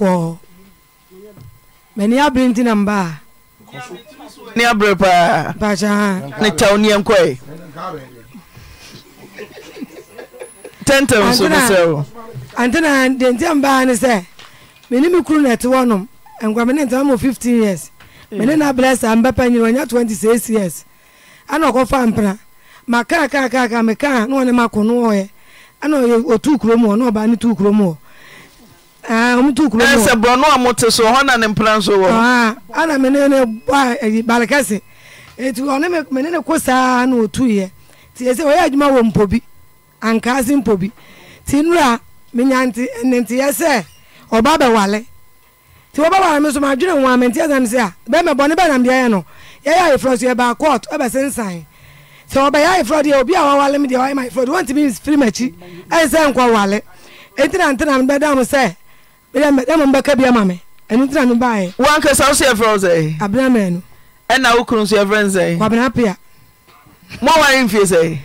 kɔ mɛ ni abiri ntina n ba. ni abiri paa. bajan. ne taw ni yɛn kɔ ye. tɛntɛn so bɛ sɛ o. antena dente n ba ni sɛ mɛ ni mi kuru na ɛti wɔnom nkɔmi ne ntɛn mo fifteen years mɛ ne na abirɛ sa n bɛ pɛ nyina o nya twenty six years ɛna ɔkɔ fa mpena ma kaa kaa kaa kaa mɛ kaa ne wɔn ne ma kɔ ne wɔn yɛ ɛna otu kurom wɔ ne ɔba ne tu kurom wɔ. Ah, eh, sɛ borɔno a mote so hɔ na ne mpena nso wɔ ah, ana mene ne bɔ eh, balekɛse ɛti ɔne mene ne ko saa na ɔtuiɛ nti ɛsɛ ɔyɛ adwuma wɔ mpo bi ankaase mpo bi nti nnura menya nenteyɛ sɛ ɔba bɛwale nti wɔba wale me so madwene ho a menteɛ sɛm sɛ a bɛmɛ bɔne bɛnam deɛyɛ no yɛyɛ ayeforɔ so yɛbaa court ɛbɛsensan sɛ ɔbɛyɛ ayeforɔ deɛ obi a wɔwale me deɛ ɔyɛ ma ayeforɔ deɛ wɔntumi firi m'akyi ɛnsɛ nkɔ wale ɛntinantena mbɛda mo sɛ ɛmɛ mbɛka bi ama me ɛno tena ne baɛ wankasa wo so yɛfrɛ wo sɛ abena maanu ɛna wo kunu so yɛfrɛ sɛ wabena pia mo aware mfie sɛ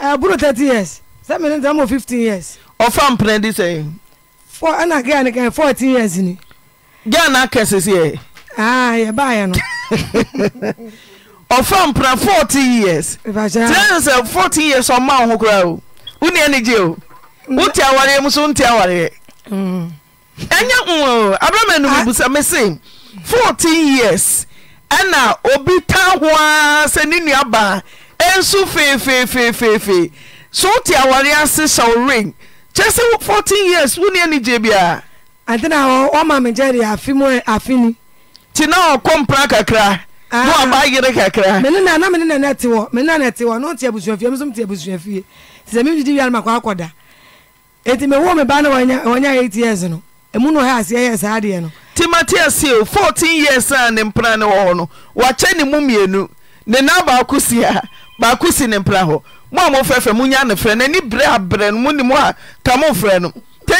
ɛboro 30 years sɛ mene ntra mɔ years ɔfa mpena di sɛ ɛna gaa ne ka 14 years ni gaa na aka sɛsiɛ yɛbaɛ no ɔfa mpena fourteen years tɛn sɛ fourteen years ɔma wo ho koraa o wo nea ne gye o wote awareɛ mu so wonte awareɛ ɛnyɛ nwoo abrama no busa me se 14 years ɛna obi ta ho ara sɛ ne nuabaa ɛnso feefeefeefee so wote aware ase hyɛw ren kyɛ sɛ 14 years wo nea gye biaa adena ɔma megya deɛ afe mu afe ni nti na ɔkɔ mpra kakra na ah. waba yere kakra mene na na mene na na te hɔ mene na na te hɔ na wote abusua fie mso mte abusua fie sɛ me didi wia no makɔ akɔda enti me ba na wɔnya 8 years no timotiaseo 14 yearsa ne mpra ne wɔ hɔ no wakyɛ ne momienu ne na baako si a baako si ne mpna hɔ mo a mofrɛfrɛ monya ne frɛ noani berɛ aberɛ no monimɔ a ka mofrɛ no 3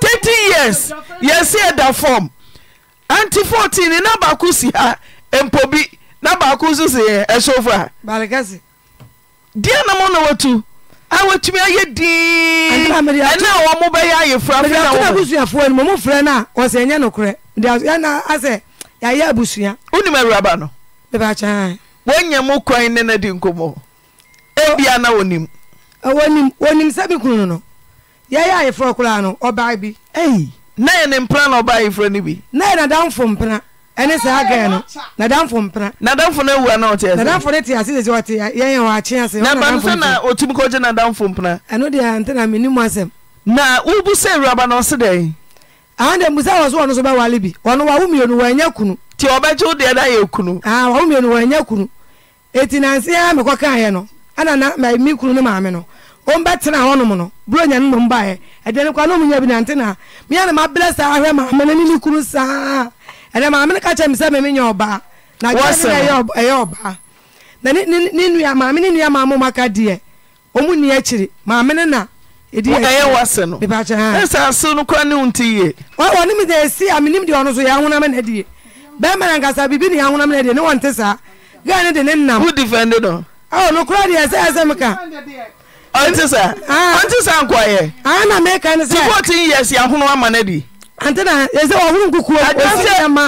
d13 yas yɛse adafam anti14 ne na baako si a mpo bi na baako so ssf awɔtumi ayɛ diiɛna wɔ mo bɛyɛ ayɛfurafoa abusuafoɔ no mɔmofrɛ no a ɔsɛ ɛnyɛ nokorɛ ɛna asɛ yɛayɛ abusua mụ awuraba no bɛbɛkyɛ woanya mo kwan ne no di nkɔmmɔ ebia na wonim wonim wonim sɛ me kunu no yɛyɛ ayɛforɔ koraa no ɔbaa bi na yɛ ne mpena na ɔbaa ayɛforɔ no bi na yɛ nadamfo ɛne saa ka no nadamfo mpra nadamfo no na ɔtenadamfo no te ase sɛ ɔte yɛyɛ wɔ akye ase na na ɔtumi kɔgye nadamfo mpra ɛno deɛ na menim asɛm na wobu na ɔse dɛn ahanda mbusa wɔ so ɔno so bɛwale bi ɔno wawo mmienu wɔanya kunu nti ɔbɛgye wo deɛ na yɛ kunu wawo mmienu wɔanya na me kunu ne maame no hɔnom no nya no nom no kwa ne ɔmunya bi nante na meɛ na mabrɛ saa maame no ne ne kunu mamen aa sa eya ba a wase nosse noka neteea o antena yɛsɛ wahoro nkukuo ɛma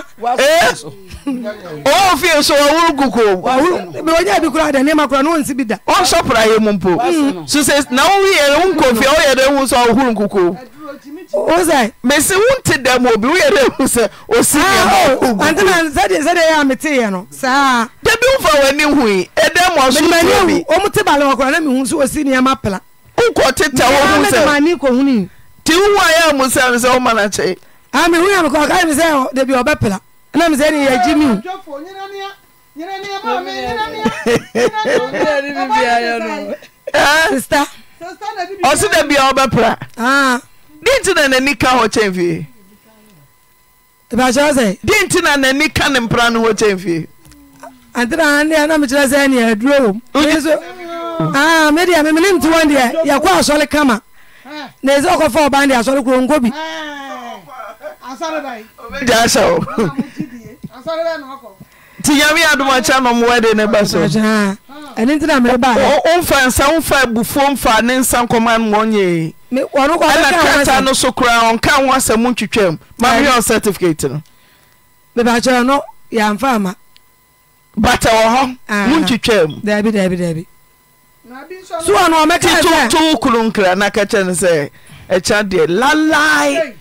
ɔwɔ fie so wahoro nkukuo ɔnya bi koraa dɛ nneɛma koraa ne ɔnsi bi da ɔnsɔpra yɛ mu mpo so sɛ ah, oh, na woyɛ wo nkɔ fie woyɛ dɛ hu sɛ ɔhoro nkukuo wosɛ mesi wonte dɛm obi woyɛ dɛ hu sɛ ɔsi antena sɛdeɛ sɛdeɛ yɛ a meteeɛ no saa da bi wofa w'ani hui ɛdɛ mɔ so bi ɔmu te bale wɔ koraa na mehu sɛ ɔsi nneɛma pla wonkɔ teta wɔ hu sɛ nti wowa yɛ a mu sɛ me sɛ woma no kyɛe mehoa mekɔkae me sɛ da bi ɔbɛpela na me sɛ ne yɛgye mi ɔso da bia wobɛpra de nti na n'ani ka hɔ kyɛn fie sɛ de nti na n'ani ka ne mpra no hɔ kyɛn fie antenaadeɛ na mekyerɛ sɛ neɛ aduro wom mede memene mte wɔn deɛ yɛkɔ asɔre kama na ɛsɛ ɔkɔfa ɔba de asɔre kuro nkɔ bi gya hyɛ wo nti nyame adomakyɛ no mowɛde ne ba so ɛne ah, ah. nti na merebawomfa nsa womfa abufuo mfa ne nsa nkɔma no mɔnyee ɛna kata no so koraa ɔnka ho asɛ mu ntwitwam mameyɛ ɔ certificate no mebakyerɛ no yɛamfa so ɔno ɔmɛka sɛ to kuro nkra na ka kyɛ no sɛ ɛkya deɛ lalae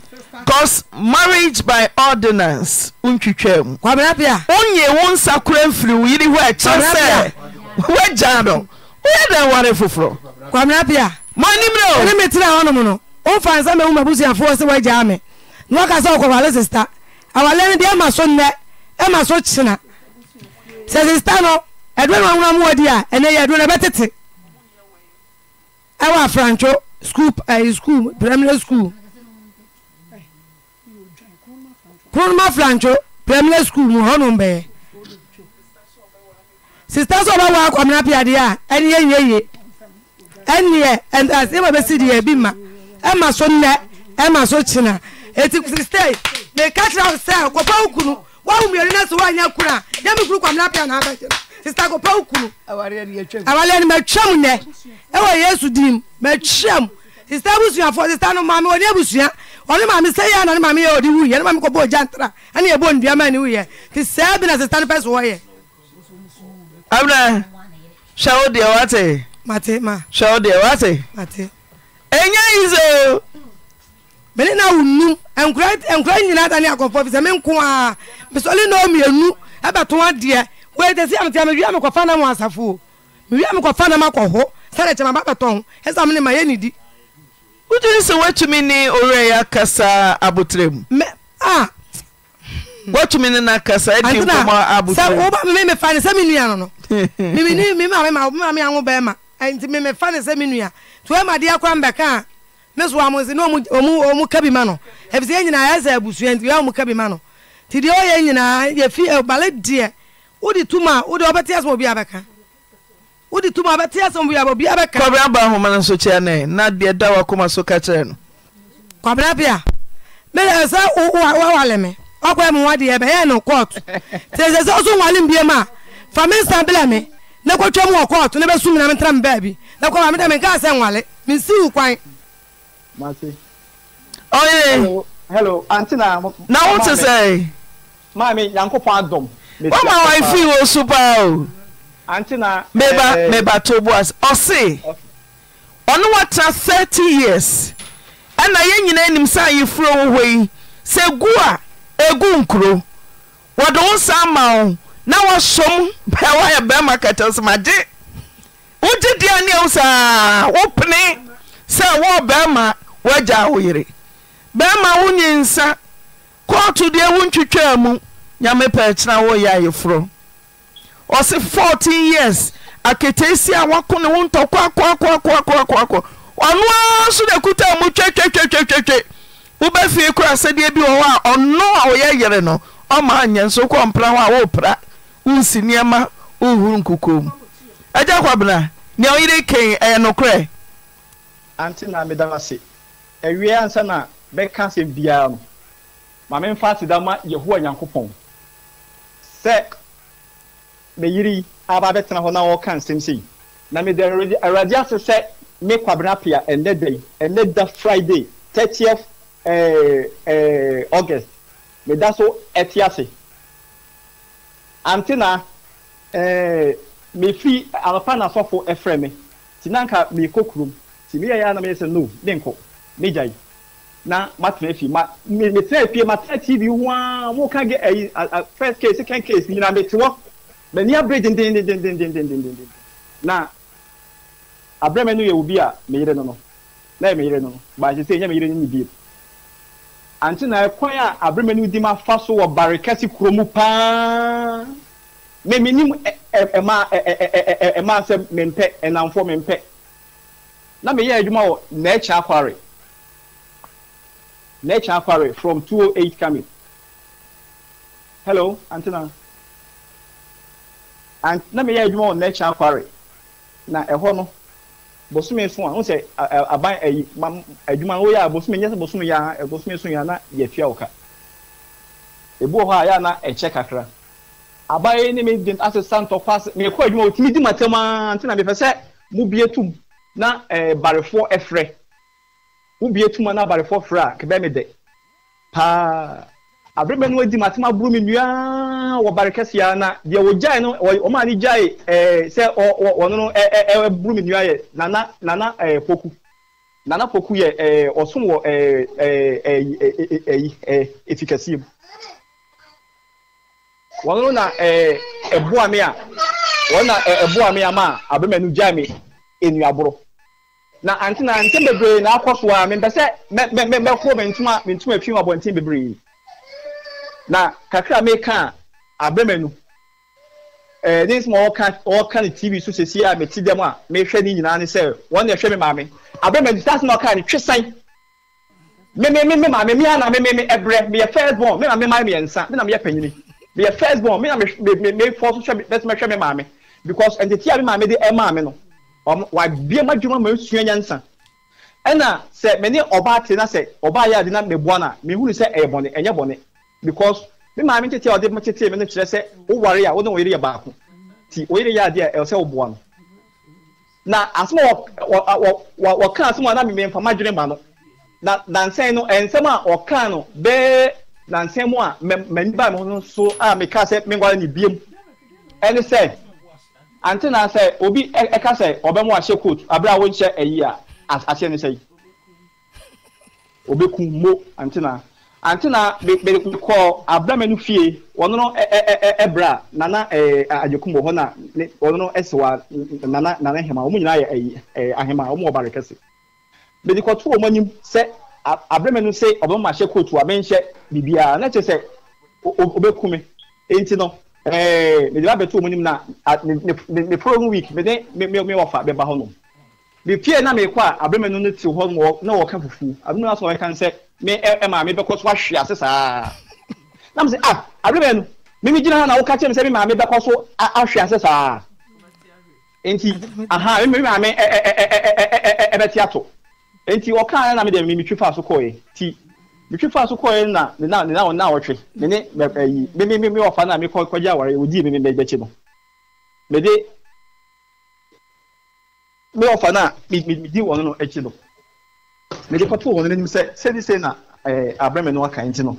cause marriage by ordinance wontwitwaa mu wonye wo nsa kora mfiri wo yiri hɔ ɛkyɛ sɛ woagya no woyɛ dɛn ware foforɔ kwamerapia mɔnim no ne metera hɔnom no womfa nsa mawu mabusuafoɔ sɛ woagyaa me na waka sɛ wɔkɔwale sista awale no deɛ ɛma so nnɛ ɛma so kyena sɛ sista no ɛdoɛ no wawona mu wɔdi a ɛnɛ yɛ ɛdoɛ no ɛbɛtete ɛwɔ afrantwo school ɛyi eh, school primary school kurunuma frantwo primary school mu hɔnom bɛyɛ sista sɔ bɛ wɔ akɔmina piadeɛ a ɛni yɛ yie yie ɛniɛ ɛntaase ɛma bɛ si deɛ bi ma ɛma so nnɛ ɛma so kyina eti sista yi mɛ kakyina sɛ kɔpɛ okunu wɔn mu yɛrɛ nɛsi wɔn anya kura yɛmi kuru kɔmina pia na abɛkyerɛ sista kopa ukuru awale ni matwam nɛ ɛwɔ yesu dinim matwam sista abusuafoɔ sista no maame wɔne abusua ɔne maame sɛ yɛ na ne maame yɛ ɔde wuyɛ ne maame kɔbɔ ogya ntara ɛne yɛbɔ nduama ne wuyɛ nti sɛɛ bi na sista no pɛ so wɔyɛ abena hwɛ wo deɛ wate mate ma hwɛ wo deɛ wate mate ɛnyɛ yi mene na wo num nkura nyinaa da ne akɔmfɔ fi sɛ menko a mesɔle na ɔmienu ɛbɛto adeɛ sia mea meafanemsafo me mekoaemkho aameanedi sɛ watumi ne w kasa abtam atumi nen kasaa oma meeane sɛ men madk e ma wode tụma ụdị wode ɔbɛte asɛm obi abɛka wode tum a ɔbɛte asɛm obi obi abɛka kwabena aba homa no nso kyia ne na deɛ da wakoma so ka kyerɛ no kwabena bia mede sɛ wawale me ɔkɔ mu wadeɛ bɛyɛ no kɔɔto sɛ sɛ sɛ wale mbiam a fa me nsa belɛ me na kɔtwa mu wɔ kɔɔto na bɛsu mina metra me baabi e. na eme meda menkaa sɛ nwale mensi wo kwan ɔye na wote sɛ maame nyankopɔn adɔm woma wfii wɔ su paa o batboas ɔse ɔne watra 30 years ana yɛn nyina anim saa yefuro wɔ hɔ yi sɛ gu a ɛgu nkuro wɔde wo nsa ama wo na wɔasom bɛ wayɛ bɛrima kɛtɛ sɛ magye wogye deɛnea wo saa wopene sɛ wɔ bɛrima woagya wo yere bɛrima wo nyi nsa kɔɔtodeɛ wo ntwitwaa mu nyamepɛ kyena wɔyɛ ayeforɔ ɔse 14 years akatesi a woako ne wo ntɔkɔakɔakɔakɔakɔakɔ ɔno ara so na kuta mu twetwetwetwetwe wobɛ fie kora sɛdeɛ bi wɔ hɔ a ɔno a wɔyɛ yere no ɔma anyɛ nso kɔ mpra ho a worepra wonsi nneɛma wohuru nkukom agya kwabena nea ɔyere kɛn ɛyɛ nokorɛ ante na meda ase awie ansa na bɛka asɛm biara no ma memfa aseda ma yehowa nyankopɔn sɛ meyiri aba bɛtena hɔ na wɔka nsɛm sei na mede awurade ase sɛ me kwabena pia ɛnɛ da yi ɛnɛ da friday 30th thirtieth ɛɛ eh, ɛɛ eh, august meda so ɛte ase antena ɛɛ eh, mefiri anɔpa na asɔfo ɛfrɛ me ti nanka mekɔ kurom ti meyɛ yɛ a na meyɛ sɛ no ne nkɔ megya yi na matena fi ma metena fie matena tv waa mo ka ge eh, a first case second case nyina me, hɔ mani abere dendendendendendendendenden na abirama no yɛ obi a meyere no no na yɛ meyere no no baasi sɛ ɛnyɛ meyere no ni bie ante na ɛkwan a abirama no di ma fa so wɔ barikɛse kuro mu paa mɛmi nim ɛ ɛ ɛmaa ɛ ɛ ɛ ɛ ɛmaa sɛ mɛmpɛ ɛnamfoɔ mɛmpɛ na meyɛ adwuma wɔ nɛɛkyɛ akware. Nech Afare from 208 Kami. Hello, Antina. And let me hear you more. Afare na ɛhɔ no bosome so a n sɛ aban ɛyi mam adwuma no woyɛ a bosome nyɛ sɛ bosome yɛ a bosome so yɛ a na yɛfia wɔ ka ebu wɔ hɔ a yɛ a na ɛkyɛ kakra abayewa ne mi di ase santo paase mɛ kɔ adwuma o tumi di ma tɛm aa ntina mɛ fɛ sɛ mu bie tum na ɛɛ barefoɔ ɛfrɛ wobie tuma no abare fɔforɔ a kebɛ me dɛ paa aberɛbɛ no wadi matem aboro me nnuaa wɔ bare kɛseaa na deɛ wɔgyae no ɔma ne gyae eh, sɛ ɔno no ɛboro me nnua ya, nana nana eh, poku nana poku yɛ eh, ɔsom wɔ ɛfi kɛseɛ mu wɔn no na ɛboa me a wɔn na ɛboa me ama a aberɛbɛ no gyae me nnuaborɔ na ante na ntem bebree na akɔ so a mempɛ sɛ mɛkoro me ntoma me ntoma fi mu abɔnten bebree na kakra meka a abɛma no ɛɛ ne nsɛm ɔka ɔka ne tv so sisi a meti dɛm a mehwɛ ne nyinaa ne sɛ wɔn na ɛhwɛ me maame abɛma no sase na ɔka ne twesan mmemme mmemme maame mmea na mmemme ɛbrɛ meyɛ first born mmemme maame mmiɛnsa mmemme meyɛ panyini meyɛ first born mmemme me me me fɔ so hwɛ me bɛtuma hwɛ me maame because ntete a me maame de ɛmaa me no wabie m'adwuma ma esua nyansa ɛna sɛ mɛ ne ɔbaa te na sɛ ɔbaa yɛ ade na mɛ bua na mɛ huni sɛ ɛyɛ bɔnɛ ɛnyɛ bɔnɛ because ne maame tete a ɔde mo tete mi ne kyerɛ sɛ oware a wɔde wɔyere yɛ baako ti wɔyere yɛ adeɛ ɛwɔ sɛ ɔboa no na asoma wɔ wɔ wɔ wɔka asoma na mɛ mfama dwene ma no na nansɛn no ɛnsɛm a ɔka no bɛɛ nansɛn mu a mɛ mɛ nipa mi ho nso a mɛ ka sɛ mɛ nware ne biem ɛne sɛ. ante na sɛ obi ɛka sɛ ɔbɛmo ahyɛ coat abira a wɔnhyɛ ɛyi a ahyɛ ne mo ante na ante na abirama no fie wɔn no nana ɛɛ wɔ hɔ na wɔn no wa nana nana hema wɔn nyinaa ahema wɔn wɔ bare kɛse wɔn anim sɛ abirama no sɛ ahyɛ coat na sɛ mi eti no. mede ba bɛto ɔmu nim na me following week mede me fa bɛba hɔ nom mefie na mekɔ a aberɛma no no te hɔ nom na wɔka fufuo aberɛma no asɛ wɔbɛka sɛ ma ɛma mebɛkɔ so ahwe ase saa na m sɛ ah aberɛma no mimi gyina ha na woka kyerɛ me sɛ me maame bɛkɔ so ahwe ase saa nti aha me maame ɛbɛte ato nti wɔkaa na na mede memetwi fa so kɔɛ nti mitwi fa so kɔɛ na ne na ne na na ɔtwe ne ne ɛyi mimi mimi me me ɔfa na me kɔ kɔgye aware odi mimi me me bɛkyi no me de me ɔfa na me me di wɔn no akyi eh, no me de kɔto wɔn n'anim sɛ sɛde sɛ na ɛɛ abrɛmɛ no aka nti no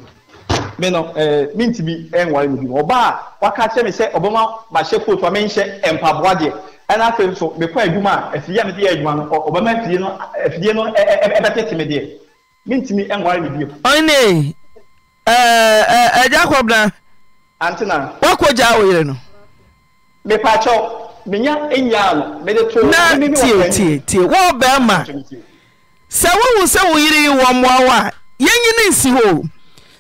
me no ɛɛ eh, eh, me ntumi ɛnware me bi ɔbaa waka kyerɛ me sɛ ɔbɛma ma hyɛ kootu a me nhyɛ ɛmpaboa deɛ ɛna afei nso me kɔ adwuma a afidie a me de yɛ adwuma no ɔbɛma afidie no afidie no ɛɛ ɛbɛtete mintimi ɛnware ni bio. ɔne ɛɛ ɛgya kɔbena. antina. wakɔ gya awo yɛrɛ no. mipakyɛw minya enyaa no mede to. na tie tie tie wɔn bɛrima sɛ wowu sɛ wo yere yi wɔn mmoa wa a yɛnyi ne nsi hɔ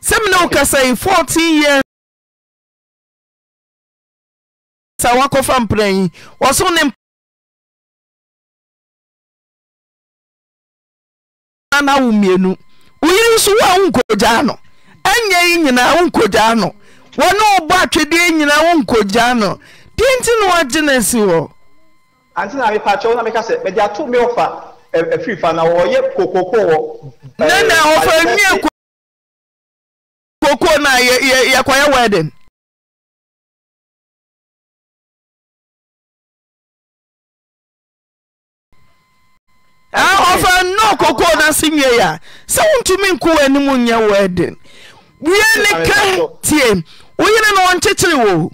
sɛmi na okasa yi fourteen years. sa wakɔfa mprɛ yi wɔso ne nyinaa no mmienu woyere nso woa wo anọ enye yi nyinaa wo nkogyaa no wɔne wobɔ atwedeɛ nyinaa wo nkogyaa no deɛ na anti na mepakyɛw na meka mede atụ me ɔfa afiri fa na wɔyɛ kokoko wɔ na na na ya wedding ɔfa nna ɔkɔkɔɔ no ase wie a sɛ wontumi nko w'anim nyɛ wɔ aden wie ne ka tie wo yene no wɔnkyekyere wɔ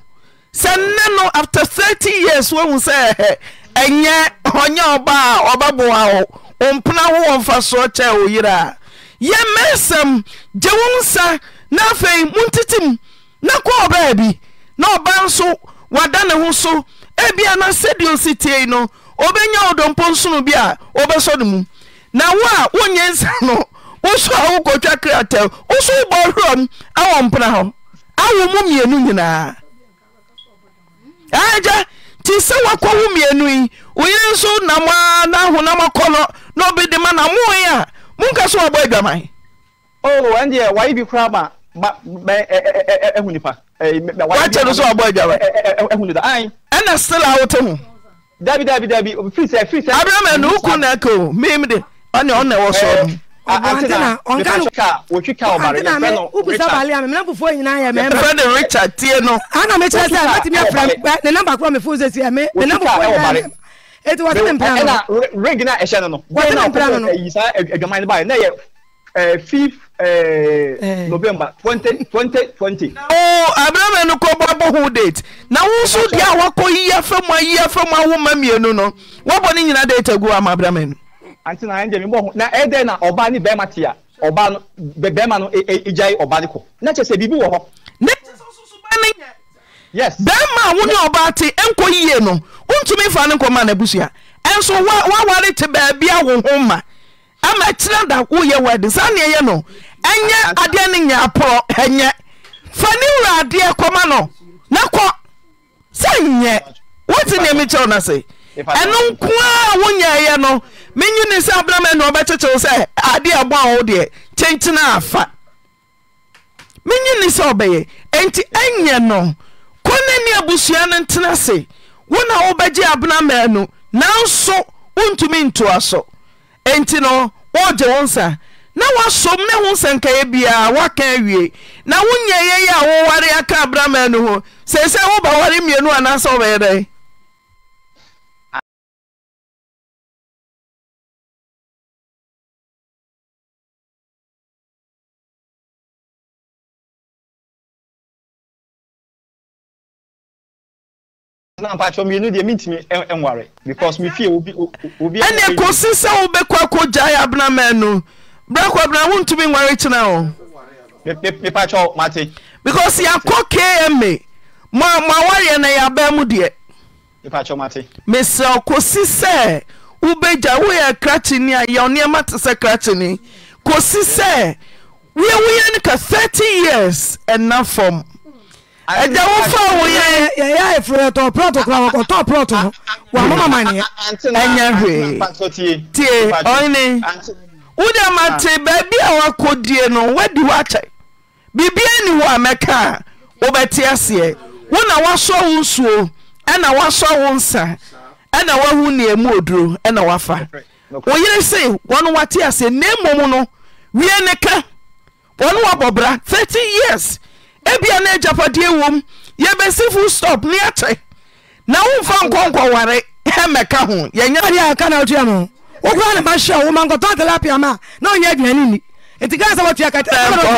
sɛ nnɛ no after 30 years woahu sɛ ɛnyɛ ɔnyɛ ɔba a ɔbɛboa wo ɔmpena wo wɔmfa soɔ kyɛɛ wo yere a yɛ mɛsɛm gye wo nsa na afei montetem na kɔɔ bi na ɔba nso wada ne ho so ebia na sɛdeɛ osi tie no obɛnya ɔdɔmpɔ nsono bi a ɔbɛsɔ no mu na wo a wonyɛ nsa no woso a wokɔtwa kratɛm woso wobɔ werɛm awɔ mpena hɔ awo mu mmienu nyinaa agya nti sɛ wo mmienu yi nso na honam akɔnnɔ na ɔbɛde ma na moe a monka wabɔ adwaman oh, ɛndeɛ waye bi kora ma nipa wakyɛ no wabɔ adwaman ɛna wote ho dabi dabi dabi firi sɛ firi sɛ. abirama ni ukun na ko mim de ɔni ɔn na ɛwɔ sɔɔ. ɔbɔntina ɔnkanu ɔbɔntina mɛ ubusa bali ami mina fufuo nyinaa yɛ mɛmba. fɛn de richard tie no. ana mi kyerɛ sɛ mɛti mi afra mɛ ne namba kura mi fun sɛ si ɛmi ne namba kura yɛ mɛ eti wɔte mi mpira no. ɛna rig na ɛhyɛ no no. wɔte mi mpira no eh, no. ɛyi saa adwaman ne ba yɛ ne eh, yɛ ɛɛ fif Eh, eh. november 2020 aberɛma no kɔbɔ abɔho date na nwụsụ nso deɛ kọ woakɔ yia fam a yia mmienu no woabɔ ni nyina date agu ama na ɛngyɛ mebɔ ho na ɛdɛn na ɔba ne bɛrima te a ɔba no no na ne yes yie no fa ho ma ama kyerɛ da woyɛ wade saa nneɛyɛ no ɛnyɛ adeɛ no nya aporɔ ɛnyɛ fa ne wura adeɛ kɔma no na kɔ sɛ nyɛ wote neɛmekyɛw no se ɛno nkoaa wonyaeɛ no menyine sɛ abrama ne ɔbɛkyekyew sɛ adeɛ ɛbɔ a wo deɛ kyenkyena afa menyine sɛ ɔbɛyɛ enti ɛnyɛ no kɔne ne abusua no ntena se na wobɛgye abena maa nu nanso wontumi ntoa so enti no wɔɔgye wo nsa na woasom me ho nsɛnkaɛ biaa woakan awie na wonyɛ yɛ yɛ a woware aka brama no ho se sɛ woba ware mmienu ana sɛ obɛɛ rɛ na mpatsɔ mmienu deɛ mintimi eh, eh, nware because mi fie obi obi. ɛnna ekosi sɛ wobɛkɔ akɔgya yɛ abenama no brakɔ abenama wontumi nware kyena o. mipatsɔ mate. because yakɔ kma mo a mo awareɛ na yaba mu deɛ. mipatsɔ mate. mesrɛ kosi sɛ wobɛgya woyɛ krakyini a yɛ nneɛma te sɛ krakyini kosi sɛ wia wia no ka thirty years ɛna fam. ɛdɛ wo wo yɛ yɛyɛ efirɛ tɔ plɔt kura wa ma hwee tie ɔyini wúdà má ti a wakɔ die no wadi wakyɛ biribi ɛni hɔ a aseɛ wo nsuo ɛna wo nsa ɛna nea mu oduro ɛna wafa se wate aseɛ na no wie ne ka wɔn wabɔ bra thirty years. ebia na agyapadeɛ wom yɛbɛsi full stop ne yɛkyɛ na womfa ware, mɛka ho yɛnyɛdeɛkanatuano wokora ne mahyɛ wo mankɔtɔ talapia ma a na ɔnyɛ aduane ni nti kaa sɛ watua katabɛkɔ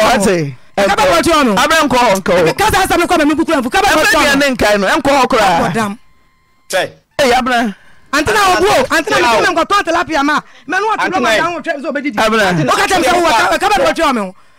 hɔ antena obuo antena mekome nkɔtɔ talapia ma mɛne wɔtebɛ ma da wo twɛ sɛ obɛdidi wokatɛm sɛ wowɔ kabɛbɛtwa me ho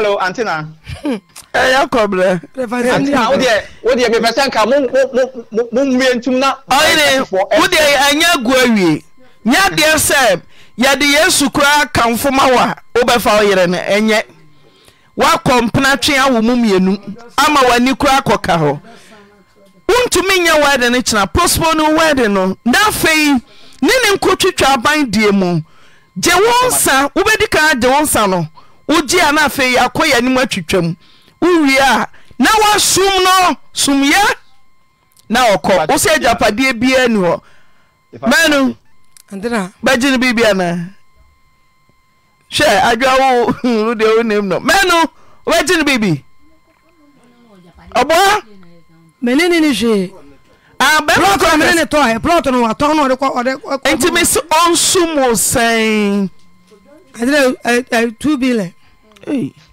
hello antina. ɛyɛ kɔbrɛ. wodeɛ wodeɛ mepɛ sɛ nka momwie ntum na. ɔyere wodeɛ ɛnyɛ agu awie nyɛ adeɛ sɛ yɛde yesu koraa kamfo ma wo a wobɛfa wo yere no ɛnyɛ woakɔ mpena twe mu mmienu ama w'ani koraa kɔka hɔ wontumi nyɛ wɛde no kyena postpone wɛde no na afei ne ne nkotwitwa aban die mu gye wo nsa wobɛdi kaa gye wo no wogye a na afei yɛakɔ yɛ anim atwitwa mu wowie a na woasom no somyɛ na ɔkɔ wo sɛ agyapadeɛ biaa ni hɔ manu bɛgye no biribi anaa hwɛ adwoa wo wodeɛ wonim no manu wobɛgye no biribi ɔboa mene ne ne hwee nti me se ɔnsom wo sɛn 2 eh, eh, billion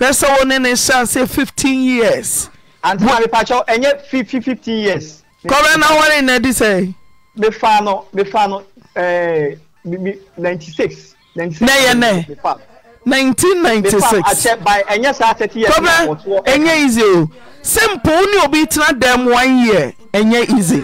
pɛ sɛ wo ne ne hyɛ ase 15 years antoma mepakyɛw ɛnyɛ 15 years kɔbɛ na wɔre na di sɛ mefa no mefa no ɛɛ ninety six. na yɛ nɛ 1996 akyɛ by ɛnyɛ saa 30 years kɔbɛ ɛnyɛ easy o oh. simple wo ne obi tena dɛm one year ɛnyɛ easy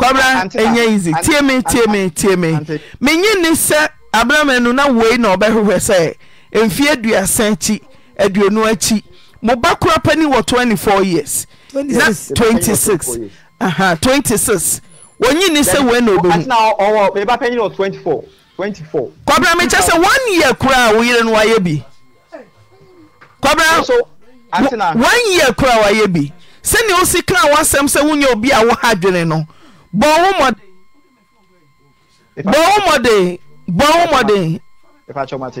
kɔbra ɛnyɛ easy tie me tie me tie me menyi ne sɛ abirama nu na wei na ɔbɛhwehwɛ sɛ mfie aduasa akyi aduonu akyi mo ba kora pani wɔ 24 years na 26 aha 26 wɔnyi ni sɛ wɔn na obɛhu kɔbra mekyɛ sɛ one year koraa wo yere no wayɛ bi kɔbra one year koraa wayɛ bi sɛnea wosi kaa w'asɛm sɛ wonyɛ obi a wo ha dwene no bɔn wo mɔde bɔn wo mɔde bɔn wo mɔde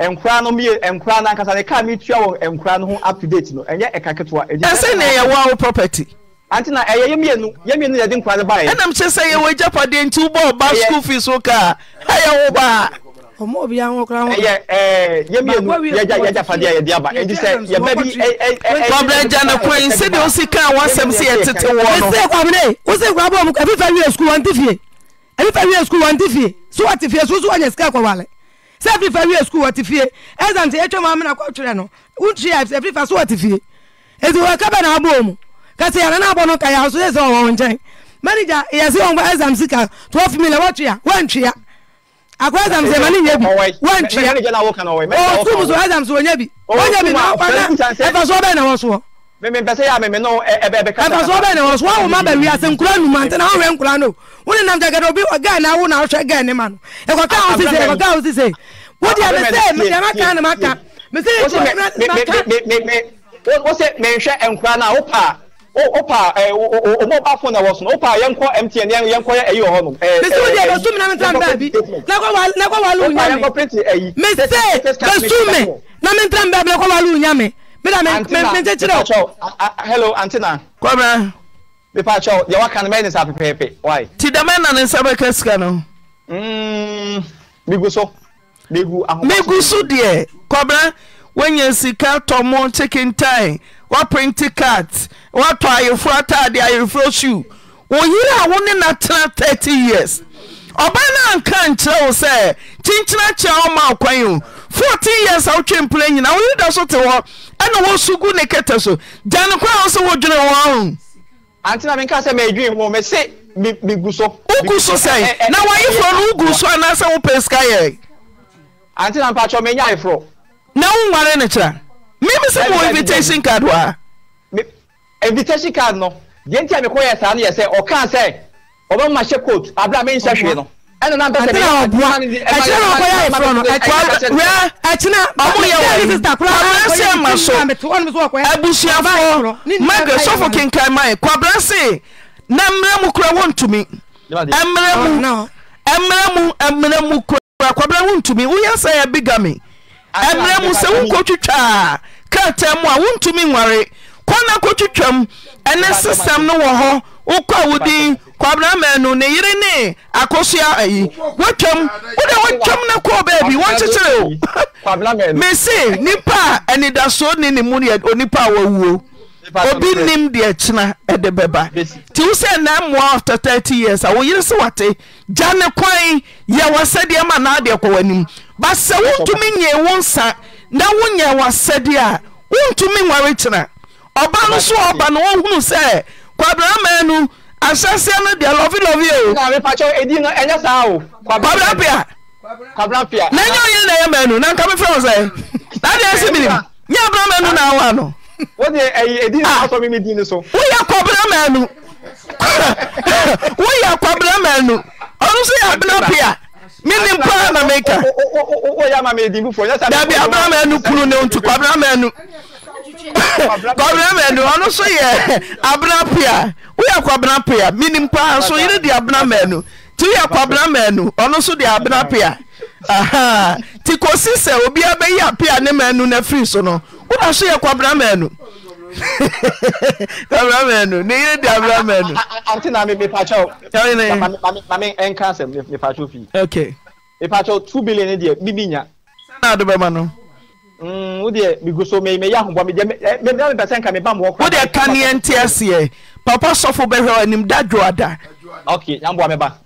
nkura no mi yɛ nkura n'ankasa ne kaa mi tua wɔ nkura no ho up to date no ɛnyɛ ɛka ketewa. ɛsɛ na ɛyɛ wɔ awo property. anti na ɛyɛ yɛ mienu yɛ mienu yɛ de nkura no baayɛ. ɛnam kyerɛ sɛ yɛwɔ agyapadeɛ nti wobɔ ɔba school fees wo kaa ɛyɛ wo baa. ɔmɔ obi ahɔn kora ho. ɛyɛ ɛɛ yɛ mienu yɛgya yɛgyapadeɛ yɛde aba nti sɛ yɛbɛ bi ɛ ɛ ɛ. bɔbɛrɛ gya ne kwan sɛde o si kan wɔn asɛm si yɛ tete wɔ no. ɛsɛ kwamine wosɛ kwabɔ mu wale. sɛ fa wie sukuu wɔte fie ɛsan te atwa mu amena kɔtwerɛ no wotwi a sɛ fa so wɔte fie enti wɔka bɛ na abo mu kasi yàrá náà bọ̀ n'ọkà yàrá sọ́yẹ́sì ọ̀wọ̀ nkyẹn mẹ́nìjà yẹsi wọn kọ ẹ̀sàm sika twelve million wọ́n tuya wọ́n tuya akọ ẹ̀sàm sẹ̀ mẹ́nì yẹ bi wọ́n tuya ọ̀ sùnmùsùn ẹ̀sàm sẹ̀ wọ́n yẹ bi wọ́n yẹ na náà na náà so sọ́ na náà oh, so mɛmpɛsɛ yɛ amɛmɛ no ɛbɛka ɛfa so wobɛ ne wɔ so no wone nam kyɛkɛdɛ obi na wo na wohwɛ ga ne ma no ɛkɔka wo sese ɛkɔka wo sese wodeɛ me sɛ mede maka ne maka mesɛ wo sɛ menhwɛ nkura no a wopa wopa ɔmɔ ba fon na wɔ so no wopa yɛnkɔ mtn yɛnkɔ yɛ ayi wɔ hɔ nom mesɛ wodeɛ bɛsum na mentra mbaa bi na kɔ wale wo nyame mesɛ bɛsum me na mentra mbaa bi kɔ wale wo mina mi nti kyerɛ o. hello antina. kɔmɛ. mipa kyɛw deɛ waka no mɛyɛ ne nsa pɛpɛɛpɛ why. ti dɛmɛ na ne nsa bɛka sika no. migu mm, so. migu ahomaso. migu so deɛ kɔmɛ wɔnyɛ sika tɔmɔ chicken tie wɔprinti cart wɔtɔ ayefo ataade ayefo shoe wɔyiri a wɔne na tena thirty years. ọba na anka nkyerɛ wo sɛ kyenkyena kyea ɔma o 14 years a wotwe mpena nyina woyeda so te hɔ ɛna wɔsu gu ne kɛtɛ so wo sɛ wodwene wɔ wogu so sɛe eh, eh, na eh, woayeforɔ no wogu so anaasɛ wopɛ sika yɛ na kyerɛ meme sɛ invitation card hɔ a ɔbɛn ma hyɛ coat abira mi nhyɛ hwee no ɛna nan pɛsɛ mi ɛna ɔboa ɛkyinɛ na ɔkɔ yɛ ɛfrɔ no ɛkɔ wɛ ɛkyinɛ ɔmo yɛ wɔ kwabrase ma so abusuafo mɛgɛ sɔfo kinkan ma yi kwabrase na mmerɛ mu kura wɔn ntumi mmerɛ mu mmerɛ mu mmerɛ mu kura kwabra wo ntumi woyɛ sɛ yɛ bigami mmerɛ mu sɛ wonkɔtwitwa krataa mu a wontumi nware kɔ na kɔtwitwam ɛne system no wɔ hɔ wokɔ a wodin kwabena maanu ne yere ne akɔsoa ayi wotwam wode wotwam no kɔɔ baabi wɔnkyekyere o me se nnipa a anidasoɔ ne ne mu yɛ onipa a wɔawuo obi nnim deɛ kyena ɛde bɛba nti wo sɛ na mmoa after 30 years a wo yere sɛ wate gya ne kwan yɛ wasɛdeɛ ma naadeɛ kɔ w'anim ba sɛ wontumi nyɛ wo nsa na wonyɛ wasɛdeɛ a wontumi nware kyena ɔba no so ɔba no wɔhunu sɛ kwabrama asase no deɛ lɔfi lɔfi o. na mi pàtó edi na ɛnyɛ saa o. kwabra pia. kwabra pia. na nye oyin na yɛ mɛnu na nka mi fɛn sɛ n'adi esi mi ni nye abira mɛnu na awa no. o de ɛyi edi na asɔ mi mi di ni so. woyɛ kwabra mɛnu woyɛ kwabra mɛnu ɔno so yɛ abira pia mi ni mpaa na mi ka. o yà máa mi di fufu. dabi abira mɛnu kunu ne ntu kwabra mɛnu kɔbena mɛnu ɔno so yɛ abena pia woyɛ kɔbena pia menim paa nso yere de abena mɛnu nti woyɛ kɔbena mɛnu ɔno so de abena pia nti si sɛ obi bɛyi apia ne mɛnu na firi so no wona so yɛ kɔbena mɛnu kɔbena mɛnu ne yere de abena mɛnu. ante na mi mipakyɛw mami nka asɛm mipakyɛw fii mipakyɛw two billion deɛ bibi nya. sanni adobɛma no. wo deɛ ka neɛ nteaseɛ papa sɔfo bɛhwɛ w anim da dwoada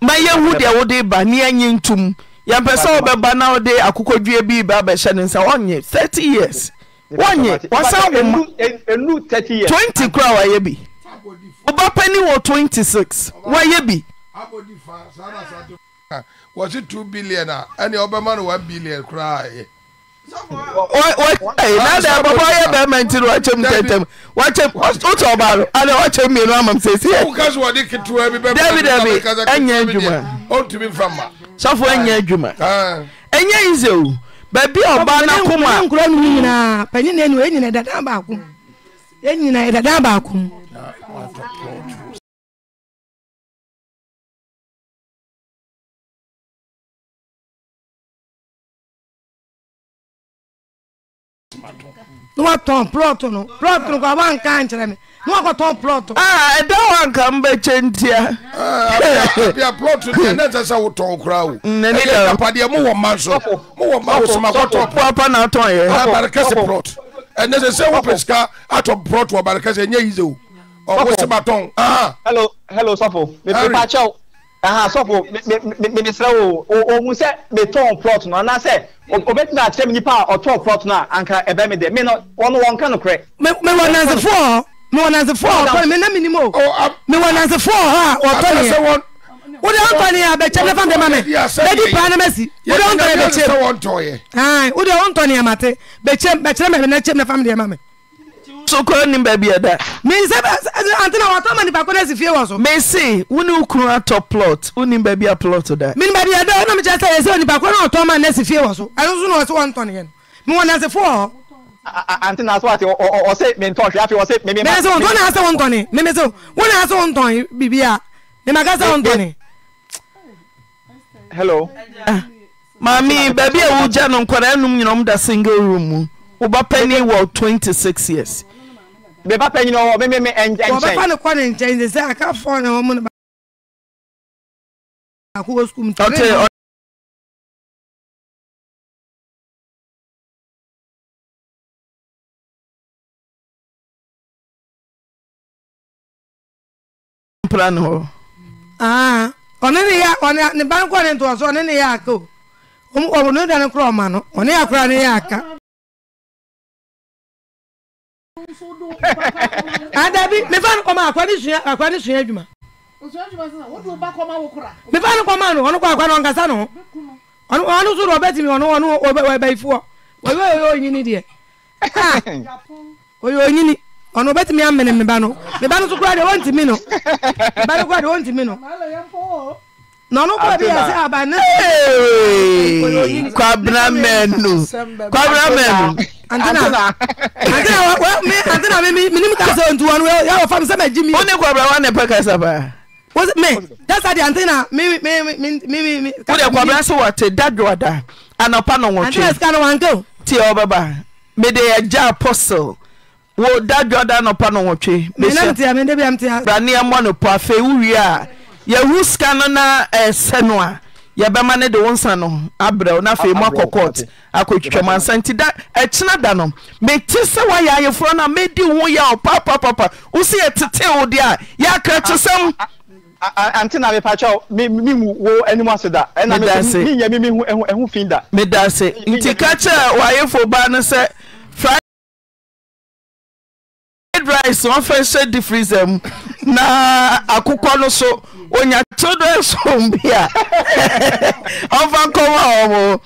mayɛ hu deɛ wode ba nnenye ntom yɛmpɛ sɛ wobɛba na wode akokɔdwua biiba abɛhyɛ ne nsa ɔnye 30yeasysao 20 kora wayɛ bi wo ba pani wɔ 26 wayɛ bi biin ii nada papa yɛ bɛrima nti no wakyɛm ntɛntɛm wakyɛm wotɔ ɔba no ana wakyɛm mmienu ama m sɛsiɛdabi dabi ɛnyɛ adwuma sɔfo ɛnyɛ adwuma ɛnyɛ yize o baabi a ɔba no kom a nkura no nyinaa panyin ne ɛnu ɛnyina ɛdada baako ɛnyina ɛdada baako wat kamka pɛnaaɛ aha sọfọ memisira o ohun sẹ metɔn plot no anasɛ obetumi akyerɛ mi nipa a ɔtɔn plot no a anka ɛbɛ mi dɛ mi no wɔn wɔn ka no korɛ. mewɔ nansefoɔ mewɔ nansefoɔ ɔtɔn mi na mi ni oh, mo mewɔ nansefoɔ ha ɔtɔn yɛ wode ɔntɔne yɛ bɛkyɛ ne fam dɛ ma me bɛdi paa no masi wode ɔntɔne bɛkyɛ wode ɔntɔne yɛ mate bɛkyɛ bɛkyerɛ me ne fam deɛ ma me so kora nim baabi ɛda mensɛantena wɔtɔma nipa kɔ no asi fie wɔ so mese wone wo kunu atɔ plot wonim baabi a plot da menim baabi ɛda na mekyerɛ sɛ ɛsɛ nipa kɔ no ɔtɔma no asi fie wɔ so ɛno so na ɔse wɔntɔneɛ no mewɔ nansefo wɔ hɔ ante na so ate ɔse mentɔhwe afei ɔse mɛsɛ wɔntɔne asɛ wo ntɔne meme so wone asɛ wo ntɔne biribia memaka sɛ wo ntɔne hello maame baabi a wogya no nkɔda anom nyina ɔm da single room mu wobapani wɔ 26 years bẹẹ bá pẹ ɲinɛ wɔ mɛ mɛ mɛ ɛnkyɛn. wọ́n bɛ fa ni kɔ ni nkyɛn de sɛ a ka fɔ na wɔn mu ni ba. a ko wo mu tɛ. mpira ni hɔ. Ah, ɔne ne yɛ ɔne ne ba nkɔ ne ntɔso ɔne ne yɛ aka o ɔmo ne da ne kura ɔma no ɔne yɛ akora ne yɛ aka adabi ah, mefa no kɔma akwa ne sua akwa ne sua adwuma mefa no kɔma no ɔno kɔ akwa no ɔnkasa no ho ɔno so de ɔbɛtumi ɔno ɔno ɔbɛyifoɔ ɔyɛ ɔyɛ onyini deɛ ɔyɛ onyini ɔno ɔbɛtumi amene meba no meba no so kora deɛ ɔntimi no meba no kora deɛ ɔntimi no na ɔno kora bi yɛ sɛ aba ne kwabra mɛnu kwabra mɛnu antena antena wa mi antena mi mi ni mi ka se ntuwa nu ya wọ fa mi sẹ ma ji mi. wọn ní Me. wa ní pẹ kẹsẹ bá. wọ́n mi tẹ́sà di antena mi mi mi mi mi. wọ́n de kọbẹrẹ sọ wọ́n ti dájúwada anapa na wọ́n twẹ́. antena sika na wọn kẹ́ o. tí ọ bẹ bá mi de ẹ jẹ apọ́sẹ̀l wò dájúwada anapa na wọ́n twẹ́. mi náà ti yà mi débi à mi ti yà. brani ẹ mọ nípa afẹ́ wúwi a yẹ hu sika no na ẹ sẹ́nu a yɛbɛma ne de wo nsa no abrɛw na afei mu akɔ court akɔtwitwam ansa nti da ɛkyena da no mete sɛ woayɛ ayeforɔ no a mɛdi wo yɛ o papapapa wo sɛ yɛtetee wo deɛ a yɛakra kye sɛm ante na mepakyɛ memu wo anim ase da ɛna menyɛ memehu ɛho fi da medase nti ka kyerɛ w'ayefo baa no sɛ fried rice wọn fẹ́ hyɛ di freezer mu na akokɔ no so onya children's home bi a ɔfa nkɔmɔ wɔn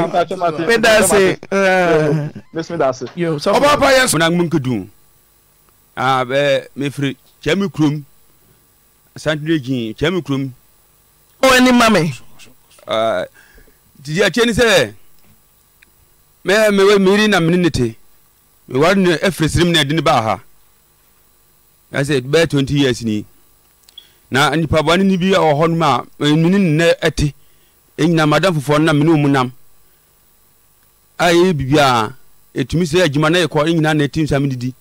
o medase ɔbɛpa yɛ so. munagmu nkedu abɛ mefiri kyɛmi kurom santire gyin kyɛmi kurom. o ni mami. didi akyɛ ni sɛ mɛ mɛ wɛ miiri na mini ne te wari ne ɛfiri sirim na ɛde ne baa ha ɛsɛ bɛyɛ twenty years ni na nipa bɔne ni bi wɔ hɔ nom a eh, mene nnɛ ɛte ɛnyina madam fofoɔ no na mene mu nam a ɛyɛ biribi a ɛtumi sɛ adwuma na yɛkɔ ne nyinaa na ɛtim same didi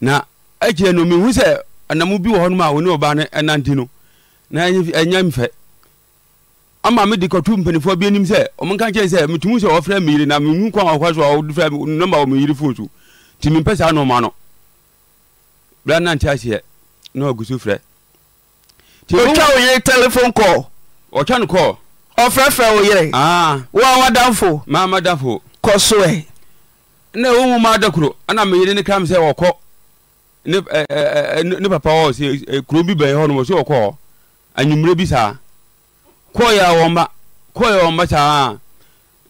na akyirɛ no mehu sɛ anamu bi wɔ hɔ nom a wɔne ɔbaa no ɛnante no na ɛnyɛ mfɛ ama mede kɔto mpanifoɔ bi anim sɛ ɔmonka kyɛn sɛ metumi sɛ ɔfrɛ meyere na mehu kwan ɔkɔ so a wode frɛ nɔmba wɔ meyere fo so nti mempɛ saa noma no na nante aseɛ na wagu so frɛ otwa wo yere telephone call ɔtwa no kɔɔ ɔfrɛfrɛ wo yere ah. woa wadamfo mamadamfo kɔ soɛ na wo mu ma da kuro ana meyere ne kram sɛ wɔkɔ ne papa wɔ sɛ kuro bi bɛɛ hɔ no wɔsɛ wɔkɔɔ anwummerɛ bi saa kɔɔyɛ a wɔmba kɔɔyɛ wɔmba saa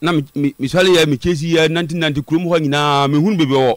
na mesuale yɛ mekyesi yɛ nantenante kurom hɔ nyinaa mehunu bebi wɔwɔ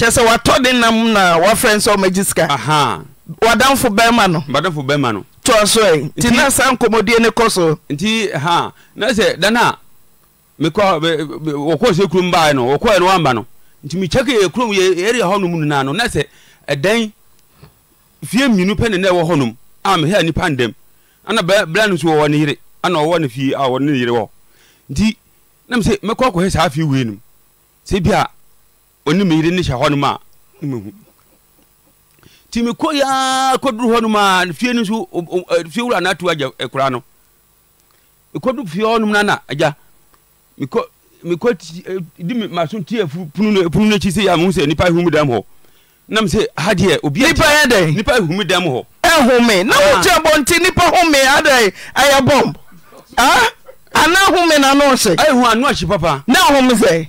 kyɛ sɛ watɔ de nam na wafrɛ sɛ ɔmagye sika wadamfo bɛrima no wadamfo bɛrima no toa so ɛ nti na saa nkɔmmɔdie ne kɔ so nti ha na sɛ dan a mekɔ wɔkɔɔ sɛ kurom baɛ no wɔkɔɛ no wamba no nti mekyɛke yɛ kurom yɛ area hɔ nom nyinaa no na sɛ ɛdan fie mmienu pɛ ne na ɛwɔ hɔ a mehɛ nipa ndam ana bra no so wɔwɔ ne yere ana ɔwɔ ne fie a wɔne ne yere wɔ nti na me sɛ mɛkɔ akɔhɛ saa fie wei nom sɛ bia ɔne me yere ne hyɛ hɔnom a ne mehu nti mekɔ yaa kɔduru hɔnom a fie no so fie wura na ato agya eh, kora no mekɔdu fie hɔnom no na agya mekɔ eh, di maso ti punu no akyi sɛ yɛ mehu sɛ nnipa ahum dam hɔ nam sɛ ha deɛ obi nipa yɛ dɛn nipa ahum dam hɔ ɛhome na ah. wogyɛ bɔnte nipa home adɛn ɛyɛ bɔmb ah? ana home na no hye ɛhu ano ahye papa na home sɛ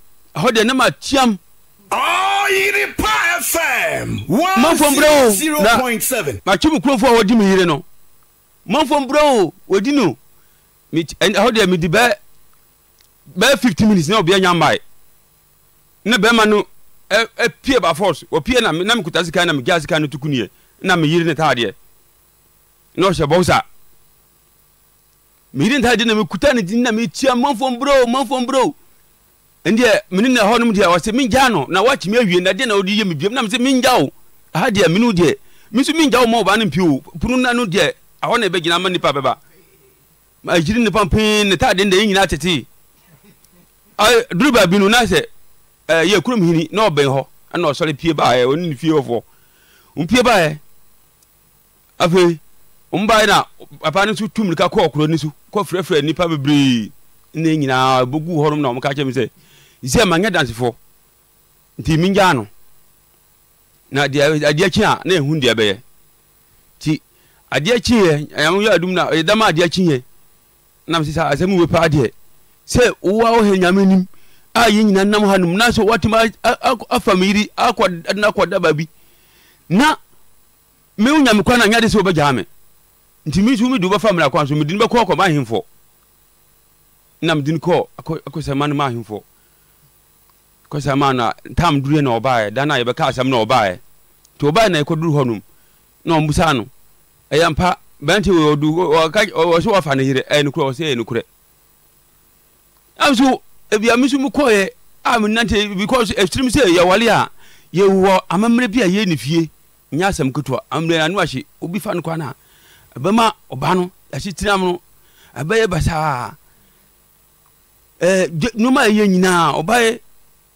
ɛhɔ deɛ ne ma tiam. ɔyiripa fm one six zero point seven. ma twi mi kuro fún ọ di mi yiri no mọfọ mburo o odi no ɛhɔ deɛ mi di bɛ bɛ fifty minutes na obi anya mba yi ne bɛrima no ɛpie ba force ɔpie na mi na mi kuta sika na mi gya sika no tuku nie na mi yiri ne taadeɛ na ɔhyɛ bɔnsa mi yiri ne taadeɛ na mi kuta ne din na mi tia mɔfɔ mburo mɔfɔ mburo. ndị mene na ɛhɔ ya ọ sị mengya no na woakyimi awie na deɛ na wode ihe me biam na mesɛ mengya wo aha deɛ mene ya me nso mengya wo ma ɔbaa e, no o e, e. na no na ma nnipa bɛba akyiri nnipa pee ne na nda yɛ nyinaa duru baabi na sɛ yɛ kurom hini na pie mpie na papa nso tum nika kɔɔ kuro no so kɔfrɛfrɛ nnipa bebree na ɔmo ka kyɛ zia ma nyɛ dansefoɔ nti mengyaa no na adeɛ kyi a na ɛhu deɛ bɛyɛ nti adeɛ kyiɛ ɛyɛ adum na ɛyɛ dama adeɛ kyiɛ nam sisa asɛm wo paa deɛ sɛ wowa wohɛ nyame nim a yɛ nyina nam ha nom na sɛ woatumi afa me yiri akɔdena akɔda baabi na mewo nyame kwan na nyade de sɛ wobɛgyaa me nti me nso mede wobɛfa mmara kwan so medin bɛkɔ akɔma ahemfoɔ na medin kɔɔ akɔsɛma no ma ahemfoɔ kɔsa maa na tam duru na ɔbaeɛ da na yɛbɛka asɛm na ɔbaeɛ nti ɔbaeɛ na ɛkɔduru hɔ nom na ɔmbusa no ɛyɛ mpa bɛnti ɔsɛ wɔfa no yere ɛyɛ nokorɛ ɔsɛ ɛyɛ nokorɛ am so ebia me so mu kɔɛ a menante because ɛfirim sɛ yɛwale a yɛwɔ amammerɛ bi a yɛ ne fie nyɛ asɛm ketewa ammerɛ ano ahye obi fa no kwana a ɛbɛma ɔba no yɛhye tinam no ɛbɛyɛ basaa eh, nnoɔma a ɛyɛ nyinaa ɔbaeɛ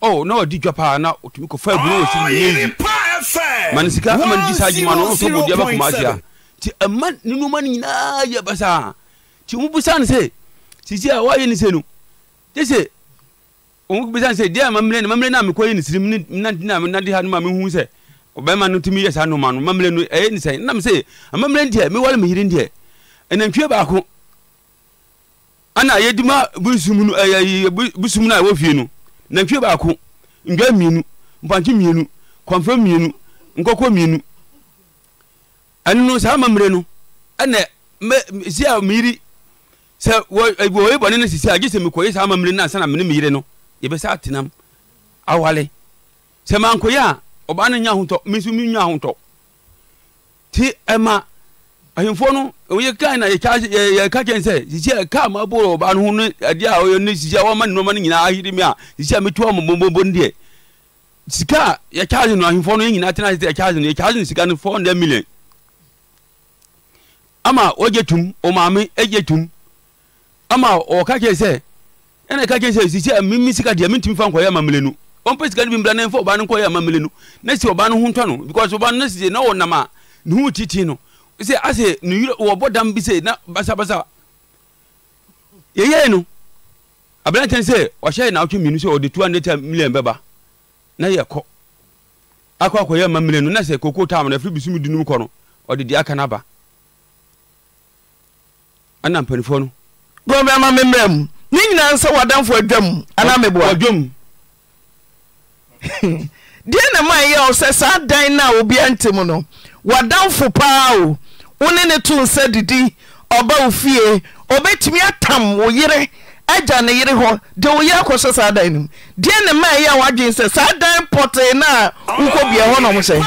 Oh, na adi apa na miaaao na yedim besonwe fnu nantwie baako ndwa mmienu mpankye mmienu kɔmfra mmienu nkɔkɔ mmienu ɛno no saa mammerɛ no ɛnɛ si a meyiri sɛ wɔyɛ bɔne no sisi a gye sɛ mekɔyɛ saa mammerɛ no ansa na mene meyere no yɛbɛsɛ atenam awale sɛ mankɔyɛ a ɔbaa no nya ahotɔ me nso menya ahotɔ nti ɛma ahemfo no oyɛ kan na yɛka kyɛn sɛ sisia kaa ma bo ɔba no ho ne adeɛ a ɔyɛ ne sisia wɔma ne nneɛma no nyinaa ahiri mi a sisia mi tuwa mbombombo no deɛ sika yɛkyaase no ahemfo no yɛ nyinaa tena sɛ yɛkyaase no yɛkyaase no sika no four hundred million ama ɔgye tum ɔmaame ɛgye tum ama ɔka kyɛn sɛ ɛna ɛka kyɛn sɛ sisia mimi sika deɛ mi ntumi fa nkɔyɛ amamile no ɔmpɛ sika no bi mbila na nfa ɔbaa no nkɔyɛ amamile no na si ɔbaa no ho na si na titi no sɛ ase ne yuro wɔbɔ dam bi sɛ na basabasa yɛyɛe no aberankyɛn sɛ ɔhyɛ naawotwe mmienu sɛ ɔde 200 million bɛba na yɛkɔ akɔ akɔyɛ ma mmire no na sɛ koko tam no afiri bisom dinum kɔ no ɔde deɛ aka no aba ana mpanifoɔ no brɔbrɛma memmerɛ mu ne nyinaa nsɛ wadamfo adwam ana meboa adwam deɛ na ma ɛyɛ ɔ sɛ saa dan no obia ntim no wadamfo paa o wo ne ne too nsa didi ɔba wo fie ɔbɛtumi atam wo yere agya ne yere hɔ de wo yere akɔhyɛ saa dan no mu deɛ ne ma ɛyɛ a woadwene sɛ saa dan pɔtee no a wokɔ bia hɔ na hyɛ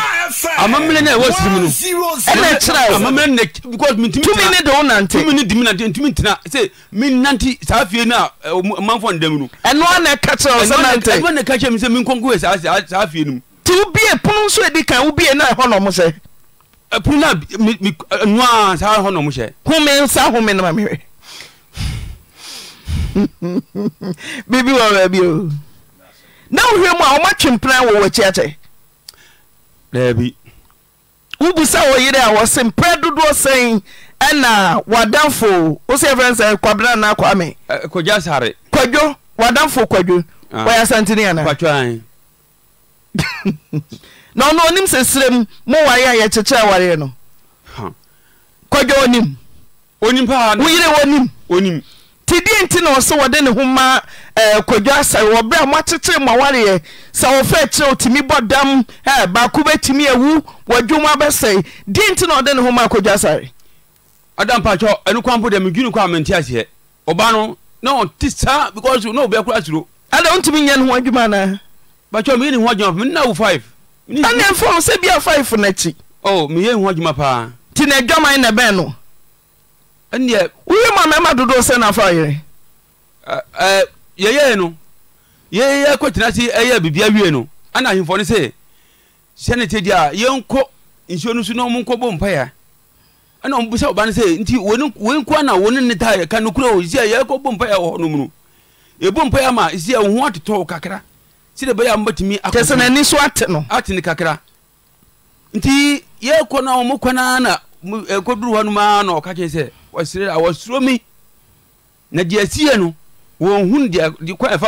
amammerɛ no ɛwɔ sirim no ɛna kyerɛ wotumi ne de wo nantetumi sɛ menante saa fie no a mamfɔ ndam no ɛnoa na ɛka kyerɛ wo sɛ na ɛka kyerɛ me sɛ menkɔnkɔ saa fie no mu nti wobie pono nso kan wobie na ɛhɔ sɛ pnanua saa hɔ nom hyɛ home nsa home no ma mehwɛ wɔ baabi o na wohwɛ mu a wɔmatwe mpena wɔ w'akyi akyɛ daabi wobu sa wɔ yere a wɔse mprɛ dodoɔ sɛn ɛna kwabena kwame kwadwo sare kwadwo wadamfo kwadwo ah. wɔyɛ asantene na ɔno onim sesere m moware a yɛkyekyerɛ ware no kɔdwa onim onim paa. woyere onim. nti deɛ nti na ɔsɛ wọde ne ho ma kwadwa asɛe wɔberɛ a moakyekyere ma wareɛ sɛ wɔfrɛ kyerɛ otumi bọ dam baako bɛtumi awu wɔadwom abɛsɛe deɛ nti na ɔde ne ho ma kwadwa asare adampatwɛ ɛno kwampo deɛ medwene kɔ a mente aseɛ ɔba no na ɔte saa because na obia kora suro ada ntumi nyɛ ne ho adwuma anaa meyn ho aenna wo nfo sɛ bia fo nakimeyho ma pa tina na mma osɛnayo akɔ tenas yɛ bia wi na h sɛ ɛ tmisɛni so ate oaat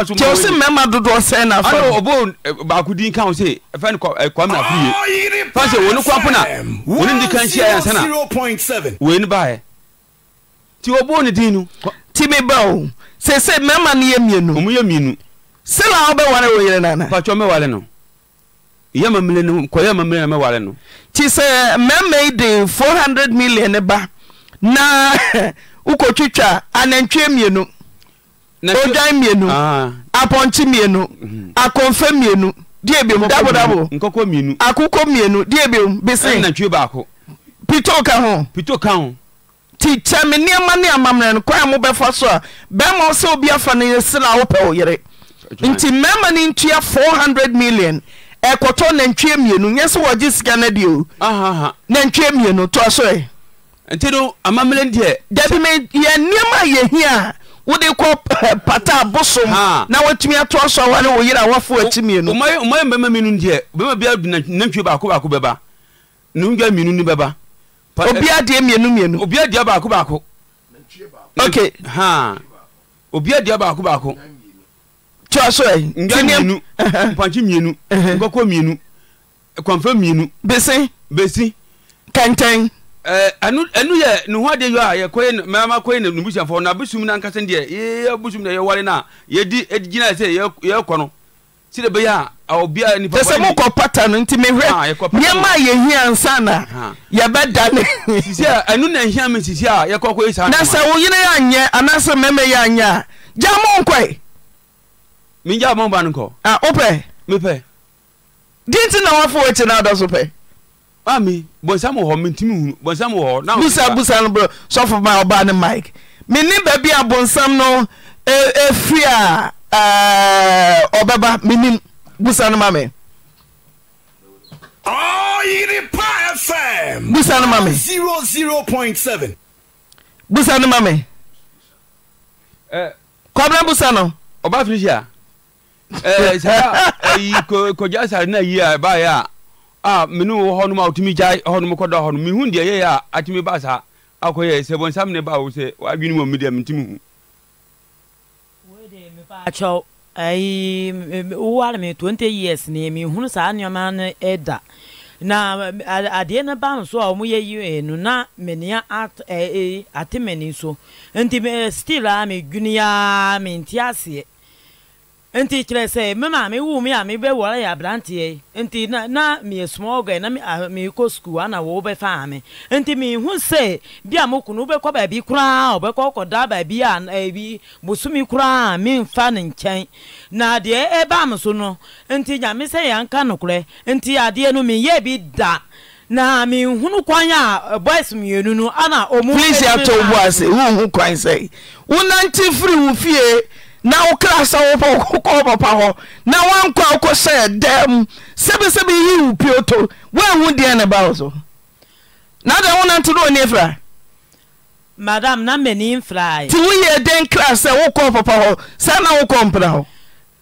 ɛ a eh, sɛ mɛma do sɛnakatmisɛɛ mma noyam sela wobɛware wo yere nana patwɔ mɛware no yɛmamkɔyɛ mamire na mɛware no nti sɛ mamai de 400 million ne ba na wokɔtwitwa anantwie mmienu odwan mmienu apɔnkye mmienu akɔmfa mmienu deɛ biom dabodabo akokɔ mmienu deɛ biom bese pito ka ho pito ka ho nti kyɛme nneɛma ne amammerɛ no kwan a mobɛfa so a bɛrima wo sɛ obi afa no yɛ sela wopɛ wo nti mmarima no ntua hundred million ɛkɔtɔ nantwea mmienu nyɛ sɛ wɔgye sika no deɛ o ah, ah, ah. nantwea mmienu toa so nti no amammerɛ deɛ dabi me yɛ nneɛma a yɛhia a wode kɔ eh, pata bosom na woatumi atoa so awa ne wo yere a woafo akyi mmienu ɔmayɛ mbɛma mmienu deɛ bɛma bia nantwie baako baako bɛba ne wodwa mmienu no bɛba obia deɛ mmienu mmienu obia deɛ baako baako okay ha obia deɛ baako baako tsoasoe ngammienu mpankye mmienu nkɔkɔ mmienu kwamfa mmienu besi besi kɛntɛn ɛnu yɛ ne ho adeɛ yɔ a yɛkɔyɛ mmarima kɔyɛ ne busuafoɔ na busum no ankasa deɛ yɛyɛ busum deɛ yɛware no a yɛdi gyina sɛ yɛkɔ no si de bɛyɛ a obi nipa kɔ ni. tẹsán mo kɔ pata no nti mi hwɛ ah, nneɛma a yɛ hi ansa na yɛbɛ da ne. sisi a ɛnu na ehia mi sisi a yɛkɔ kɔ yi saa. na sɛ wo yere yɛ anyɛ anaasɛ mɛmɛ yɛ anyɛ a gya mo nkɔ oɛ ah, diti na wafo wetina adɔso pɛ bsbusan sfoma ɔba ne mike meni babi a bonsam no e, fri a eh, ɔbɛba menim busa no ma me busa ne ma me mera busa no ɛɛ saa ayi ko kɔjá sari na yi a ba yɛ a a minnu wɔ hɔnom a otumi gya hɔnom kɔdɔ hɔnom mihun deɛ yɛ a atumi ba saa akɔyɛ sɛ bɔnsam ne ba awo sɛ wadwini wɔ mi deɛ hu. woware me twenty years ne mehunu saa nneɛma no ɛda na adeɛ no ba no so a ɔmo yɛ yi no na menea ate mani so nti still a medwene a mente nti kyerɛ sɛ mema mewu me a mebɛwɔre yɛ aberanteɛ nti na, na meyɛ small girl na ah, meekɔ sukuu ana wɔ wobɛfaa me nti mehu sɛ bi a kuno wobɛkɔ baabi koraa wobɛkɔ kɔda baabi a eh, bi koraa memfa ne nkyɛn na deɛ ɛbaa m so no nti nyame sɛ yɛnka nokorɛ nti adeɛ no meyɛ bi da na mehunu kwan a eh, boys mmienu no ana ɔmu please atɔ wo ase wohu kwan sɛ wonante firi wo fie na wo kra sɛ wowokɔ papa hɔ na woankɔ a wokɔsɛ dɛ m sɛbisɛbi yi wo pioto woahu dea ne ba wo so na da wonato o ni frati woyɛ dɛn kra sɛ wokɔ papa hɔ saa na wokɔ mpra hɔ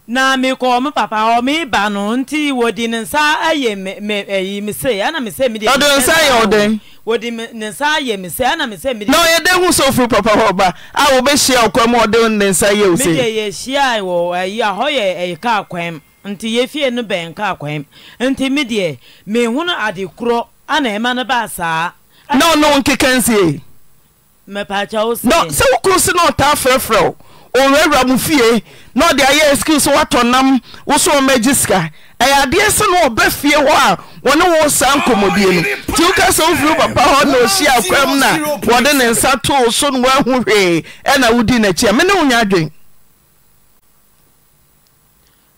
na mekɔ me papa hɔ meba nti wɔde ne nsa ayɛ ɛyi me se ana me sɛ mede nsa yɛ ɔdɛn wɔde ne nsa ayɛ me se ana me sɛ na ɔyɛ dɛn ho papa hɔ ba a wɔbɛhyia ɔkwan mu ɔde ne nsa yɛ wo se mede yɛhyia wɔ ayi a yɛ ɛyɛ kaa kwan m nti yɛfie no bɛn kaa kwan m nti me deɛ mehono ade korɔ ana ɛma no baa saa na ɔno nkeka nsie mɛpaakyɛ wo sɛ sɛ wo kuro na ɔtaa frɛfrɛ ɔwurawura mu fie na ɔde ayɛ skil so nam wo so ɔmagye sika ɛyɛ adeɛ sɛ no ɔbɛ fie hɔ a wɔne wo saa nkɔmmɔdie no nti woka sɛ wofiri papa hɔ na ɔhyia akwam na wɔde ne nsa too so no hwee ɛna wodi n'akyi a mene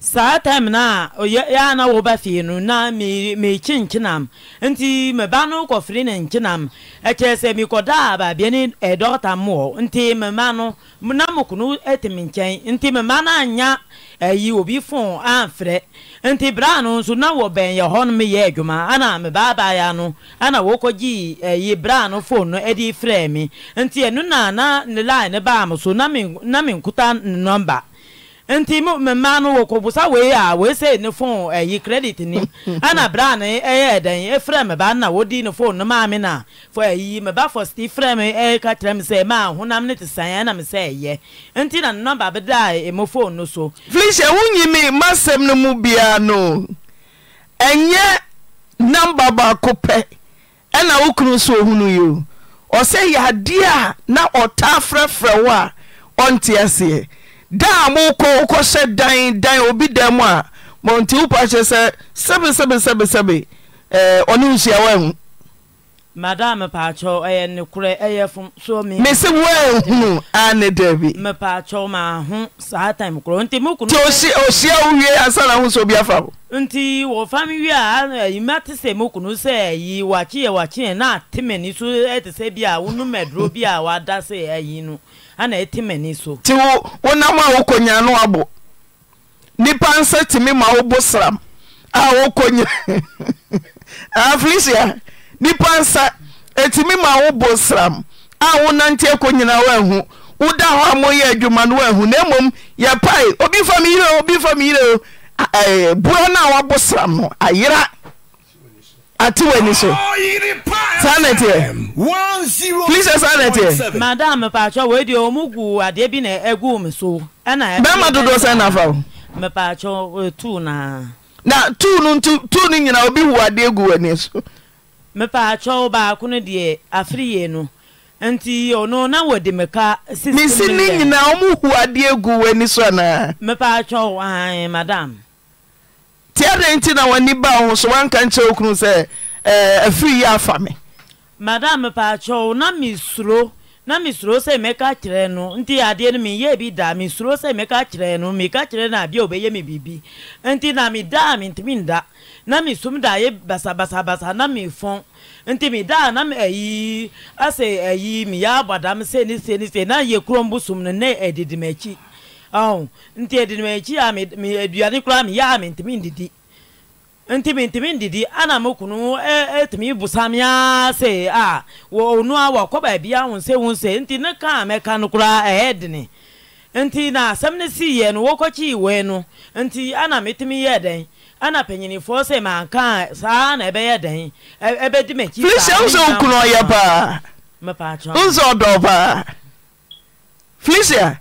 saa taịm na ya na wụba fie no na mekyi nkyenam nti meba no kɔfiri ne nkyenam ɛkyɛ sɛ mekɔda a baabia ne ɛdɔkta m nti mema no na mokono tim nkyɛn nti mema no anya ayi obi fon amfrɛ nti bra no nso na wɔ bɛn yɛ hɔ no meyɛ adwuma ana mebaabaaya no ana wɔkɔgyii ayi bra no fon no ɛde frɛ me nti ɛno na na ne line ne baa m so na menkuta ne nɔmba nti mmaa no wɔ kɔbusa wei a wei sɛ ne phone ɛyi eh, credit ni ɛna bra ne ɛyɛ ɛdɛn efrɛ me ba na wodi ne phone no maame na fɔ ɛyi eh, me ba fɔ sti frɛ me ɛka eh, kyerɛ me sɛ maa honam ne te san ɛna me sɛ ɛyɛ nti na ne nɔmba bi da emo phone no so. felicia wunyimi masɛm no mu biara no ɛnyɛ namba baako pɛ ɛna wokunu so ohunu yi o ɔsɛ yɛ a na ɔtaa frɛfrɛ wo a ɔnte aseɛ. da a mokɔ wokɔhyɛ dan dan obi dan mu a mɔnti wopa hyɛ sɛ sɛbesɛbesɛbesɛbe ɔne nhyia woahu madam mepaakyɛw ɛyɛ ne korɛ ɛyɛ fom so me me se woahunu ane daabi mepaakyɛw maaho saa time korɔ nti mokunu nti ohyia wo wie ansa na ho sɛ obi afa wo nti wɔfa me wie a ayima te sɛ mokunu sɛ ayi wakyeɛ wakyeɛ na ateme ni so ɛte sɛ bi a wonom aduro bi a wada sɛ ayi no nti wonam a wo konya no wabo nnipa nsa tumi ma wo bo sram a wo ky afrisia nnipa nsa atumi ma wobo sram a wo nanteakɔnyina wa ahu woda hɔ a mo yɛ adwuma no waahu na mmom yɛ pai obi fam yire obifam yire o borɔ eh, no a woabo sram no ayera ate w'ani so saa nɛteɛfisɛ saanɛteɛbɛima dodoɔ sɛ nafa wo na tu no tu no nyina obi hu adeɛ gu w'ani so mepɛakyɛw baako no deɛ afreyie no nti ɔno na wɔde meka mesi ne nyinaa ɔmuhu adeɛ gu w'ani so anaa madam nti adɛn nti na w'ani ba wo ho so woanka nkyerɛ wo kunu sɛ eh, afiri yi afa me madam paakyɛw na mesuro na mesuro sɛ mɛka kyerɛ no nti adeɛ no meyɛ bi daa mesuro sɛ mɛka kyerɛ no meka kyerɛ no adeɛ a wɔbɛyɛ me biribi nti na medaa mentimi nda na da daayɛ basabasabasa na mefɔn nti medaa na ayi asɛ ayi meyɛ abɔdam sɛ ne se ne se na yɛ kurom bosom no na ɛdidi m'akyi nti ɛdi ya akyi eh, a aduane koraa meyɛ a ntumi ndidi ntumi ntumi ndidi ana m kunu etumi eh, eh, busame a sɛ a ɔnu a wɔkɔ baabi a wonsɛ wonsɛ nti ne ka a mɛka no koraa ɛyɛ nti na asem no si yɛ no wɔkɔkyi wei no nti ana metumi yɛ dɛn ana panyinifoɔ sɛ manka saa na ɛbɛyɛ dɛn ɛbɛdi e, m'akyi saa felicia wosɛ wokunu ɔyɛ paa wosɛ ɔdɔ paa felicia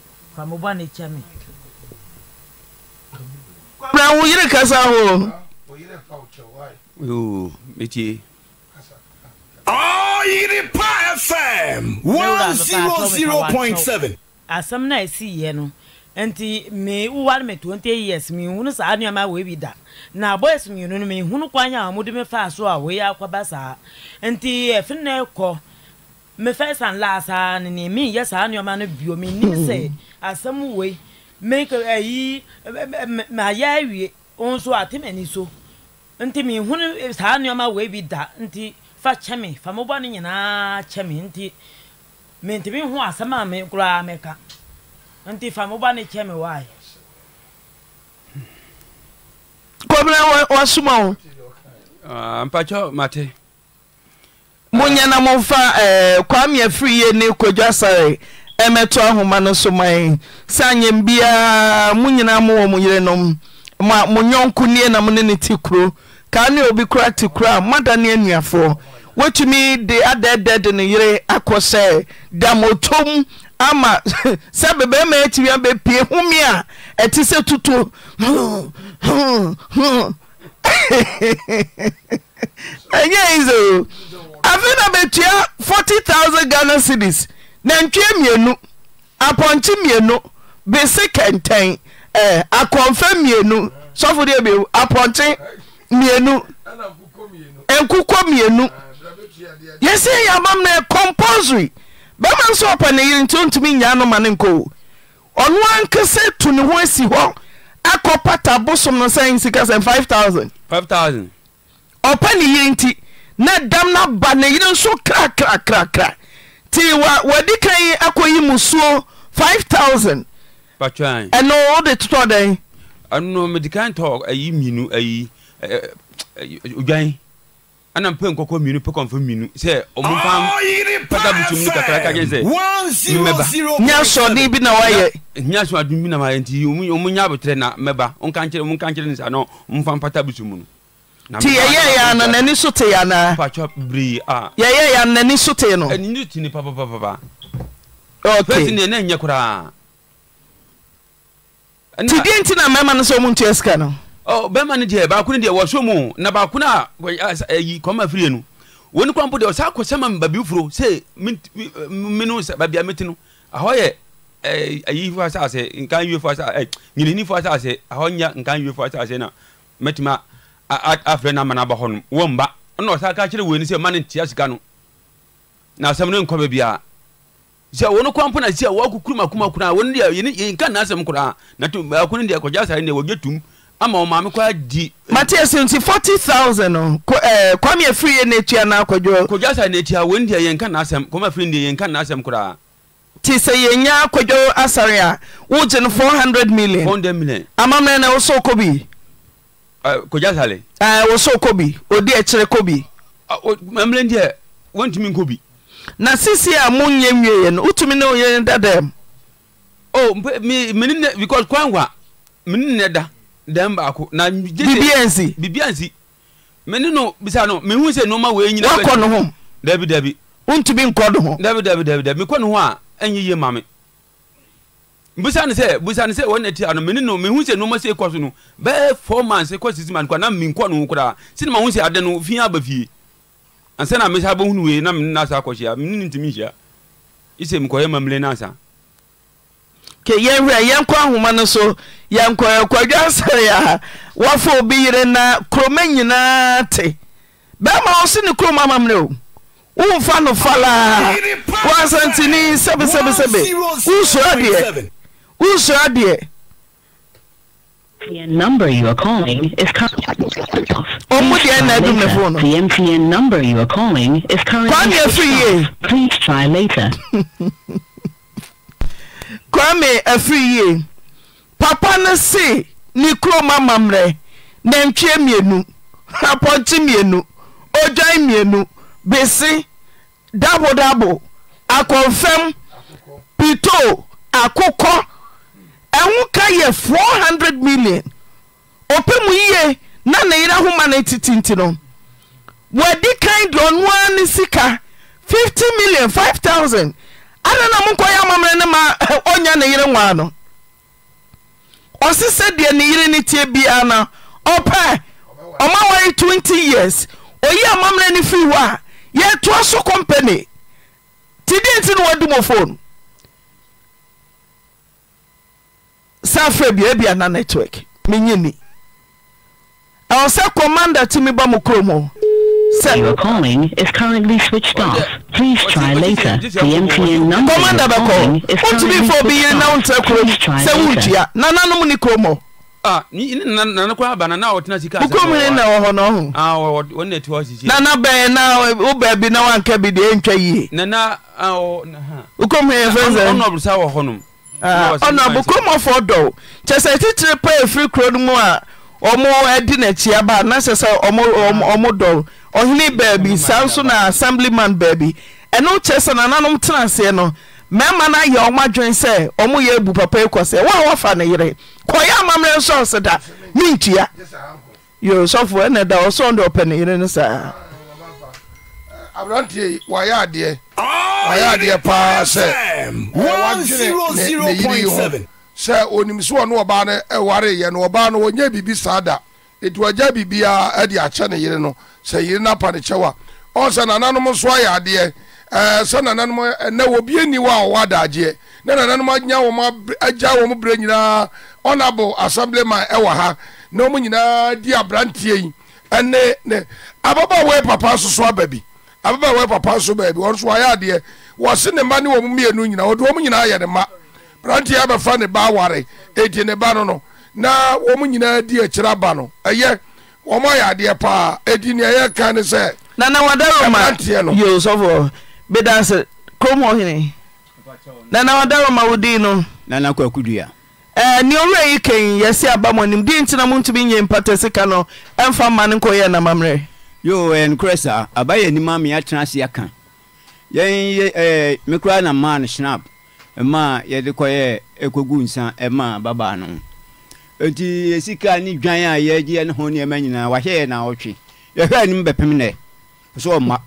famoba ne kyɛ me na wo yere kasa ho metie ah, ɔyere pa fm 100.7 asɛm no a ɛsiiɛ no nti me woware me 20 years mehunu saa nneɛma wei bi da na boys mmienu no mehunu kwan a mode me faa so a wei akɔba saa nti ɛfe no ɛkɔ me fɛ san laa saa ne ne meyɛ saa nneɛma no bio menim sɛ asɛm wei make ayi mayɛ awie wo nso ate m'ani so nti mehunu e, saa nneɔma wei bi da nti fa kyɛ me fa mobɔ no nyinaa kyɛ me nti mentimi ho asɛm a me koraa mɛka nti fa mobɔ no kyɛ me wae kɔmena wasoma wo ah, mpakyɛ mate monyɛ na momfa eh, kwamea firi yie ne kwadwa sare ɛmɛto ahoma no so ma sɛ anyɛ mo nyinaa mowɔ mo yerenom ma mo nyɔnko na mo ne ne ti kuro kaa ne obi kora te kuro a moada ne anuafoɔ dị de adɛdɛ de ne yere akɔ sɛ damotom ama sɛ home a ɛte sɛ tuto ɛnyɛ afei na bɛtua 40000 ghana cities nantwie mmienu apɔnkye mmienu bese kɛntɛn ɛɛ akɔnfɛ mmienu sɔfo deɛ mmienu apɔnkye mmienu nkukɔ mmienu yɛsi yɛ amam na compulsory bɛma nso ɔpɛ ne yere nti ontumi nyaa no ma ne nkɔ ɔno ankasa tu ne ho asi hɔ akɔ pata bosom no sɛn sika sɛn five thousand. five thousand. ɔpɛ ne yere nti na dam na ba ne yere nso krakrakrakra. Kra, kra. ti wadi ka yi akɔ yi musuo 5000 ɛno wode totɔ dɛn ɛno medikan tɔ ayi mmienu ayi odwan ana mpɛ nkɔkɔ mmienu pɛ sɛ ɔmo pata kakra ka sɛ bi na wayɛ bi na wayɛ nti ɔmo nya na ɔmo no Ti yɛyɛ yɛ na n'ani so te yana yɛyɛ yɛ ana n'ani so te no ɛni ti ni papapapa ok fɛsi ni ɛnɛ nyɛ koraa ti deɛ nti na mmarima no sɛ ɔmo ntua sika no bɛrima no deɛ baako no deɛ wɔso mu na baako no a ɛyi kɔma firie no wɔne kwan po deɛ ɔsaa kɔsɛma babi furo sɛ meno sɛ babia mete no ahɔ yɛ ayi fo asase nka wie fo asase nyinini fo asase ahɔ nya nka wie fo asase na mɛtumi a afrɛ no ama no aba hɔ no wɔmba na ɔsa ka kyerɛ wɔni sɛ ma no ntia sika no na asɛm no nkɔ baabiaa sɛ wɔno kwan pona sɛ wɔakukurum akuma kuna wɔno deɛ yɛnka naasɛm koraa na baako no deɛ kɔgya sare deɛ wɔgye tum ama ɔmaame kɔ adi matias nti 40000 no kwame afiri yɛ n'atua no akɔdwo kɔgya sare n'atia wɔno deɛ yɛnka naasɛm kwame afiri deɛ yɛnka naasɛm koraa nti sɛ yɛnya akɔdwo asare a wogye no 400 million 400 million amammerɛ na wo sɛ wokɔ bi Eh, woso kɔbi odi akyerɛ kɔbitumikbi ah, na sesie a mo yɛ wiɛ no wotumi nayɛda dɛmmennda dɛmba snh ontumi nk nhon ɛyɛymm mbusa ne sɛ busa ne sɛ wɔn ti ano mene no mehu sɛ nneɛma se kɔ so no bɛɛ four months kɔ six months kɔ na menkɔ no ho koraa sinima ho sɛ ade no fi aba fie ansa na mesa bɛhunu wei na mene nasa akɔhyia mene ne ntimi nhyia isɛ mekɔyɛ mammerɛ no asa ke yɛnhwɛ yɛnkɔ ahoma no so yɛnkɔ ɛkɔdwa sɛre a wɔfa obi yere na kuroma nyinaa te bɛrima wo se ne kurom amammerɛ o womfa no falaa wansantini sɛbesɛbesɛbe wosora deɛ wosua deɛ MTN number you are calling is currently Ọmọ díẹ̀ náà dùn ní fóònù. The MTN number you are calling is currently Kwame Efiriye. Please try later. Kwame Efiriye. Papa na si ni no se ne kurom amammerɛ nantwie mmienu apɔnkye mmienu odwan double bese dabodabo akɔnfɛm pito akokɔ ɛho ka four hundred million ɔpɛ mu yie na ne yera ho ma titinti no wɔadi kan dɔɔno ara ne sika fifty million 5000 ana na monkɔ yɛ amammerɛ ne ma ɔnya ne yere nwaa no ɔse sɛdeɛ ne yere ne tie no ɔpɛ ɔma 20 years ɔyi amammerɛ no iwu a yɛtoa so company nti sa afrɛ bia bia na network menyini ɛwɔ sɛ commander tumi ba mu kurom sɛ oh, commander bɛkɔ wotumi fa obi yere na wontrɛ kurom sɛ wontua nananom ne kurom bukom hene na ah, wɔ hɔ no ɔho nana bɛn na wo baabi na woanka bi e ɛntwa yie wokom hene fɛ sɛ Ah, ɔna bokomɔfoɔ dɔw kyɛ chese titire pɛ ɛfiri kuro no mu a ọmụ adi nakyiɛ ba na sɛ ọmụ ɔmo dɔw ɔhene baabi saa nso na assemblyman baabi chese na na nananom tena ase no mmarima na ayɛ ɔma adwene sɛ ọmụ ya ebu papa ikɔsɛ woa wɔfa no yere kɔyɛ amammerɛ nsɔ se da mentua sɔfo ɛnɛ da ɔsɔn de ɔpɛ ne saa ayɛ adeɛ paa sɛ wadweneyiri ho sɛ onim so ɔne ɔbaa no ɛwareyɛ no ɔbaa no wɔnyɛ biribi saa da ɛti wagya biribiaa ade akyɛ ne yere no no apa ne kyɛw a ɔn sɛ nananom so ayɛ adeɛ sɛ nananom ɛnɛ wɔbi ani wɔ a ɔwɔ adagyeɛ nananom anya wɔn agya wɔn berɛ nyinaa ɔnabo assembly man ha na wɔn nyinaa di aberanteɛ yi ɛne ababaawa papa soso aba ababaawa papa nso baabi wɔn nso ayɛ adeɛ wɔsi ne mma ne wɔn mmienu nyinaa wɔde wɔn nyinaa yɛ ne mma mmeranteɛ abɛfa ne ba aware edi ne ba no no na wɔn nyinaa di akyire aba no ɛyɛ wɔn ayɛ adeɛ paa edi nea ɛyɛ kan ne sɛ nana wadaro ma yio sɔfo bedansi kurom ɔhene nana wadaro ma wodi no nana kɔ akudua ɛɛ ní owurɛ yi kɛn yɛsi abamɔ nim di ntina mu ntumi nye mpata sika no ɛnfa mma ne yɛ namamerɛ. yo ɛn eh, korɛ saa aba yɛ anim ase aka yɛn yɛ ɛɛ eh, mekura na maa no snap ɛmaa yɛde kɔyɛ ɛkɔgu nsa ɛmaa babaa no nti esika ne dwan a yɛagye yɛn ho nneɛma nyinaa wahyɛ yɛ na ɔtwe yɛhwɛ anim bɛpem nɛ so ɔma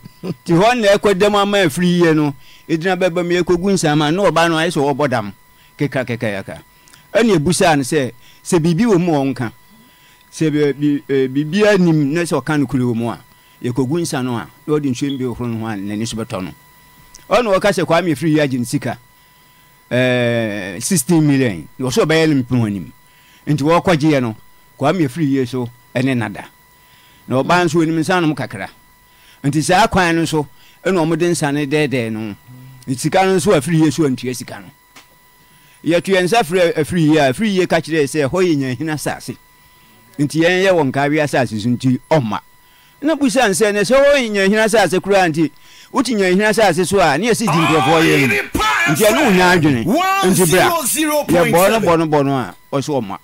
ti hɔ na ɛkɔ dɛm ama afiri yie no ɛdina bɛba mu yɛkɔgu nsa ma na ɔba no ayɛ sɛ wɔbɔ dam kekakekaka ɛne ɛbusaa no sɛ sɛ biribi wɔ mu ɔnka sɛ eh, biribiara nim na sɛ ɔka no kure wɔ mu a yɛkɔgu nsa no a na ɔde nsuo bi horo no ho a n'ani so bɛtɔ no ɔna ɔka sɛ kwame firi yi agye ne sika ɛɛ eh, sixteen million na ɔsɛ ɔbɛyɛ no mpem anim nti wɔkɔgyeɛ no kwame firi yi so ɛne nada na ɔbaa nso onim nsa nom kakra nti saa kwan no so ɛna ɔmode nsa no dɛɛdɛɛ no sika no nso afiri yi so antua sika no yɛtua nsa afiri yie a afiri yie ka kyerɛ sɛ ɛhɔ yɛ nyahina saase nti yɛn yɛ wɔ nka awi asase so nti ɔma na busa nsɛ ne sɛ wɔnya hina asase koraa nti wote nya hina asase so a ne yɛsi di nkurɔfoɔ yɛ no nti ɛno wonya adwene nti bra yɛbɔɔ no bɔ no a ɔso ɔma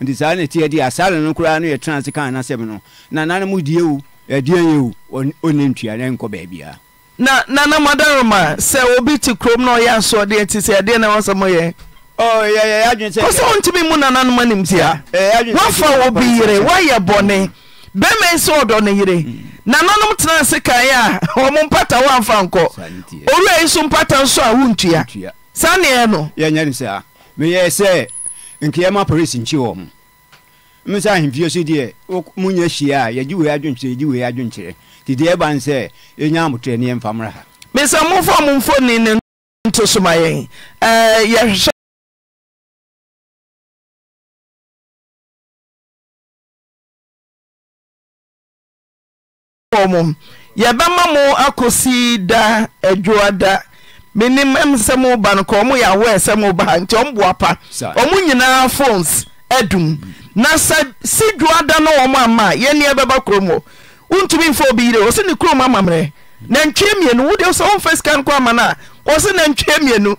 nti saa ne tiɛ deɛ asare no koraa no yɛtena ase kaa nasɛm no na nane mu die o ɛdeɛ yɛ o ɔne ntua ne nkɔ baabiaa na na na madaroma sɛ obi te kurom na ɔyɛ asoɔdeɛ nti sɛ ɛdeɛ na ɛwɔ sɛ moyɛ ɔ sɛ wontumimu nananom animia wfa wɔ bi yere wyɛ bɔne bɛma sɛ ɔdɔne yere naanomtease kaɛ fnk swnta saneɛnosaa meyɛ sɛ nkɛma parɛs nkyi wɔ mmesahefi so deɛya yi ygyeɛ wyeɛ wkyerɛnɛ ɛyɛmfmisn ntosoma yɛyɛweyɛ eh, yɛbɛma mo akɔsi da adwoada menim m sɛ no ka ɔmo yɛ awoɛ sɛ ya ha nti ɔmboa pa ɔmo nyinaa na sɛ si dwoada no ama a yɛnneɛ bɛba kurom hɔ wontumi mfa obi yire wɔ ne kurom amammerɛ nantwie mmienu sɛ sika nko ama nantwie mmienu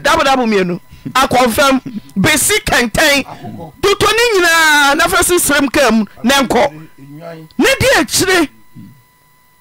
dabodabo mmienu besi kɛntɛn nyinaa na fɛ se serem kaa ne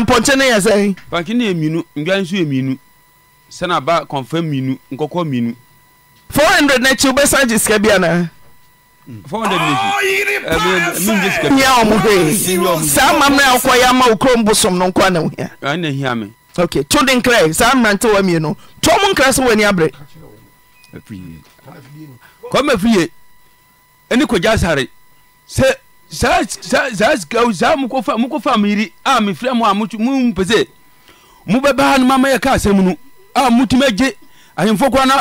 mpɔteno yɛ sɛ00 nakyi wobɛsa gye seka bianaasaa ma mɛakɔyɛma okooso noɔnodenkrɛ saamante tɔm nkra sɛ wani erɛa saa saa sika o saa mu kofa mu kofa mu yiri a mi fira mu a mu mu pese mu bɛ baa ni mama yɛ ka asɛm nu a mu ti ma gye ahemfo kora na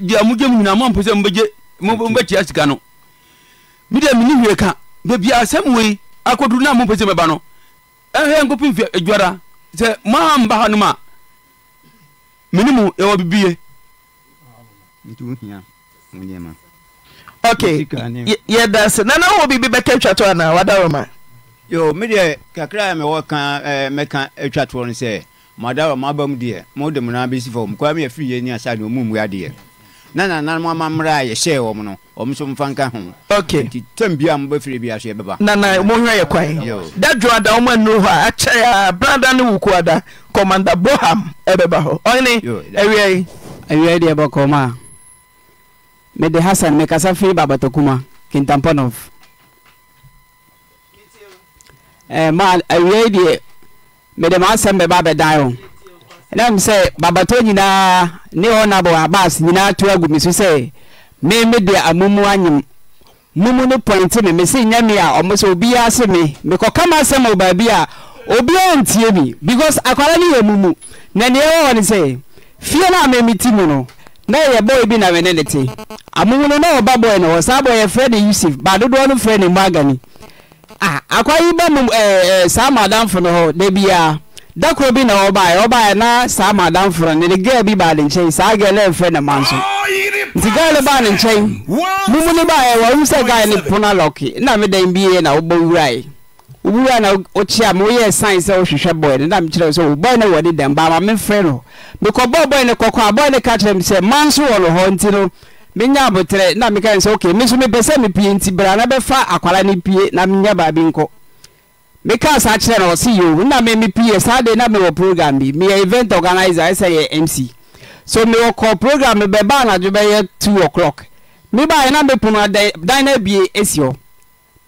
di a mu gye mu nyinaa mu a mu pese mu bɛ gye mu bɛ tia sika no mi de mi ni hwee ka beebi asɛm wei akɔduru na mu pese bɛ ba no ɛhɛ e, nko pin fi adwara e, sɛ maa mba ha no ma minimu ɛwɔ e, bibie. nti o hia o nneɛma. Okay. yɛda sɛ nana wɔ biribi bɛka atwa to anaa wadaroma yo medeɛ kakra a mewɔ ka eh, mɛka to eh, toɔ no sɛ madaroma aba mu deɛ mode mo naa bɛsi fa mu koraa meyɛfiri yɛ ni asa ne ɔmummu adeɛ na nananom ama mmra a yɛhyɛɛ wɔ m no ɔm nso mfa nka ho nti tam bia mobɛfiri bia so yɛbɛba e nana mohwɛ yɛ kwan da dwoada woma nnuru hɔ a akyɛe a brada ne wo kuada commanda boham ɛbɛba hɔ ɔne awiai awiai deɛ bɛkɔma a mede hassan mekasa fii babatakuma kintamponov eh, ma awiei eh, deɛ mede maasɛm bɛba bɛdan wo nam sɛ babatɔ nyinaa ne ɔnabo abas nyinaa to agu me so sɛ me mede amumu anyem mumu no pɔnte me mese nya me a ɔmo sɛ obiaa se me mekɔka ma asɛm wɔ baabi a obiaa ntie me because akwara no yɛ mumu na neɛ ɛwɔ hɔ ne sɛ fie no a memeti mu no na yɛ boy bi na wɛne ne te amuhunu na ɔba no yɛfrɛ ne yusuf ba dodoɔ no frɛ ne akwa yi mu eh, eh, saa madamfo no hɔ da dakoro bi na ɔbaeɛ na saa madamfo no ne de bi baa ne nkyɛn saa girl ɛmfrɛ ne ma nso nti girl baa ne nkyɛn mumu no eh, wɔn sɛ ne na me dan bie na owura na ɔkyi a moyɛ sign sɛ wohwehwɛ bɔɛ no na mekyerɛ sɛ wobɔɛ no wɔ ne dɛm baa ma mefrɛ no mekɔbɔɔ bɔɛ no kɔkɔ a bɔɛ no ka kyerɛ me sɛ ma nso wɔ no hɔ nti no menya abotrɛ na meka sɛ ok me nso mepɛ sɛ mepie nti bra na bɛfa akwara no pie na menya baabi nkɔ meka saa kyerɛ no ɔse yo na me mepiɛ saa de na mewɔ program bi meyɛ event organiser ɛsɛ yɛ mc so mewɔ kɔ program bɛbaa anadwo bɛyɛ two o'clock mebaɛ na mepono dan no abie ɛsi hɔ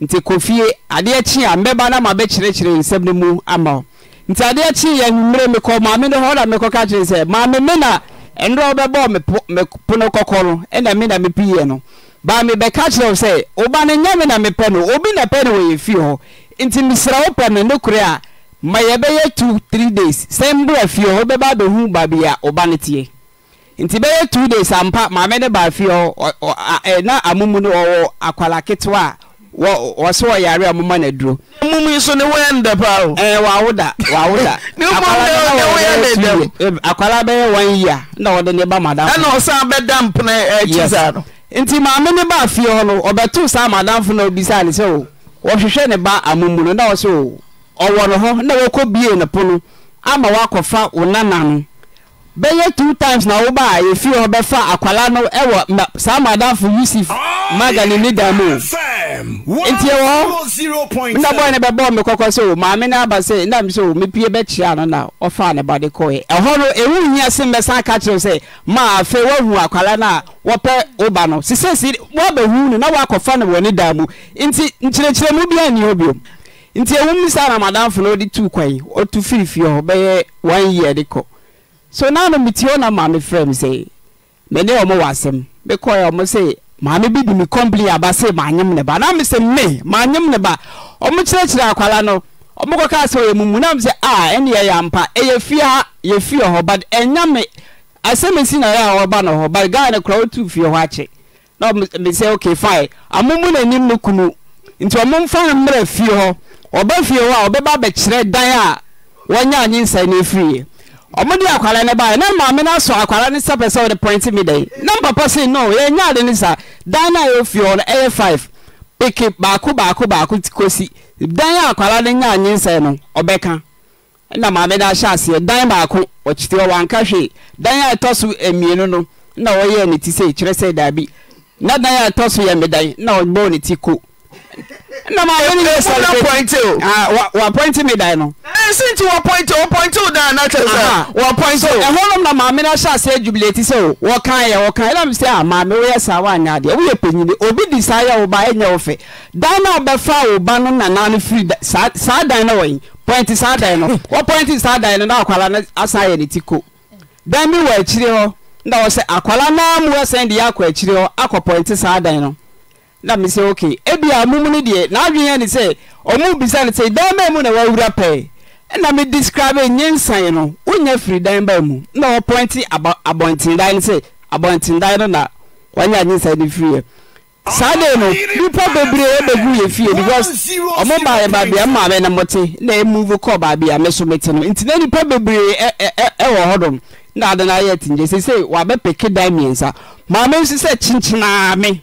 nti kofie adeɛ kyi a mbɛba na ma bɛkyerɛkyerɛ nsɛm no mu ama nti adeɛ kyi yɛ mmerɛ mekɔ maame no hɔ na mekɔka kyerɛ sɛ maame me na ɛnora wobɛbɔɔ me pono kɔkɔ no ɛna me na mepiiɛ no baa mebɛka kyerɛ wo sɛ woba no nyɛ me na mepɛ no obi na pɛ no wɔyɛ fie hɔ nti mesrɛ wo pɛ no ne korɛ a ma yɛbɛyɛ two three days sɛ mbura fie hɔ wobɛba bɛhu baabi a woba no teɛ nti bɛyɛ two days ampa maame ne ba fie hɔ na amumu no ɔwɔ akwala ketewa a wɔsɛ wɔyare a moma no aduro mum so ne woyɛ ndɛ paa woda woda akwara bɛyɛ Akwala yi a na wɔde ne ba madamɛna ɔsan bɛda mpena na saa no nti maame ne afie hɔ no ɔbɛtoo saa madamfo na obisaa ne sɛ o oh, wɔhwehwɛ ne ba amomu no na wɔ sɛ o oh, ɔwɔ na wɔkɔ bie no ama woakɔfa wo bɛyɛ two times na woba a yɛfie hɔ bɛfa akwala no ɛwɔ saa madamfo yusuf magane ne dan mu nti ɛwɔ nna bɔe no bɛbɔɔ me kɔkɔ sɛ o maame no aba sɛ nam sɛ o mepie bɛkyea no na ɔfaa ne bade kɔɛ ɛhɔ no ɛwu hia se mbɛsan ka kyerɛw sɛ ma afei woahu akwala no a wɔpɛ woba no sesesi woabɛhu no na woakɔfa no wɔ ne dan mu nti nkyerɛkyerɛmu bi anni hɔ biom nti ɛwom sa na madamfo no ɔde tu kwan ɔtu firifie hɔ bɛyɛ one year de kɔ so na no metie na maame frɛ me sɛ ɔmo wɔ asɛm mekɔɛ ɔmo sɛ maame bi de me kɔmpli aba se ne ba na mesɛ me maanyem ne ba ɔmo kyerɛkyerɛ akwala no ɔmo kɔka sɛ ɔyɛ mumu na a ɛne yɛ yampa ɛyɛ ha yɛ na yɛ a ɔba no hɔ but fie hɔ na okay fine amumu no kunu nti ɔmo mmerɛ fie hɔ ɔba fie hɔ a ɔbɛba abɛkyerɛ dan a ɔmo di akwara ne baayɛ na maame na asɔ akwara ne sapɛ sɛ de pɔnti mi dɛn na papa se no yɛnya ade ne sa dan no a yɛfie hɔ no five peke baako baako baako kosi dan a akwara no nya anyinsɛn no ɔbɛka na maame na ahyɛ aseɛ dan baako ɔkyiti hɔ wanka hwee dan a ɛtɔ so mmienu no na ɔyɛɛ ne ti sɛ kyerɛ sɛ daabi na dan a ɛtɔ so yɛ medan na ɔbɔɔ ne ti ko wapɔinte ah, medae nosinti eh, wapɔinte wapɔinte wo dan anakyɛ sɛ wapɔinte ɛhɔnom na maame na hyɛ ase adwubileti sɛ o wɔkae yɛ wɔkae ɛnam sɛ a ah, maame woyɛ saa woanyɛ adeɛ woyɛ panyini obi di saa yɛ wo ba ɛnyɛ wo fɛ dan na wɔbɛfa wo ba no nanaa no firi saa dan na wɔyi pɔinte saa dan no wɔpɔinte saa dan no na akwara na asan yɛ ne ti ko dan bi wɔ akyiri hɔ na wɔ sɛ akwala naa mu ɛsɛn de yɛ akɔ akyiri hɔ akɔpɔinte saa dan no na mesɛ ok ebia momu no deɛ n'adweneɛ ne sɛ ɔmo bisa ne sɛ dan baa mu na wawura pɛe na medescribe nyensae no wonya firi dan baa mu na wɔpɔnte abɔntendan no sɛ abɔntendan no na wanya nyensae no firiɛ saa de no nipa bebree bɛgu yɛ fie because ɔmo baayɛ baabi a maame no mote na emuvu kɔ baabi a meso mete no nti na nipa bebree ɛwɔ hɔ dom na ade no ayɛ tingyɛ sɛ sɛ wabɛpeke dan mmiɛnsa maame nso sɛ kyenkyenaa me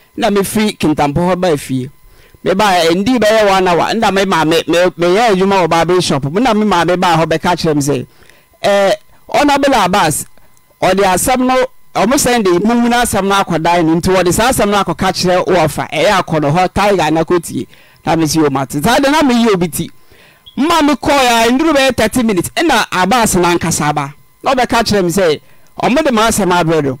na mefiri kintampo hɔ baa fie mebaa ndi bɛyɛ one hour nna me maame meyɛ adwuma wɔ mu na me maame baa hɔ bɛka kyerɛ me sɛ ɛɛ eh, honourable abas ɔde asɛm no ɔmo sɛn de no no nti wɔde saa asɛm no akɔka kyerɛ wɔfa ɛyɛ akɔnɔ hɔ na na me si wɔn saa de na me yi obi ti mma me kɔɔ ya nduru bɛyɛ thirty minutes ɛna abas nankasa ba na ɔbɛka kyerɛ sɛ ɔmo de asɛm do.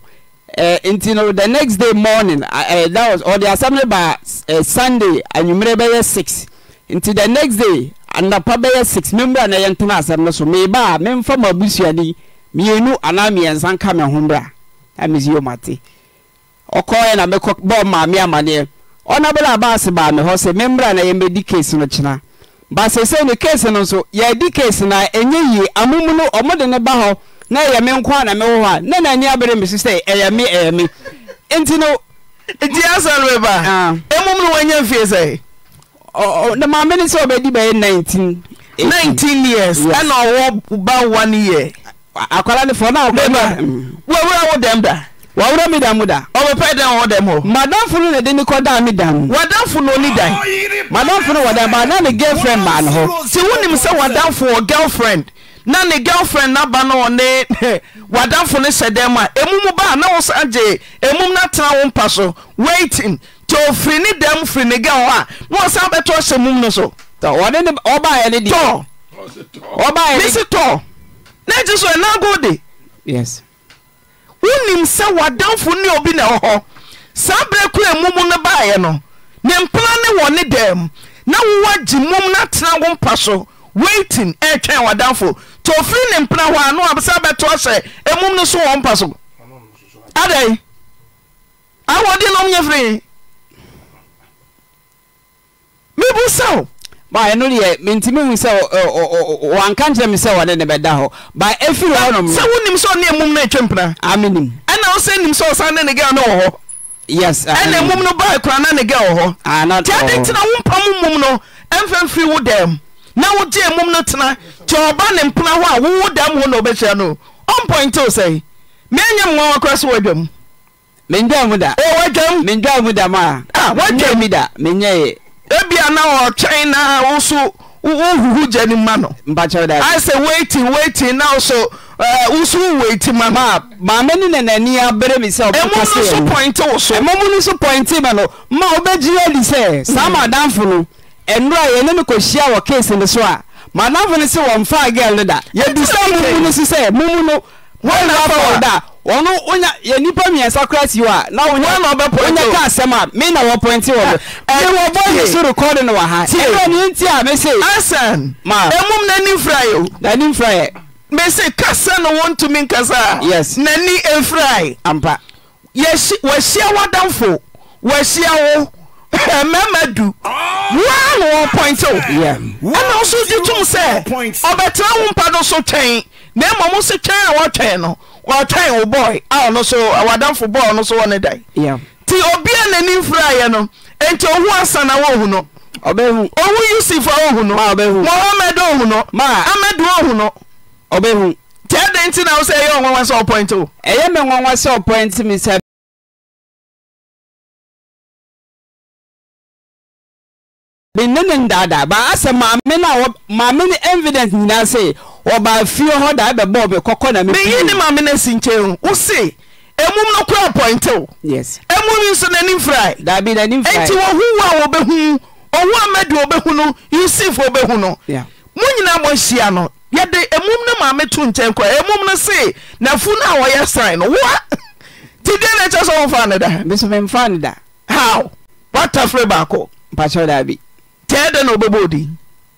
uh, the next day morning uh, uh, that was or the assembly by uh, sunday anwummerɛ bɛyɛ six Until the next day anapa bɛyɛ six memmra na yɛntena asɛm no so meba a memfa mo abusuani mmienu anaa mmiɛnsa nka me ho mbra na mesi yɛ mate ɔkɔɔɛ na mekɔ bɔɔ maame amaneɛ ɔnabɛla abaase baa me hɔ sɛ memmra na yɛmmɛdi case no kyena ba sɛ sɛ ne case no nso yɛadi case na a ɛnyɛ yie amomu no ɔmode ne ba hɔ na ɛyɛ me na mewɔ hɔ a na naani abere mesi sɛ ɛyɛ me ɛyɛ me nti no nti asɔre bɛba ah. ɛmum no wanya sɛ na maame ne sɛ ɔbɛdi bɛyɛ 19 19 years ɛna ɔwɔ ba one year akwara na mm. wawura wo dɛm da wawura mi da wɔ dɛm hɔ na de kɔ dan mi dan na girlfriend hɔ na ne girlfriend naba no ɔne wadamfo no hyɛ dɛn a ɛmu mu baa na wo sa gyee ɛmum no tena wo mpa so waitin nti ofiri ne dɛm firi ne gɛ hɔ a na ɔsan bɛtɔ hyɛ mum no so tɔ ne si tɔ na agye so ɛnago de wonim sɛ wadamfo ne obi na ɛwɔ hɔ saa berɛ kora mumu no baeɛ no ne mpena ne wɔ ne dɛm na wowɔ gye mum no atena wo mpa so waitin ɛtwɛn wadamfo nti ɔfiri ne mpena hɔ a no abɛsa bɛtoa hyɛ ɛmum no so wɔ mpa so adɛn awɔde nom nyɛ firi mebu sɛw ɛno deɛ mentimi hu sɛ wanka nkyerɛ me sɛ wɔne ne bɛda hɔ ba ɛfiri hɔnomsɛ wonim sɛ ɔne mum no atwa mpena amenim ɛna wo sɛ nim sɛ ɔsan ne ne gɛl no wɔ hɔ yes ɛna mum no baa kora na ne gɛl wɔ hɔ ah, nti ade tena wo mpa mo mum no ɛmfɛmfiri wo dɛm na wogye mom no tena nti ɔba ne mpena hɔ a wowo dam hɔ na wobɛhyia no ɔmpɔntewo sɛe meanyam wa wakora sɛ woadwam wdwamwdwam ebia na ɔtwɛn na wo wohuhu gya ne ma no ae sɛ 'Waiti! Waiti! na wo eh, so woso woweiti ma noɛmono so pɔnte wo so pɔnte ma no ma wobɛgye adi sɛ saa hmm. ma adamfo no ɛnora yɛne eh, eh, no kɔhyia wɔ case no so a manafo no sɛ wɔmfaa gɛ ne da yɛd sa mumuno s sɛ momu noda ɔnyɛnipa mmiɛsa kris yonyɛka asɛm a mena ɔpɔnts ed o Eh, mmarima du woa na wɔn pɔinte o ɛna ɔso gye tom sɛ ɔbɛtena wo mpa no so twɛn na mmom nso twɛn a wɔtwɛn no wɔtwɛn wo bɔɔl a ɔno so wadamfo bɔɔl no so wɔ ne dan nti obi a n'ani fura yɛ no nti ohu asa na wɔhu no ɔbɛhu ohu yusuf a ohu no ɔbɛhu mohammed ohu no amadu ohu no ɔbɛhu tí ẹ dẹ́ntì náà ó sẹ́ ẹ yẹ ọ̀nwọ́nwá sẹ́ ọ̀pọ̀ntì o. ẹ yẹ mi ọ̀nwọ́nwá sẹ́ ọ̀pọ̀ntì mi sẹ́ ne ndaadaa ba asɛ maame no wɔ maame no evidence nyinaa sɛ ɔbaa fie hɔ daa bɛbɔ ɔbɛ kɔkɔ na mɛ. meyi ne maame no asi nkyɛn o wose emum no kura pɔntew. yes emum nso n'anim fry. daabi n'anim fry eti wɔn huwa a wɔbɛhu owu amadu wɔbɛhu no yusuf wɔbɛhu no. Yeah. nyinaa bɔ hyia no yɛde emum no maame to nkyɛn kɔ emum no se nafu no a wɔyɛ sign no wa ti deɛ na ɛkyɛ sɛ wɔn fa ne da. bɛsɛ mɛ ne da. how wata fere baako. mpatsɛ daabi. taa de na wobɛbɔ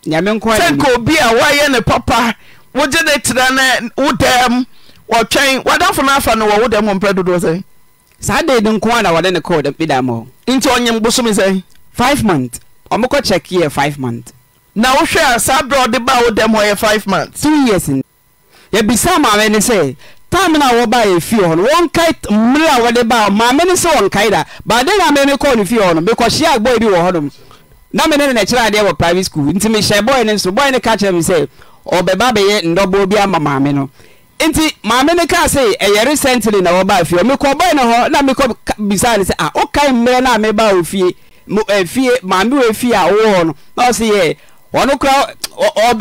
nkwa sɛ nka obi a woayɛ ne papa wogye ne tera ne wo dɛm wɔtwɛn wadamfo no afa no wɔ wo dɛm wɔmprɛ saa nti five month five month na wohwɛ saa berɛ ɔde ba wo dɛm hɔ five month two years maame na wɔba yɛ fie a maame ne na me ne ne kyerɛ adeɛ wɔ private school nti mehyɛ boy ne nso boy ne ka kyerɛ me sɛ ɔbɛba bɛyɛ ndɔbɔ bi ama maame no nti maame ne kaa sɛ ɛyɛ recently na wɔba fie mekɔ boy ne hɔ na mekɔ bisaa ne sɛ a ah, wokae mmerɛ no a meba wɔ fie eh, fie maame wɔ fie a wowɔ hɔ no na ɔse yɛ ɔno kora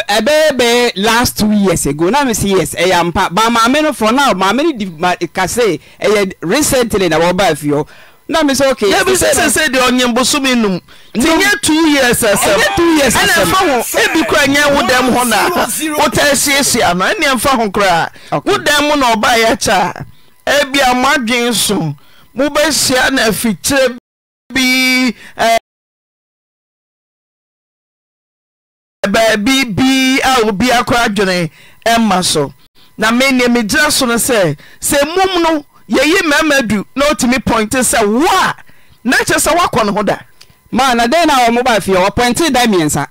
ɛbɛyɛ last two years ago na me sɛ yes ɛyɛ ampa ba maame no for now maame no di kase ɛyɛ recently na wɔba fie hɔ ebisɛ sɛ deɛ ɔnye bosome nom ntinyɛ 2 years asɛmɛne bi kora nyɛ wo dɛm ho na wota siesia no ɛneɛ mfa ho koraa wo dɛm mo na ɔba a mo na afikyerɛ bi eh, baabi bi a obi akora adwene ɛma so na menneɛ megyira so no sɛ sɛ no yɛyi mama du na ɔtumi point sɛ wo a na kyerɛ sɛ woakɔ ne ho da mana dɛn na wɔ mo ba fie ɔpɔntee da mmiɛnsa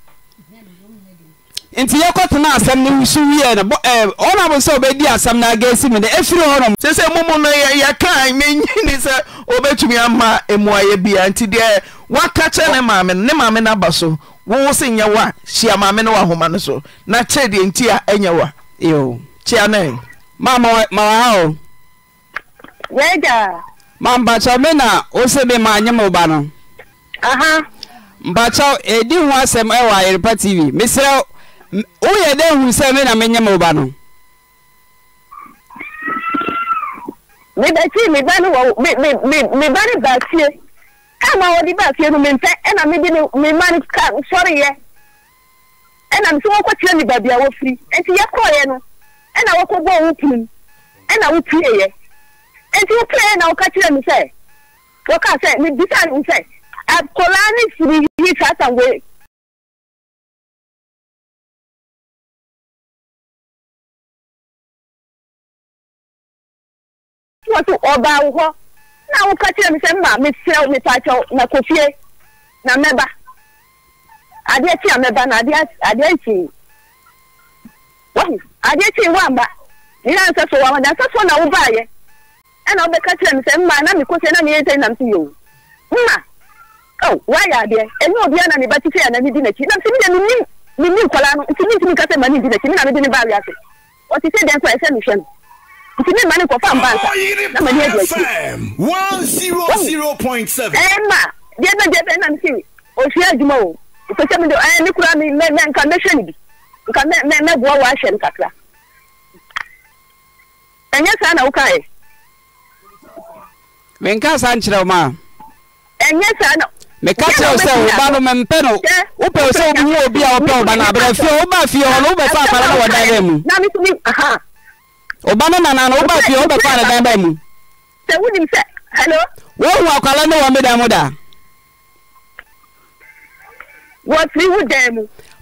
nti yɛkɔtena asɛm no so wie no ɔnabo sɛ obɛdi asɛm no aga si me no ɛfiri hɔnom sɛ sɛ momu no yɛka menyini sɛ obɛtumi ama mmuayɛ bia nti deɛ woaka kyɛ ne maame no ne maame na aba so wowo se nyɛ wo a hyia maame no wahoma no so na kyerɛ deɛ nti a ɛnyɛ wo a kyia ne mama mawaa o mambakyɛw me na wose me maanye mo ba no mbacha edi ho m ɛwɔ ayerpa tv meserɛ woyɛ dɛ hu sɛ me na menye me ba no mebɛkyii meba no wɔ e meba no baa fie kama no no e ka sɔreyɛ ɛna no wo nti e na woka kyerɛ me sɛ woka sɛ mebisa ne sɛ akɔlaa siri yi satan wei wɔso ɔbaa wo na woka kyerɛ mma mesrɛ na kɔfie na mɛba adeɛ kyi a na adeɛ nkyi adeɛ kyi wo na ɛna ɔbɛka kyerɛ me sɛ mma na mekɔsɛ na meyɛ sɛ nam sɛ yɛo mma oh wayɛ adeɛ ɛnyɛ obia na meba kyekyɛ ana medi n'akyi nam sɛ medɛ no ka sɛ ma mendi n'akyi me na mede ne baa wiase ɔte sɛ dɛn kora ɛsɛ mehwɛ no nti mema ne nkɔfa mba nsa na mani adi akyi ɛma deɛ na deɛ sɛ nam sɛ ɔhwɛ adwuma o ɛsɛ sɛ mede ɛɛ ne kora me nka mɛhwɛ bi nka menka saa nkyerɛ ma a ɛnyɛ saa no meka kyerɛ wo sɛ woba no mempɛ no wopɛ wo sɛ wobuhu obi a wopɛ woba no abrɛ fie woba fie hɔ no wobɛfa akwara no wɔ dan baa mu woba no nana no woba fie wobɛfa no dan baa mu wohu akwara no wɔ me dan mu da wɔfiri wo dan mu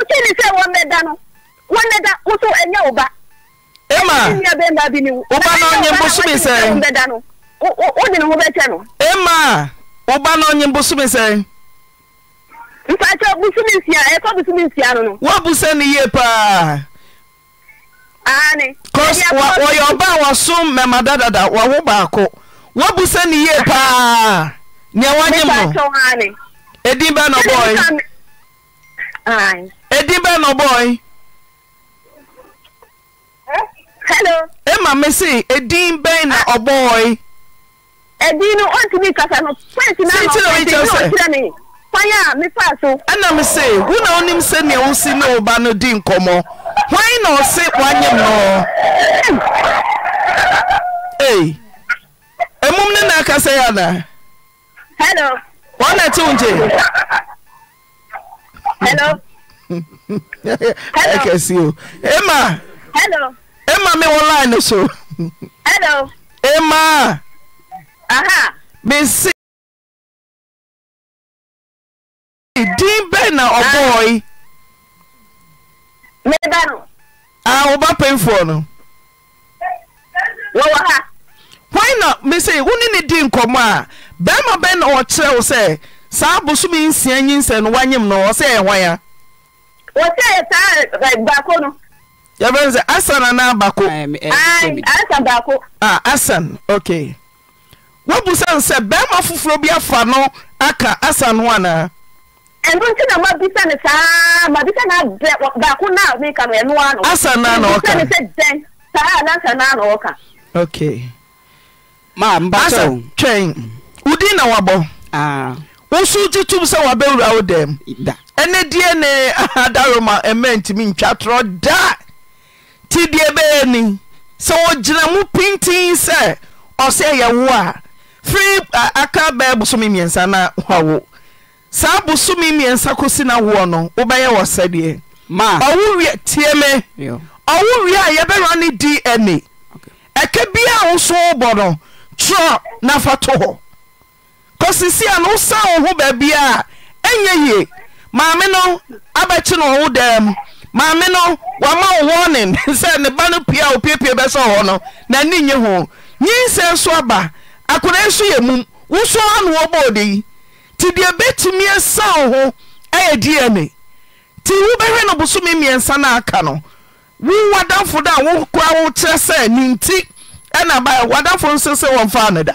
uche ni sɛ wɔn mɛ da no wɔn ụba na onye mbosumi sɛ. o de ne ho bɛ kyɛ ụba na onye mbosumi sɛ. mpatsɛ busumi nsia ɛkɔ busumi nsia paa. aani. a wɔso mɛma dadada wawo baako paa nye na yi. edin bɛɛ nɔ bɔɔe ema me se na ɔbɔɔe ɛna m se wo na wonim sɛ nea wosi ne wo no di nkɔmmɔ hwan na ɔse woanyem no ɛmum ne na aka sɛ yɛ Ee, wɔn na ɛte wo nkye hello. Hello. ẹ kẹsí o emma. hello. emma mi wọ line so. hello. emma. aha. mi si. din bẹ́ẹ̀ na ọbọ̀ wọ̀ yìí. mi bá nù. a wọ́n bá pè fún ọ wọ́n wá ha. wọ́n yìí na mi sè wọ́n ní ni di nkọ́mọ́ a bẹ́ẹ̀ ma bẹ́ẹ̀ na ọ̀ kyerẹ́ wọ́n sẹ́ẹ̀. saa bosom nsia nyinsɛ no woanyim no ɔ sɛ yɛ hwan a yɛbɛne eh, eh, sɛ asan anaa bako eh, asan ok woabu sane sɛ bɛrima foforɔ bi afa no aka asan ho anaa asannanɔka twɛn wodin na woabɔ ah. woso gye tom sɛ wabɛwura wo dam ɛne deɛ ne adaroma ma ntimi ntwatorɔ da ti deɛ bɛyɛ ni sɛ wɔgyina mu pintin sɛ ɔsɛ yɛwo a firi aka bɛɛ bosome mmiɛnsa na wawo saa bosome mmiɛnsa kosi no woɔ no wobɛyɛ wɔ sɛdeɛ tie me ɔwo wie a yɛbɛwura ne dna ɛkɛ biaa woso wobɔ no kyerɛ na fa to hɔ kọsisi a no wosa wo ho a ɛnyɛ yie maame no abɛkye no ɔwo daa m maame no wama ọhụụ wɔnen sɛ ne ba a opiepie bɛsɛ hɔ no naani nye ho nyinsɛ so aba akonaa so yɛ mum woso anoɔbɔɔde yi nti ebe bɛtumi ɛsawo ọhụụ ɛyɛ dine nti wobɛhwɛ no bosome mmiɛnsa no aka no wowadamfo no a wo kora wo kyerɛ sɛ ne nti ɛna ba wadamfo nso sɛ wɔmfaa no da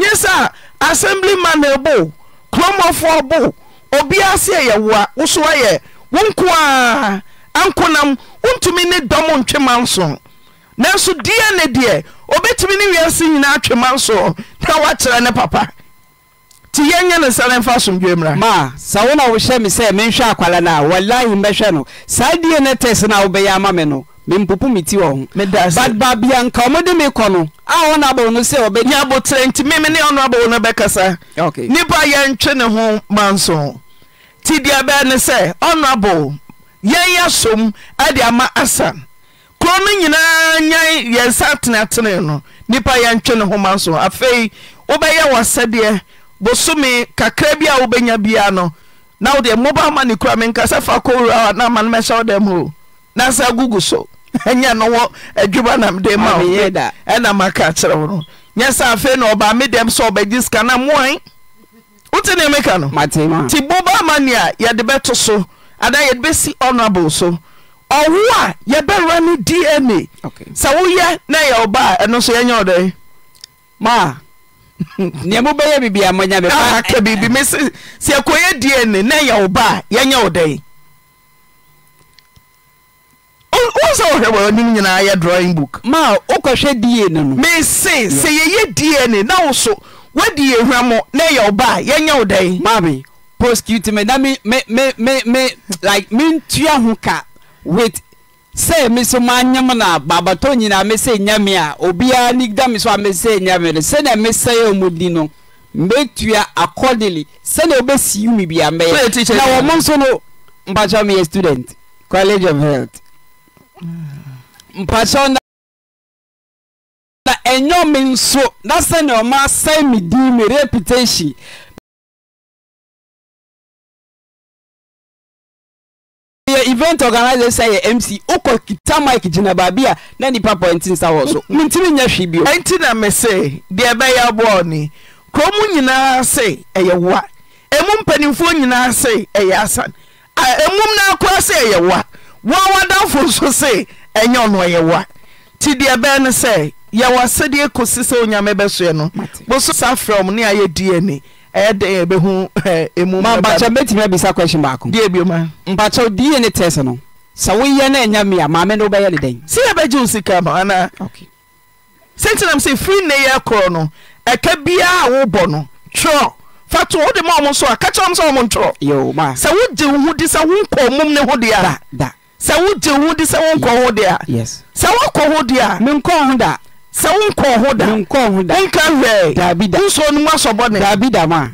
nyɛ sɛa asembly mane bo kuromɔfoɔ bo obiaa seɛ yɛwoa wosoa yɛ wonko aa ankonam wontumi ne dɔmo ntwema nso nanso diɛ ne deɛ obɛtumi ne wiɛ se nyinaa twema nsoɔ na woakyerɛ ne papa nti yɛnyɛ no sane mfa somdmma sa wona wohyɛ me sɛ menhwɛ akwara no a walahi mɛhwɛ no saa die nɛ tɛ se no wobɛyɛ ama me no mempopo meti wɔ hobut babia nka ɔmode me kɔ no a wɔno abɔwo no sɛ ɔbɛnya aboterɛ nti meme ne ɔno abɔwo no bɛkasa nnipa yɛntwe ne ho ma nso deɛ bɛɛ ne sɛ ɔno som ade ama asa kuro no nyinaa nyan no nnipa yɛntwe ne ho ma nso afei wobɛyɛ wɔ sɛdeɛ bosome kakra bi a wobɛnya biaa no na sɛ fa a na ama no nasa gugu so ɛnya no wɔ adwuma namde ma ɛna maka kyerɛ wo no nyɛ sɛ afei na ɔbaa me dɛm sɛ ɔbɛgye sika na mmoan wote ne meka no nti boba a yɛde bɛto so anaa yɛde bɛsi so ɔwo a yɛbɛwura dna sɛ woyɛ na yɛ ɔba a ɛno yɛnyɛ ma nea mobɛyɛ biribi a manya bɛka ah, biribi me sɛ sɛ ɛkɔyɛ dna na yɛ ɔba a yɛnyɛ wọn sọ ọhwẹ wọn nyinaa yɛ drawing book. maa o kɔ hwɛ dna no. mese sɛ yɛyɛ dna n'awo so wadi yɛ hwɛ mo na yɛ ɔba yɛnyɛ o dɛn. maami prosecute me na mi me me me me like mi n tuya ho ka with sɛ mi so ma nyam na babatɔ nyinaa mi sɛ nyami a obiara ni da mi so a mi sɛ nyami no sɛ na mi sɛ yɛ ɔmo di no mbetua accordingly sɛdeɛ obesi mi bi a mbɛyɛ na wɔn nso no mpatsa mi yɛ student college of health. mpakyɛw na ɛnyɔme nso na sɛnea ɔma asɛe me din me reputation event organizer sɛ mc wokɔ kita mike gyina baabi a na nipa pɔnti nsa wɔ so mentimi nyɛ hwee enti na me se ya ɛbɛyɛ ni. ne kurom nyinaa se ɛyɛ woa nyinaa se asan se woa w'adamfo nso se ɛnyɛ ɔno ɔyɛwo a nti deɛ ɛbɛɛ no sɛ yɛwɔ sɛdeɛ kɔsi sɛ onyame bɛsoɛ no boso sa frɛ m DNA a e yɛ eh, di ani ɛyɛ dɛn yɛbɛhu mu mpakyɛ mɛtumi abisa question baako deɛ bioma mpakyɛ di ne test no sɛ woyɛ no ɛnya mmea maame no wobɛyɛ ne dɛn sɛ yɛbɛgye wo sika ma anaa sɛntinam sɛ firi nne yɛ korɔ no ɛka biaa a wobɔ no twerɛ fato wode ma ɔmo so a ka kyerɛ ɔm sɛ ɔmo ntwerɔ sɛ wogye wo ho di sɛ wonkɔ mom ne ho deɛ a sɛ wogye ho de sɛ wonkɔ ho de a sɛ wokɔ ho de a menkɔ ho da sɛ wonkɔ ho da wonka hwɛɛwonsuo no mu asɔbɔne daabi da ma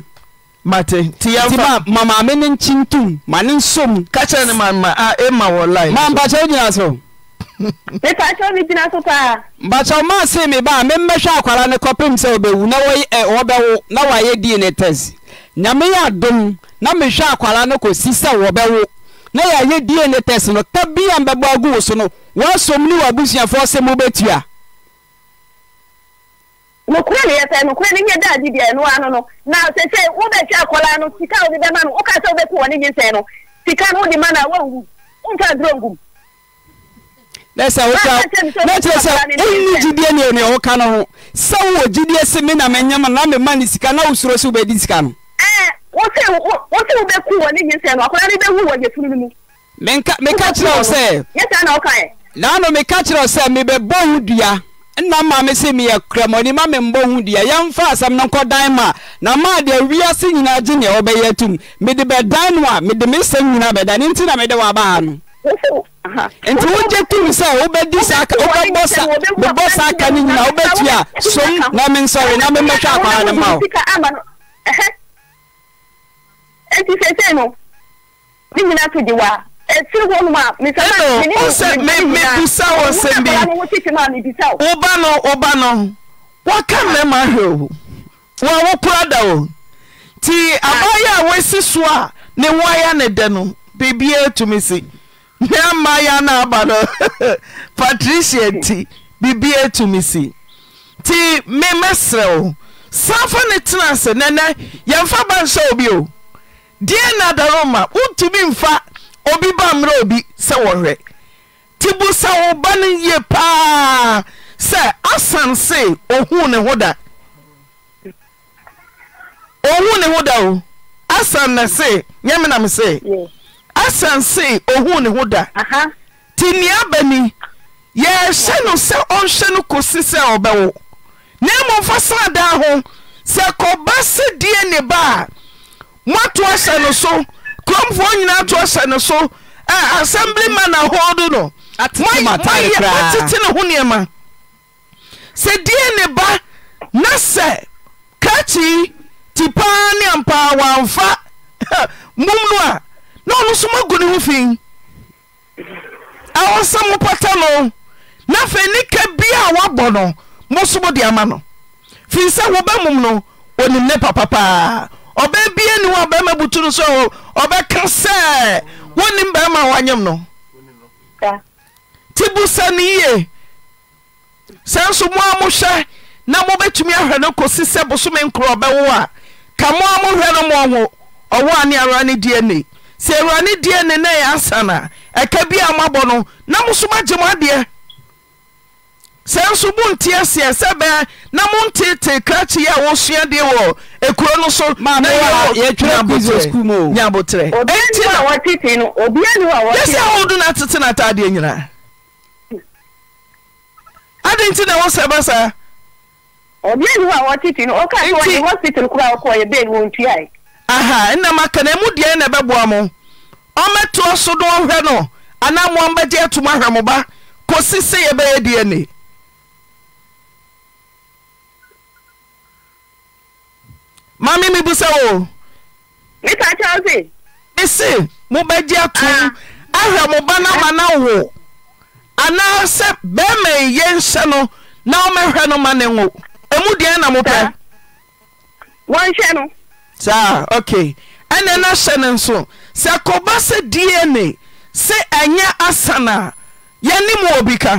mate nti yɛmfa mamaame ne nkyi ma ne nsom ka kyerɛ ne mama a ɛma wɔ wogyina so so paa mpakyɛw maa se me ba a memmɛhwɛ akwara ne kɔpem sɛ na wɔbɛwo na wɔayɛ ne tɛs nyame yɛ adom na mehwɛ akwara sɛ na yɛayɛ dna test no ka bi a mbɛbɔ agu wo so no wɔasom ne wɔabusuafoɔ sɛ mobɛtua nokora ne yɛsɛ nokora ne nyɛ da adi deɛ ɛnoa ano. no na sɛ sɛ wobɛtua akɔlaa no sika wode bɛma no woka sɛ wobɛku wɔ ne nyinsɛn no sika no wode ma ah, no a woawu wonka aduro ngum nɛsɛ woka nɛkyerɛ sɛ wonni gyidie ne ɛne ɛwoka no ho sɛ wowɔ gyidie se me na menyam na mema ne sika na wosuro sɛ wobɛdi sika no eh, wosi wosi wo bɛ ku wɔ ne yin sɛ no akɔla ne bɛ wu mu. meka meka kyerɛ o sɛ. yasa na ɔka yɛ. naanu meka kyerɛ o sɛ mi bɛ bɔ ohun dua nna maame sɛ meyɛ kuramɔni ma me mbɔ ho deɛ yɛmfa asɛm no nkɔ dan ma na maa deɛ wiase nyinaa gye neɛ wɔbɛyɛ atom mede bɛdan no a mede me sɛm nyinaa bɛda ne nti na mede wɔabaa no nti wogye tum sɛ wobɛdi saa wobɛbɔ sa bɛbɔ saa ka no nyinaa wobɛtua som na mensɔre na memmɛhwɛ akwaa no ma wo nti sese no ne nyina to de wa ɛsiri hɔ nom a misala mene ɔsɛ me me bisa wɔ sɛm bi woba no woba no waka mmarima ahwɛ o wɔn a wokura da o ti abaayɛ a wasi so a ne waya ne dɛ no biribiara tumi si ne ama ya na aba no patricia nti biribiara tumi si ti mmɛmɛsrɛ o sanfa ne tena ase nɛnɛ yɛmfa ba nhyɛ obi o. deɛ na daroma wontumi mfa obi ba mmerɛ obi sɛ wɔhwɛ nti bu sa no ye paa sɛ asan se ohuu ne ho da ohuu ne ho da o asan na se nyɛmenam se asan se ohun ne ho da nti nnea ba ni yɛhyɛ no sɛ ɔnhwɛ no kosi sɛ ɔbɛwo na mmomfa saa daa ho sɛ kɔba se deɛ ne ba a moato ahyɛ no so kuromfoɔ nyinaa to ahyɛ no so assembly ma na hɔdo no motete ne ho nneɛma sɛ die ne ba na sɛ kakyi ti paa ne ampaa wamfa mom no a na ɔno so magu ne ho fii awɔ sɛ mopɔta no na afei ne ka bia a woabɔ no moso mo de ama no firi sɛ wobɛ mom no onim ne papapaa ɔbɛa bia ne ho a bɛima butu no so ɔbɛka sɛ wonim bɛima woanyam no nti bu sa ne yie sɛ nso mo a mohwɛ na mobɛtumi ahwɛ no kɔsi sɛ bosome nkorɔ ɔbɛwo a ka mo a mohwɛ no mɔho ɔwɔ a ne awura ne dine sɛ awura ne dine na ɛyɛ asano a ɛka bi a moabɔ no na moso magye m adeɛ saa nso monte aseɛ sɛ bɛɛ na montetee krakye yɛ a wɔsuadeɛ wɔ akuro no so nayɛsɛ wodo no atete no ataadeɛ nyinaa adɛn nti na wosɛ bɛ saa aha nnam ntị na mu deɛn na ɛbɛboa mo ɔmmɛtoɔ so no ɔhwɛ no ahwɛ mo ba kosi sɛ deɛ n'i. mame mebu sɛ o meka kyɛw se mese mobɛgye atom ahwɛ mo ba no ma no wo anaa sɛ bɛrima yɛnhyɛ no na womɛhwɛ no ma ne wo ɛmu deɛn na mopɛ wɔnhyɛ no saa ok ɛne na hyɛ no nso sɛ kɔba sɛ dna sɛ ɛnyɛ asana, a yɛne mu obi ka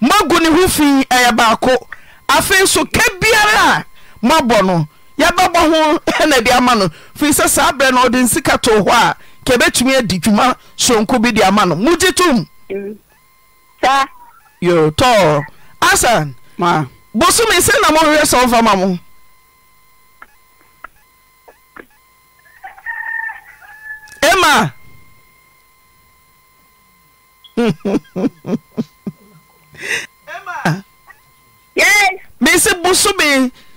moagu mhm. ne ho fii ɛyɛ baako afei nso ka biara moabɔ no yɛbɛbɔ ho na de ama no firi sɛ saa berɛ no ɔde nsika hɔ a kebe bɛtumi adi dwuma sonko bi de ama no mogye tom yoo tɔɔ asan bosome sɛ na mowerɛ sɛ ɔfa ma mo ema mese bosome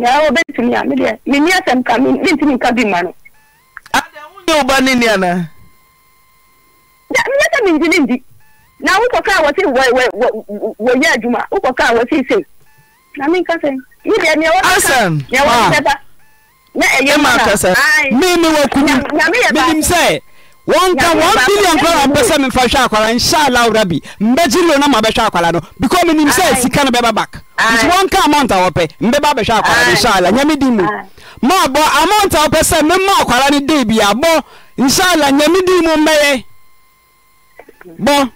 nyɛ wobɛtumi a medeɛ menni asɛm ka mentumi nka bi ma no woyɛ wo ba ne ni anaa menyɛ sɛ mentimi ndi na wokɔ kaa wɔse wɔyɛ adwuma wokɔ kaa wɔse sei na menka sɛ medeɛ neɛ wɔasan neɛ wɔbɛba na ɛyɛ ma kasa meme wakuru menim sɛ wka billion knɔpɛ sɛ mefa hwɛ akwara nshaalarabi mbɛgye lono mabɛhwɛ aa n bease meni sɛsika no bɛaba ntiwka amont awɛaɛwɛanyamein mu a amont awɔpɛ sɛ mema akwara no debiabɔ nshaala nyamedin mu ɛyɛ bɔ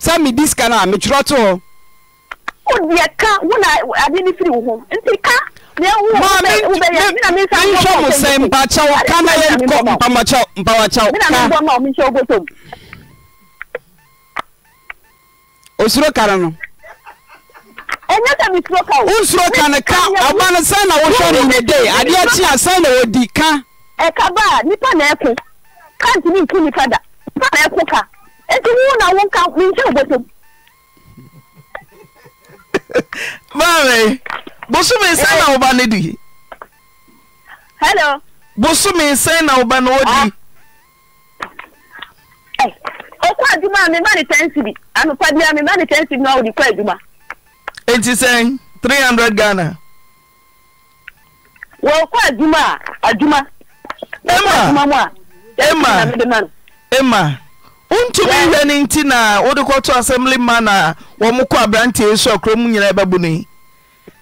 sɛ medi ska no a mekyerɛ to hɔ nso mo sɛ mpakyɛw ka na yɛnkɔ mpawakyɛw mpawakyɛw osuro no ka ne ka aba no sɛn na wohwɛ no ne de adeɛ kye a na wɔdi ka ɛka ba a nipa na ɛko ka ntumi nku nipa da nipa na ɛko ka wo na wo nka menkyɛ wo bosome nsa eh. na woba no di hello bosome nsa na woba no wodi ah. eh, okɔ adwuma a mema ne tɛnsibi anopa bia mema ne tɛnsibi na wode kɔ adwuma enti sɛn 300 ghana wɔkɔ adwuma a adwuma ɛma mu a ɛma ɛma wontumi hwɛ ne nti na wode kɔto assembly ma na wɔmokɔ aberanteɛ so ɔkorɔ mu nyinaa ɛbɛbo no yi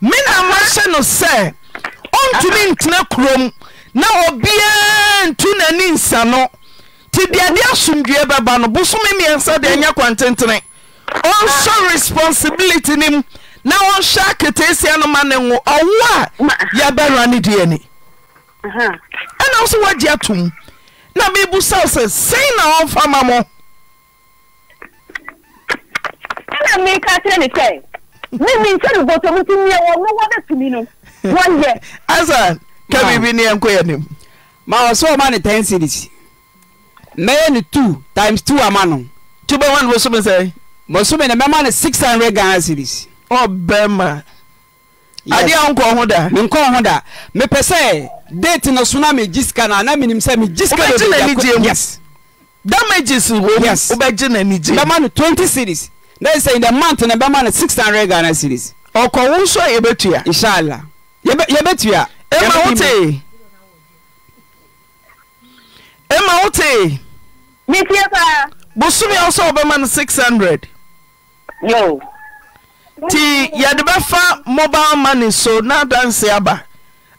mena mahyɛ no sɛ ɔntumi ntena kurom na obiaa ntu n'ani nsa no nti deade asomdwoe bɛba no bosome mmiɛnsa de anya kwantentene ɔnsɔ responsibility no m na ɔnhyɛ aketeesia no ma ne wo ɔwo a yɛbɛra ne ɛna atom na sɛ sei na mo mímí nsẹ́ni bọ̀tọ̀ mi ti ní ẹ̀wọ̀ ní wọ́n dẹ̀ tìmí nu wọ́n yẹ. asan kẹ́mi bi ni ẹ̀ ń kó yẹ ni. ma ni ten series mẹ́yẹ ni two times two ama no. two by one ni mo sún mi sẹ́yìn. mo sún ni mẹ́ma ni six hundred Ghana series. ọ oh, bẹ́ẹ̀ ma. ade a nkɔ ho da. mi nkɔ ho da mepɛ sɛ date no so na mi gyi sika na na mi nim sɛ mi gyi sika bɛ bi yakɔ yes damages wo yes wobɛgye n'ani gye. mɛma ni twenty series na sɛ in the month na bɛma no six hundred ghana series. ọkọ wo nso a yɛbɛtua. inshala yɛbɛtua. ema wo tee. ema wo tee. mi tie paa. bosomi a wosɛ wɔbɛma no six hundred. yoo. ti yɛde bɛfa mobile money so na danse aba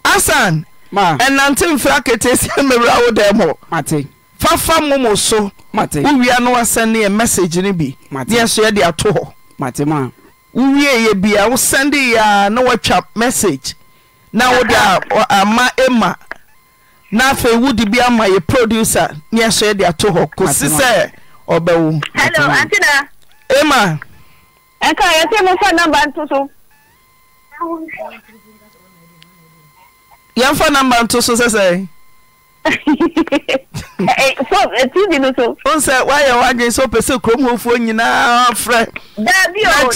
asan. ma ɛnante mfra kete sɛ mmerɛ awo dɛm hɔ. mate. fafa momo so wowia no wasɛndeɛ message ni bi neɛ so yɛde ato hɔ wowieeɛ bia wo sɛndeyɛa na woatwa message na wode ama ma na afei wode bi ama yɛ produser neɛ so yɛde ato hɔ kosi sɛ ɔbɛwo ma yɛmfa namba nto so sɛ sɛ o sɛ woayɛ w'adwene sɛ wopɛ sɛ kurom hɔfoɔ nyinaa frɛ nakyɛ sɛ a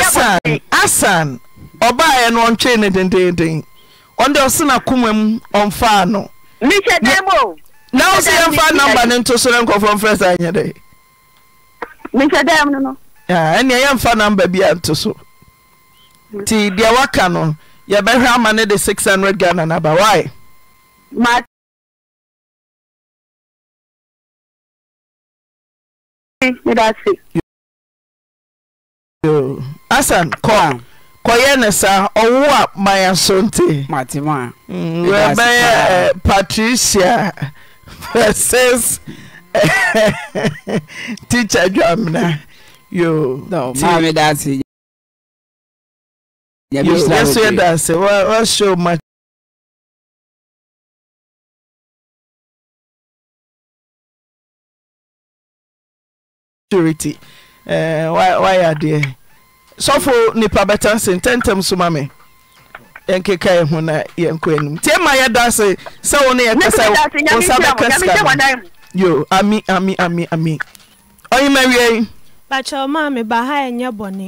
asan asan eh, no ɔntwee ne dendenden ɔnde ɔsena koma mu ɔmfaa no na wo sɛ yɛmfa namba ne nto so ne nkɔfoɔ mfrɛ saa nyɛ Ah, ɛnnea yɛmfa numba bia nto so nti deɛ woaka no yɛbɛhwɛ ama no de 600 ghananaba wyasan cɔ kɔyɛ ne sa ɔwo a mayaso nte wbɛyɛ mm, eh, patricia versis teacha dwamena yoo ti maame daase yabi sira yoo yesu yɛ daase wa wa show ma. security ɛɛ wayɛ adeɛ sɔfo nipa bɛta se ntɛntɛm so ma mi yɛn keka yɛn ho na yɛn kɔ anim tie ma yɛ daase sɛ wɔn ne yɛ kasa wɔn nsa bɛka sika no yoo ami ami ami ami ɔyima wie yi bàtchɛ ɔmaa mi ba ha ɛnyɛ bɔne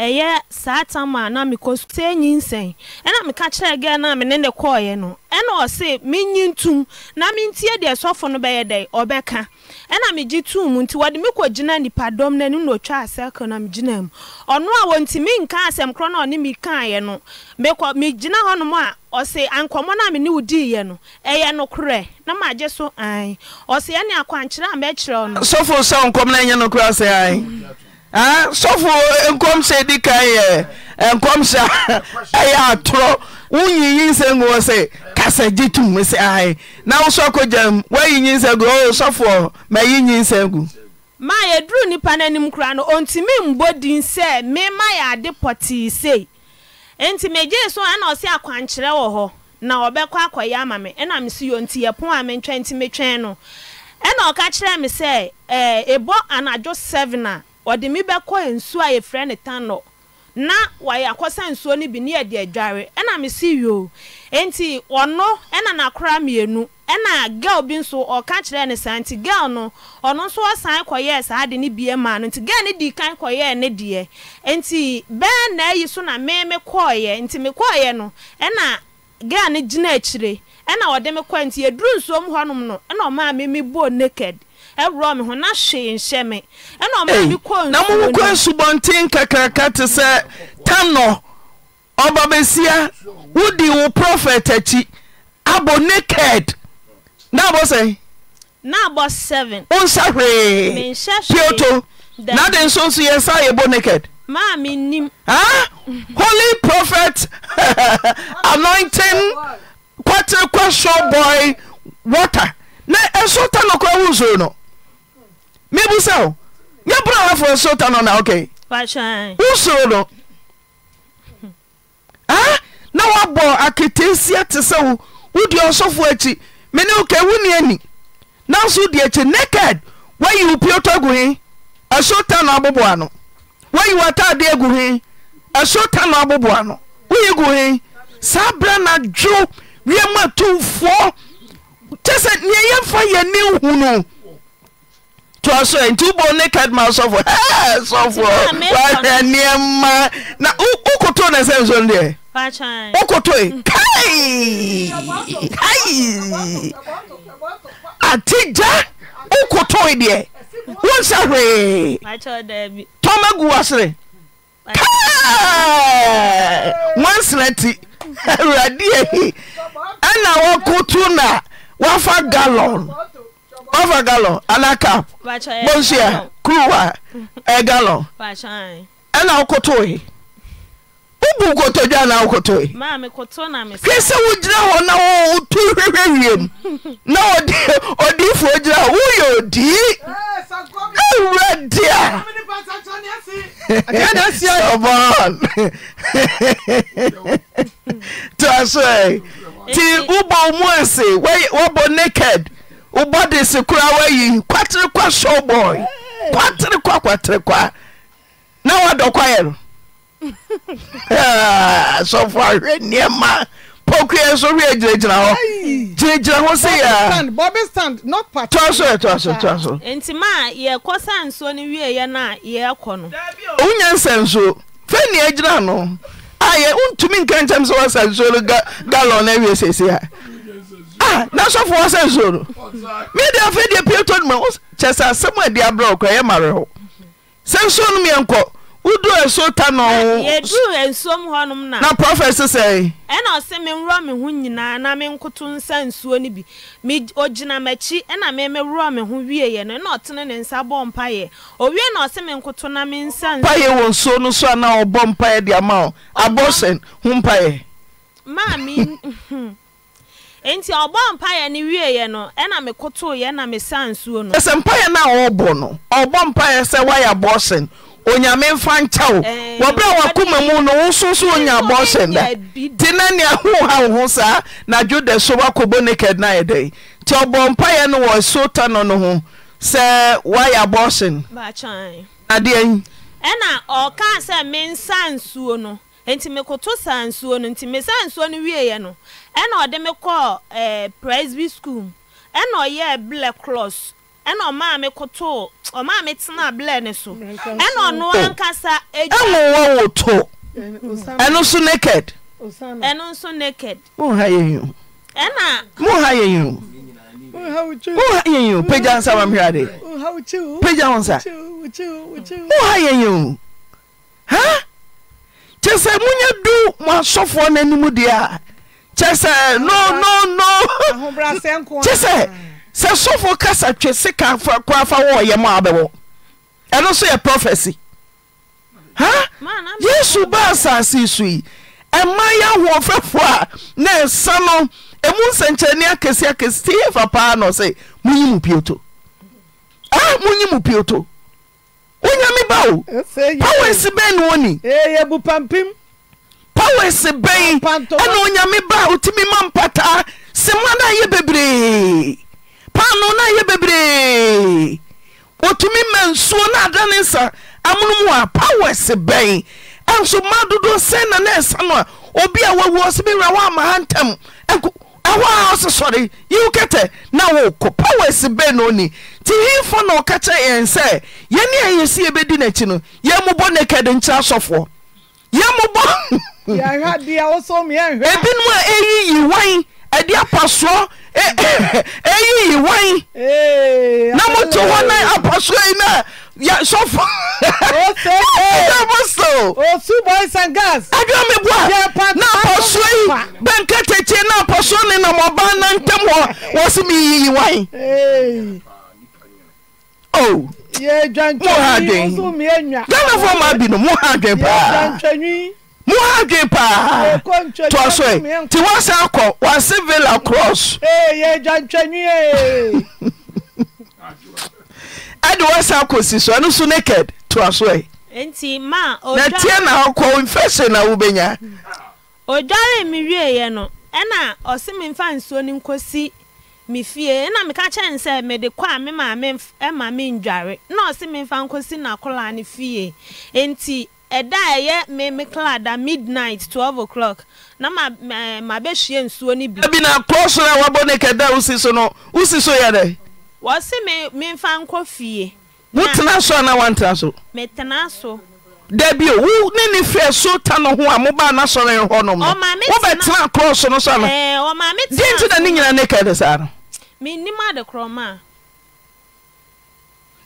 ɛyɛ saa tam a na mekɔ sɛ nsɛn, ɛna meka kyerɛ gɛ na mene ne kɔɔeɛ no ɛna ɔse menyi ntum, na mentie deɛ sɔfo no bɛyɛ ɔbɛka ɛna megye nti wɔde no anim na ɔtwa asɛkl na megyina mu ɔno a wɔnti menka asɛm korɔ na ɔne mekaeɛ no mekɔ megyina hɔnom a ɔse ankɔmmɔ no a mene wo na magye so ae ɔse no sɔfo nkɔmhyɛ di kan yɛ a ɛyɛ atorɔ wonyiyi nsɛ ngu sɛ kasa oh, gye tum sɛ na wosɔ kɔgyam gu mayi gu yɛduru no ɔntumi mbɔ yɛ nti so ɛna akwankyerɛ wɔ hɔ na ɔbɛkɔ akɔyɛ ama me ɛna mesi yɔ nti yɛpon a mentwɛn nti no ɛna ɔka kyerɛɛ me sɛ ɛbɔ eh, anadwo 7 a ɔde me bɛkɔ nsuo a yɛfrɛ ne tanɔ na wɔayɛ akɔsa nsuo no bi ne yɛde adware ɛna si yoo nti ɔno ɛna n'akora mmienu ɛna girl bi nso ɔka kyerɛ ne saa nti girl no ɔno nso ɔsan kɔyɛɛ saa de ne bie maa no nti girl ne di kan kɔyɛɛ ne deɛ nti bɛn na ayi so na mɛmɛ kɔɔyɛ nti mɛkɔɔyɛ no ɛna girl no gyina akyire ɛna ɔde me kɔ nti yɛduru nsuo mu hɔnom no ɛna ɔmaa mɛmɛ bɔ naked na mohokasubɔnten kakraka te sɛ ta nɔ ɔba basia wodi wo profet akyi abɔ naked ne bɔ sɛwonsa hwerɛe poto na de nsoso yɛ sa yɛbɔ naked holy profet anointn kwaterekwaso boy wate na ɛsɔ ta no kɔa ho soro no mebu sɛ nyɛ berɛ afoɔ sota no na ok wosoro no na woabɔ aketesia te sɛ wo wode ɔsɔfoɔ akyi mene woka wo nni ani nanso wode akyi naked woayi wo piotɔ agu he asota no aboboa no woayi w'atade agu he asota no aboboa no woyi gu he saa berɛ na dwo wiam atomfoɔ kyɛ sɛ neɛ yɛmfa yɛni hu no toa so e, nti wobɔ ne kadma sɔfo sɔfoɔ nneɛma na wokoto ne sɛm so deɛ wokotoe mm. kai atigya wokotoe deɛ wonsa hwee tɔma gu wasere wansena ti awurade ɛna wokoto na woafa galon over gallon ana cap bonsia kruwa a gallon ɛna wokotoe wobu ja na wokotoe hwɛ sɛ wogyina hɔ na woto hwehwɛ wiem na odiifoɔ gyina si woyɛ odii awuradea toasoɛ nti wobɔ wo mu ase wɔbɔ naked wobɔ de se koraa woayi kwatere kwa sowbɔy kwatere kwa kwatere kwa na woadɔ kwayɛ no sɔfo ahwɛ nneɛma pɔkuɛ so hwɛ gyinagyina hɔ gyinagyina ho sɛ yɛwonya nsa nsuo fɛ nnea gyina no ayɛ wontumi nka nkyɛm sɛ woasa nsuo no galɔn no awie seesei a na sɔfoɔ sɛ zoro medeɛ afeideɛ pieto noma kyɛ sɛ asɛm adi aberɛ ɔkɔ yɛ mare hɔ sɛ nsuo no miɛnkɔ wodu asuo ta nɔhona na. se sɛe ɛna ɔse mewor me ho nyinaa na menkoto nsa nsuo no bi ogyina m'akyi na memewor me ho wieɛ no na ɔtene ne nsa bɔɔ mpayɛ owie na ɔse menkoto na mensa mpayɛ wɔ nsuo no so ana ɔbɔ mpaeɛ de ama o ho mpayɛ nti ɔbɔ mpaeɛ no wieɛ no ɛna na mesa nsuo no sɛ mpaeɛ na a no ɔbɔ mpaeɛ sɛ woayɛ abɔɔhyɛn onyame mfa nkyɛw wɔberɛ a wakoma mu no wo so so onya na nea hoha wo ho saa na dwodɛ so woakɔbɔ naked na ayɛ dɛn nti ɔbɔ mpaeɛ no wɔ asota no no ho sɛ woayɛ abɔɔhyɛn na deɛn ɛna ɔkaa sɛ nsuo no nti mekoto saa nsuo no nti mesa nsuo no wieɛ no ɛna ɔde me kɔɔ ɛɛ eh, presby school ɛna ɔyɛɛ blɛ cross ɛna ɔmaa me koto ɔmaa me tena blɛ ne so ɛna ɔno ankasa edwa ɛwɔ wɔ wɔ to eh, ɛno so naked ɛno so naked Mu ha yɛ yun ɛna Mu ha yɛ yun Mu ha yɛ yun Peja nsa ma mihira de pagya nsa mo ha yɛ yun ha. kyɛɛ sɛ monya dio mo asɔfoɔ no anim deɛ a kyɛɛ sɛ noookyɛ sɛ sɛ sɔfoɔ kasa twe se kakora fa wɔɔyɛ mɔaa bɛwɔ ɛno nso yɛ profesy yesu baa asase su i ɛma yɛ ahoɔfɛfoɔ a ne ɛsa no ɛmu nsɛnkyɛnne akɛse akɛse fa paa na se monyi mopioto ah, moyi mo pioto Eh, onyame ba o pawese bɛn na oni pawase bɛn na onyame ba otumi ma mpataa se ma na yɛ bebree pano no yɛ bebre ɔtumi ma nsuo na ada ne nsa amonomua pawe se bɛn anso madodo sɛ nano ɛsa no a obi a wawuɔsemi wura woamahantam ɛhɔ a ɔse sɔre yiwo kɛtɛ na wokɔ pawse bɛn naoni nti hemfa na ɔka kyerɛ yɛn sɛ yɛne ɛyɛ si yɛbɛdi n'akyi no yɛn mobɔ naked nkyerɛ asɔfoɔ yɛn mobɔ ebinom a ɛyi yi wan ɛde apasoɔ ɛyi e- e- yi wan na moto hɔ na apasoɔ yi na yasɔfo ɛdɛbɔsɔ adwa mi bua na apasoɔ yi bɛnkɛ tɛkyɛ na apasoɔ ne nam ɔbaa na ntɛm hɔ wɔ si mi yi yi wan o mo ha adwen ghanafoɔ ma bi no mo ha adwen paa mo ha adwen paa toa so ɛ nti woasa akɔ wase vela cross ɛde woasa akɔ si so ɛno so naked toa so ɛ na tie na ɔkɔ infection na wobɛnya odware me wieɛ no ɛna ɔse me mfa nsuo no nkɔsi me fie na meka kyɛn sɛ mede kɔ a me maame ɛma me ndware na ɔsi me nfa nkosi n'akɔla ne fie nti ɛda a ɛyɛ me me klada midnight twelve o'clock na ma ɛɛ ma bɛ hwie nsuo ne bi. ebi na pɔsoro a wabɔ ne kɛdɛ usi so no usi so yɛ dɛ. wɔsi me me nfa nkɔ fie. wotena so anaa wantena so. metena so. dabi o wo ne ne fɛ so ta no ho a mo ba na sɔrɔ yɛ hɔ nom no wo bɛ tena kɔɔso no so ana. ɛɛ ɔmaame tena so. diɛ nti na ne nyina ne kɛdɛ saa no. mennim adekorɔma a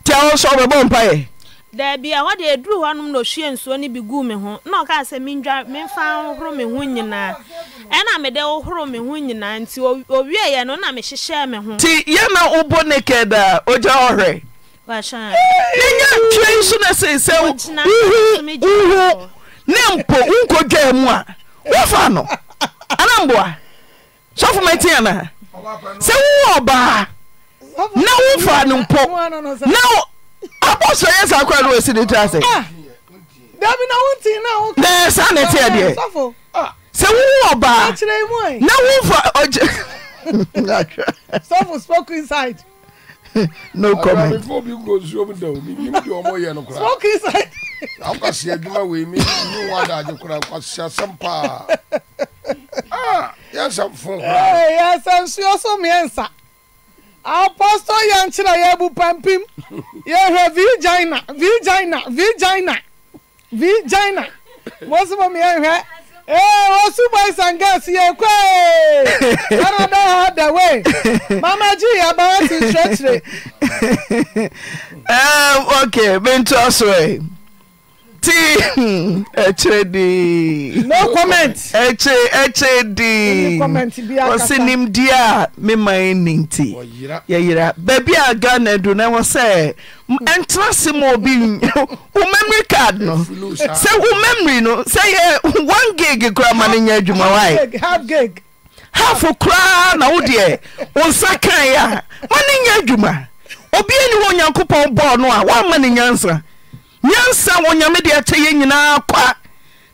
nti a wo so mpaeɛ daabia hɔ de ɛduru hɔ na ɔhwie nsuo no bi guu me ho na ɔkaa sɛ mendwa memfa horo me ho nyinaa ɛna mede me ho nyinaa nti owieɛ no na mehyehyɛɛ me ho nti yɛna wobɔ ne a ogya ɔhwɛ nso na sei sɛ wohu ne mpo wonkɔdwaa mu a wofa no anamboa sɔfo anaa sɛ wowɔ ɔbaa na womfaa no mpo na abɔsɔ yɛ saa kora no wɔsi ne tra sɛ na saa ne teɛ deɛ sɛ wowɔ ɔbaa na womfa ɔgye no comment. Àgbàmifọ́ bí kò sí omi dẹ̀ omi ní bí ọmọ yẹn nìkura. Smoke inside. Àwọn kà sí ẹdínwó àwọn èmi ní wọn àdá àjẹkùrà kà sí asẹ́m paa. Yẹ́sẹ̀ fún wa. Yẹ́sẹ̀ nsú ọsọ mìíyànsá. Apọ́sọ̀ yẹn nkyerẹ yẹ bu pampim. Yẹ hwẹ vijayina vijayina vijayina vijayina. Mọ̀sibọ̀ mi yẹ hwẹ. Hey, eh, what's up, boys and girls? Yeah, quay. I don't know how the way. Mama G, about to stretch it. Um, okay, been to us tea. HD. No comment. HD. Wɔsi di a mema yɛ ni beebi a Ghana do na wɔ sɛ ma obi wo memory card nọ sɛ wo memory one gig kura ma no nyɛ adwuma wae. Half gig. Half na ụdị deɛ wo nsa kan yɛ a ma no nyɛ adwuma. Obiara ni a nyansa onyame de akyɛ yɛ nyinaa kwa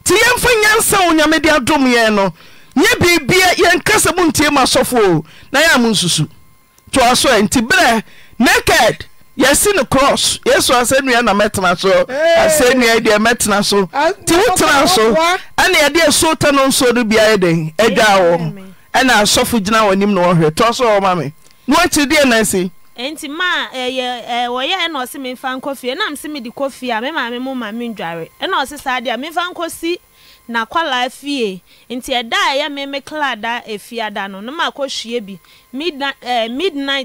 nti yɛmfa nyansa onyame de adom yɛn no nyɛ biribia yɛnkasa mu ntie mu asɔfo na yɛ a nsusu toa so ɛ nti berɛ naked yɛsi no cross yesu asɛnnua na mɛtena so asɛnnua deɛ mɛtena so nti wotena so ɛna yɛde asuota no nsuo no biara dɛn adwaa wɔ ɛna asɔfo gyina wɔ anim na wɔhwɛ toa so wɔ me na wɔakyi deɛ nansi nti maa ɛyɛ eh, ɛɛ eh, wɔyɛ ɛna ɔsi mi nfa nkɔ fie ɛna msi mi di kofi a mi maame mu maame ndware ɛna ɔsi saa deɛ mi nfa nkɔ si n'akwalaa fie nti ɛda a ɛyɛ mi mi kla da efia da no ne ma kɔ hwie bi eh, midnight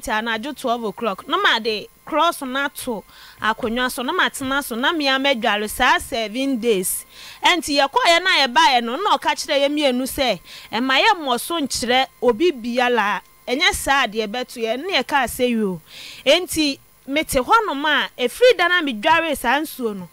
ɛɛ midnight twelve o'clock ne ma de cross n'ato akonnwa so ne ma tena so na mmea mɛdware saa seven days ɛnti yɛkɔɔyɛ na yɛbaeɛ no na ɔka kyerɛ yɛ mmienu sɛ ɛma yɛ mmɔso nkyerɛ obi biara ɛnyɛ saa deɛ ɛbɛto yɛ ne yɛ kaa sɛ yi o nti mete hɔnom a efiri da na medware saa nsuo no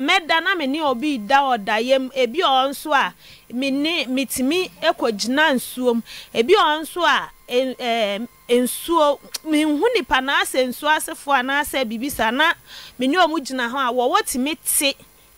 mɛda na me ne obi da ɔda yam ebi ɔn so a me ne metumi ekɔ gyina nsuo mu ebi ɔn so a ɛɛ e, e, e nsuo mehu nipa na asɛ nsuo asefoɔ anaasɛ biribi saa na me ne ɔmo gyina hɔ a wɔwɔ tumi te.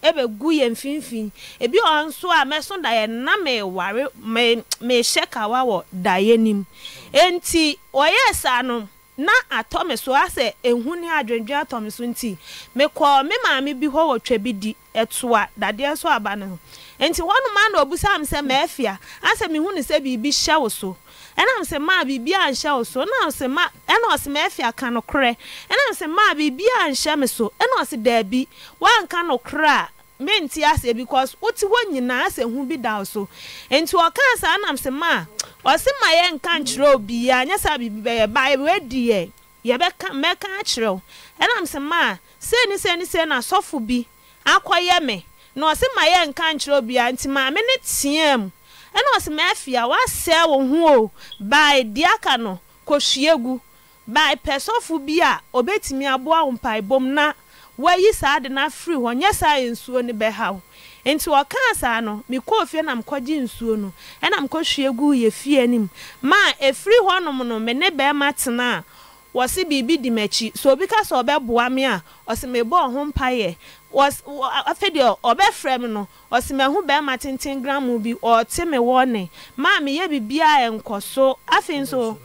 ɛbɛgu yɛ mfimfin ebi wɔ nso a mɛso daeɛ na mɛware mɛ mɛhyɛ kawa wɔ daeɛ nim nti wɔyɛ saa no na atɔ me so asɛ ehu ne adwendwe atɔ me so nti mekɔɔ me maame bi hɔ wɔ twa bi di ɛtoa dadeɛ nso aba ne ho nti wɔn mu ano obisa mi sɛ mɛɛfia asɛ mihu ne sɛ biribi hyɛ wo so. ɛnam sɛ maa biribi a nhyɛ wo so ɛnam sɛ ma ɛna ɔsɛ ma ɛfi aka no korɛ ɛnam sɛ maa biribi a nhyɛ me so ɛna ɔsɛ daabi wanka no korɛ a menti ase because wote hɔ nyinaa sɛ hu bi da so nti ɔka saa nam sɛ ma ɔse ma yɛ nka nkyerɛ obiaa nyɛ saa biribi bɛyɛ ba yɛbɛdiɛ yɛbɛka mɛka akyerɛw ɛnam sɛ ma sei ni sei ni sei na asɔfo bi akɔyɛ me na ɔse ma yɛ nka nkyerɛ obiaa nti maame ne teɛ mu ɛna ɔsi mɛ afi a wasɛɛ wɔn ho o baa di aka no kɔhwie gu baa pɛsɔfo bi a obetumi aboa wɔn mpaebom na wɔayi saa de na afiri hɔ nyɛ saa nsuo ne bɛhaw nti ɔkaa saa no mekɔɔ fie na mekɔgye nsuo no ɛna mekɔhwie gu yɛ fie anim ma ɛfiri hɔnom no me ne bɛrima tena a wɔse biribi di m'akyi so obi ka sɛ ɔbɛboa me a ɔse mebɔɔ ho mpayɛ afedeɛ ɔbɛfrɛ me no ɔsi mɛho bɛrima tenten gram bi ɔte me wɔ ne maa mi yɛ biribiara nkɔ so afei nso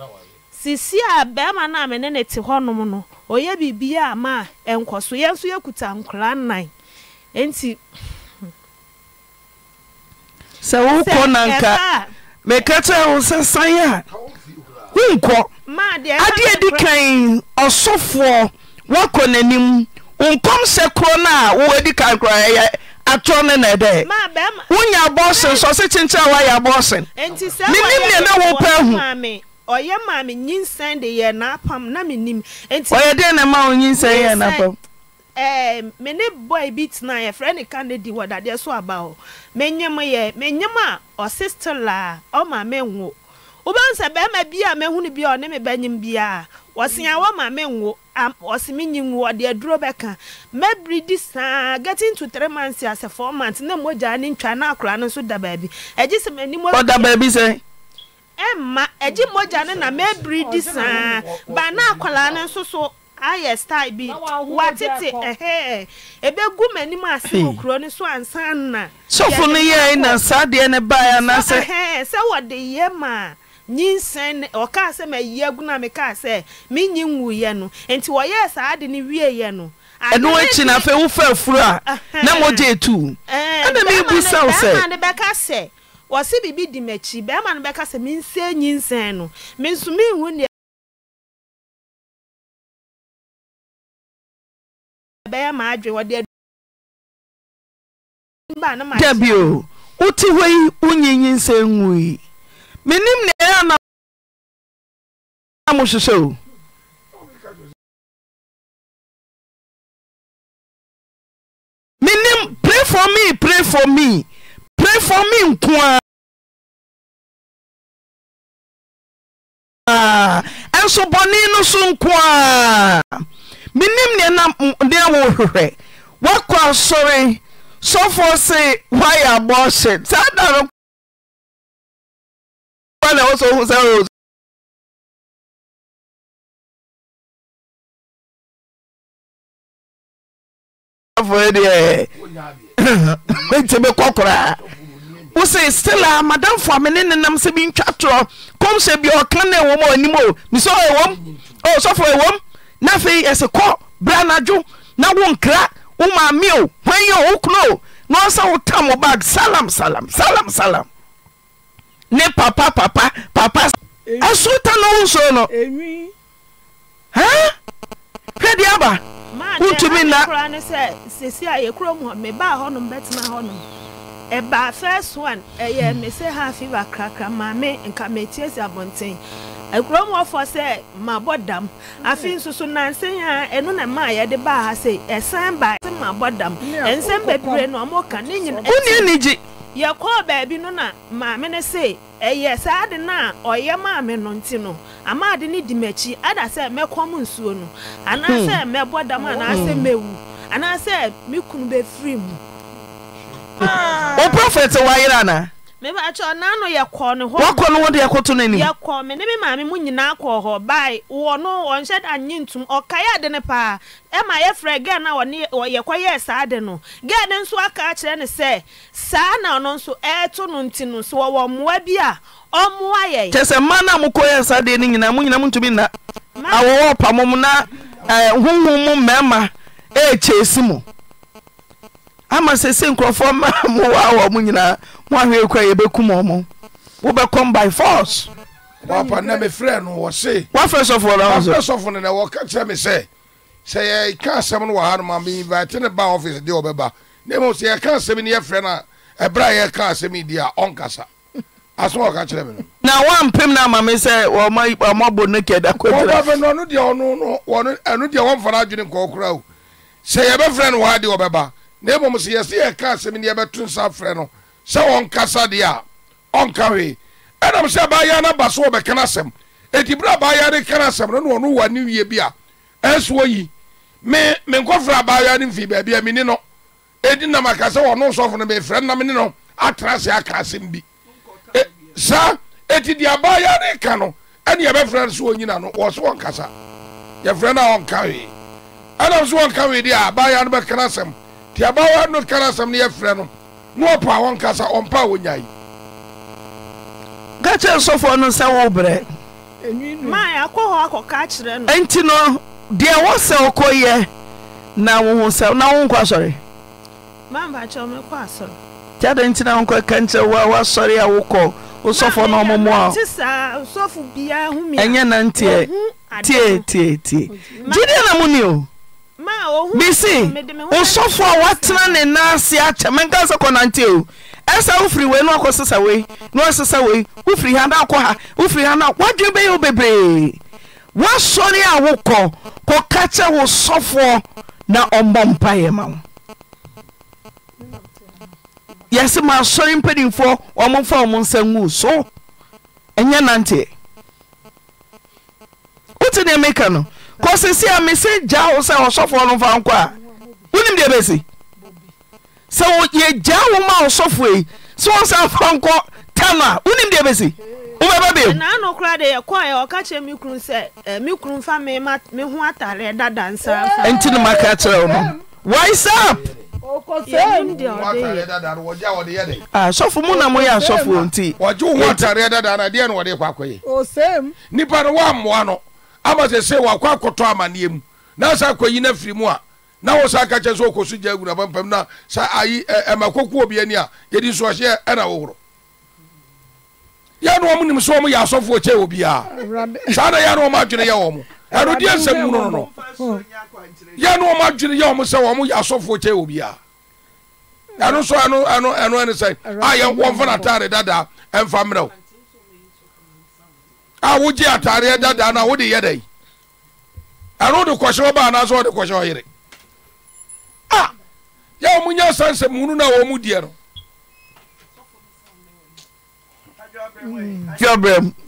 sisi a bẹẹma no a me ne ne te hɔnom no ɔyɛ biribiara maa nkɔ so yɛn nso yɛkuta nkora nnan nti. sɛ wokɔ nanka meka kyerɛ wo sɛ sane a wonkɔ adeɛ di kan ɔsɔfoɔ woakɔ n'anim nkɔm kuro no a wow'adi ka nkora atɔ ne na dɛ wonya abɔsen sɛ ɔse kyenkyerɛ a ya abɔsenmenim nea na wopɛ ahuɔyɛ den na ma wo nyinsɛn yɛ napam eh, mene bɔe bi tenaa yɛfrɛ ne kanadi wɔ dadeɛ so aba hɔ yɛ a wobɛhu sɛ bɛrima bi a mahunu bi a ɔne me bɛnyim biaa ɔse a wɔma me nwo ɔse menyi nwo ɔde aduro bɛka mɛbiri di saa getting to three months asɛ four months na mogyaa ne ntwa na akora no nso da baabi agye sɛ m'anim ɔda baabi sɛ ɛmma agye mogya no na mɛbiri di na akwaraa no nso so style bi watete ɛhɛ ebegu m'anim ase wɔ kuro no so ansa na. sɔfo no yɛ na saa deɛ ne baa yɛ anase. ɛhɛ sɛ nyinsɛn ne ɔkaa sɛ na mekaa sɛ me nyi nwuyɛ no nti wɔyɛɛ saa de ne wieyɛ no ɛno akyi na afei wofa afuru a na mogye etu ɛna mebu saw sɛ ne bɛka sɛ wɔse biribi di m'akyi bɛrima no bɛka sɛ mensɛ nyinsɛn no me nso menhu neɛ bɛyɛ maadwe wɔde dabio wote hɔ yi wonyi nyinsɛn nwui menim ne ɛe pra fo me pra fo me pra fɔ me nkoa ɛnsobɔne ah, no so nko a menim nene na wohwehwɛ woakɔ asɔre sɔfo se wa yɛ abɔhyɛ sa da afọ yi deɛ mɛnti bɛ wosɛ stella madamfo a me nenam sɛ bi ntwa torɔ kɔm sɛ bia ɔka na ɛwɔ m a ɔnim o ne sɛ ɛwɔm ɔsɔfo ɛwɔm na afei ɛsɛ kɔ bra anadwo na wo nkra wo maame o hwan yɛ wo kunu o na ɔsɛ wo wo bag salam salam salam salam ne papa papa papa ɛso ta no wo nsuo no hwɛ deɛ aba wontumi nna kora ne sɛ sesi a yɛkurom hɔ mebaa hɔnom bɛtena hɔnom ɛbaa first one ɛyɛ me sɛ ha fever krakra maame nka metie si abonten abɔnten akurom hɔfoɔ sɛ mabɔ dam afei nso na nansen a ɛno na ma yɛde baa ha sɛ ɛsan baa sɛ mabɔ dam ɛnsɛm bebree na ɔmo ka ne nyina yɛkɔɔ baabi no na maame no se ɛyɛ saa ade no a ɔyɛ maame no nti no ama ade no di m'akyi ada sɛ mu nsuo no anaasɛ hmm. mɛbɔ dam anaasɛ mɛwu hmm. anaasɛ me kunu bɛfiri mu wo prɔfɛt wayera anaa mema akyɛ ɔna no yɛ kɔ ne hɔ wakɔ no wɔde yɛkɔto no anim yɛkɔ me ne me maame mu nyinaa kɔ hɔ bae wɔ no ɔnhyɛ da nye ntom ɔkae ade ne paa ɛma yɛfrɛ gɛl no a wɔne yɛkɔyɛɛ saa de no gɛl no nso aka akyerɛ ne sɛ saa na ɔno nso ɛɛto no nti no so wɔwɔ mmoa bi a ɔmmoa yɛ kyɛ sɛ ma no a mokɔyɛɛ saa deɛ no nyinaa mo nyina montumi nna na honhom mu ama sese nkurɔfoɔ ma mo wa wɔ mo nyinaa mo ahwɛ kura yɛbɛkum ɔmo wobɛkɔm by force. wapa na me frɛ no wɔ se. wafɛ sɔfo na wɔn so. wafɛ sɔfo na wɔn ka kyerɛ mi sɛ sɛ yɛka asɛm no wɔ ha no ma ne ba office de ɔbɛba ne mu sɛ yɛka asɛm ni yɛfrɛ no a ɛbrɛ a yɛka asɛm yi di a ɔnkasa asoma ɔka kyerɛ mi no. na wampem na ama mi sɛ wɔn ɔmɔ bo ne kɛda kɔ kyerɛ. wɔn bɛfɛ no ɔno deɛ ɔno no ɔno ɛno deɛ wɔn adwene nkɔɔ kura sɛ yɛbɛfrɛ no wɔ ha de ɔbɛba na mmom sɛ yɛsɛ yɛka asɛm ne yɛbɛto nsa frɛ no sɛ ɔnkasa deɛ a ɔnka hwee ɛnam sɛ abaayɛ no aba so wɔbɛka no asɛm ɛti berɛ abaayɛ no ka no asɛm no na ɔno wa ne wie bi a ɛnso ɔyi me menkɔfrɛ abaayɛ no mfiri baabi a meni no ɛdi nam aka sɛ ɔno nsɔfo no mefrɛ nam ne no atena ase aka asɛm bi e, saa eti deɛ abaayɛ no ka no ɛne yɛbɛfrɛ no sɛ ɔnyina no wɔ so wɔnkasa yɛfrɛ no a ɔnka hwee ɛnam so wɔnka hwee deɛ a abaayɛ no bɛka no asɛm nti abaawa no kara asɛm no yɛfrɛ no na ɔpa a wɔnkasa ɔmpa a wɔnya yi ka kyerɛ sɔfoɔ no sɛ wo berɛ ɛnti nọ deɛ wɔ sɛ wokɔ yɛ na wohu sɛ na wonkɔ asɔre nti adɛ nti na wonkɔ ka nkyerɛ wo a woasɔre a wokɔ wo sɔfoɔ no ɔmomoa ɛnyɛ na ntiɛ tie tie tie gyedeɛ na mu ni o bisi osɔfo a watena ne nan ase akyɛ menka sɛ kɔnante o ɛsɛ wofiri wei na wakɔ sesa wei na wasesa wei wofiri ha na akɔ ha wofiri ha na wadwe bɛyɛ O bebree woasɔre a wokɔ kɔka kyɛ wo sɔfoɔ na ɔmmɔ mpaeɛ ma wo yɛse ma asɔre mpanimfoɔ ɔmomfa ɔmo nsa ngu so ɛnyɛ nanteɛ wote deɛ meka no kò sisi a mese gya wo sɛ ɔsɔfoɔ no fa nkɔ a wonim deɛ bɛsi sɛ yɛgya wo ma ɔsɔfoɔ yi sɛ ɔsan fa nkɔ tam a wonim deɛ bɛsi wobɛba bio naano kora de yɛkɔɛ ɔka kyerɛ me kunu sɛ me kunu fa me me ho atareɛ dada nsa ɛnti no maka kyerɛ wo no wise up asɔfo mu na moyɛ asɔfo nti wɔgye wo ho dada na deɛ na wɔde kɔ akɔyɛ nipa no woammoa no ama se sɛ wakɔ akɔtɔ amanneɛ mu na sɛ akɔyi no afiri mu a na wo sa aka kyɛ sɛ wokɔ so gya agu napampam no sɛ ayi ɛma kɔkuo bi ani a yɛdi so ɔhyeɛ ɛna wohoro yɛne ɔm nim sɛ ɔm yɛ asɔfoɔ kyɛ wɔ biaa saa na yɛne ɔm adwene yɛ wɔ mo ɛno deɛ nsɛm mu no no no yɛne ɔm adwene yɛ ɔm sɛ ɔm yɛ asɔfoɔ kyɛ wɔ biaa ɛno so ɛno ɛno ɛno ɛne sɛ a yɛwɔmfa natare dadaa ɛmfa mmerɛ wo a no a wode yɛ dɛn ɛno wode kɔhyɛ ɔba anaasɛ wode kɔhyɛ ɔyere a yɛ wɔ mu nya sa nsɛmhunu no a wɔ mu diɛ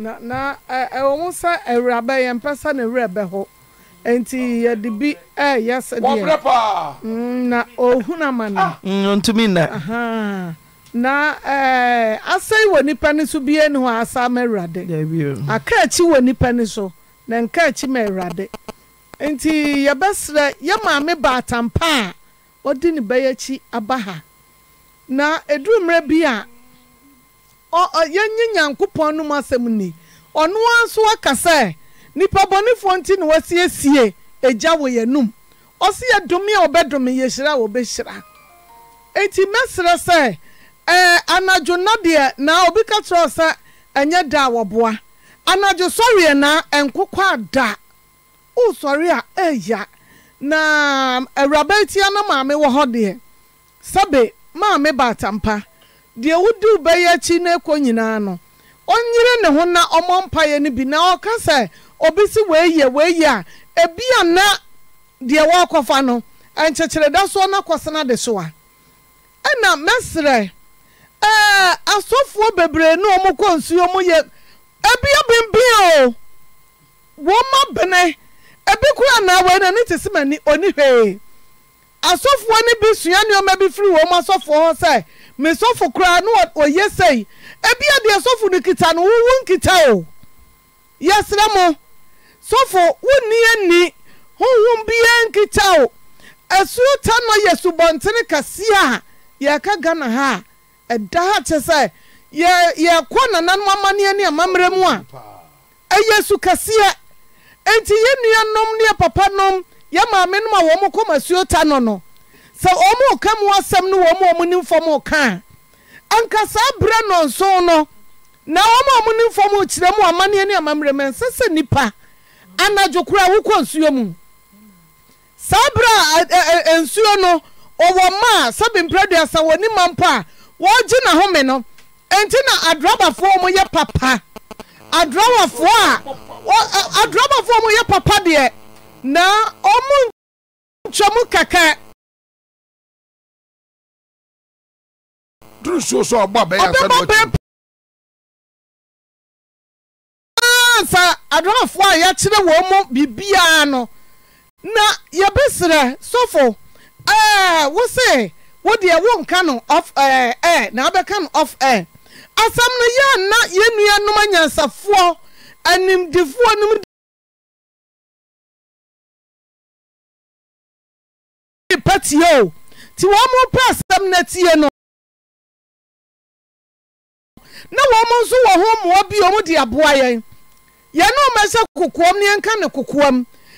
no na ɛwɔ mu sɛ awuraba yɛmpɛ sɛ ne werɛ bɛ hɔ nti yɛde bi mm, na ɔhunu ama no mm, ntumi na ɛɛ eh, asɛe wɔ nipa ne so bie ne ho asa ma awurade akaakyi wɔ nipa ne so na nkaakyi ma awurade nti yɛbɛsrɛ yɛ maame baatampa a ɔdi ne bɛyɛ akyi aba ha na ɛduru mmerɛ bi a yɛnye nyankopɔn nom asɛm ni ɔno nso akasa sɛ nipa bɔnefoɔ nti na wɔasiesie agya wɔ yɛnum yɛ yɛdome a wɔbɛdome yɛhyira a wɔbɛhyira enti mɛsrɛ sɛ ee eh, anadwo na deɛ na obi ka kyerɛw sɛ ɛnyɛ da a wɔboa anadwo sɔreɛ na nkokɔ a da wosɔre a ɛya na awuraba atia no maame wɔ hɔ deɛ sɛbe maame baatampa deɛ wodiw bɛyɛ akyi na ɛkɔ nyinaa no ɔnyere ne ho na ɔmɔ mpaeɛ no bi na ɔka sɛ obi si weeyɛ weeyɛ a ebi a na deɛ wɔrekɔfa no nkyekyeredasoɔ na akɔsena de so a ɛna mɛsrɛ ee asọfoɔ bebree na ɔ mokɔ nsuo mu yɛ ebia bembia o wɔma bene ebi koraa na wei na ne te se mani ɔni hwee asɔfoɔ no bi sua nneɔma bi firi wɔm asɔfoɔ ho sɛ mesɔfo koraa na ɔyɛ sɛi ebia deɛ sɔfo no kita no wowo nkita o yɛserɛ mo sɔfo wonni ani honhom biaa nkita o esu ta no yɛ subɔntene kɛseɛ a yɛrka ghana ha a ɛda a kyɛr sɛ yɛkɔ nananomamanneɛne amammrɛ mu a ɛyɛ su kɛseɛ enti yɛnnnuanom n yɛpapa nom yɛmaamenom awɔmkɔmasuo a n ɛɔaaaɛkɛɛ ɛnnpa anaokoraawoɔ musaa berɛ a nsuo no ɔwɔ maa sɛbimprɛduasa wɔnima po a wɔregye n'ahome no nti na adrabafoɔ wɔn yɛ papa adrabafoɔ a adrabafoɔ wɔn yɛ papa deɛ na wɔn ntwam kɛkɛ. duru suo so ɔbɔ abɛyɛ asɛ dɔ ti. ansa adrabafoɔ a yɛakyerɛ wɔn mu biribiara no na yɛbɛsrɛ sɔfo ɛɛ wosɛ wo deɛ wo nka no off air air eh, na abɛka no off air asɛm no yɛ ana yɛn nuanom anyansafoɔ animdifoɔ nom nipa o ti wɔn mo pɛ asɛm na tie no na wɔn mo nso wɔ ho mmoa bi wɔn de aboa yɛn yɛn no mɛhyɛ kokoam ne yɛn ka ne kokoam.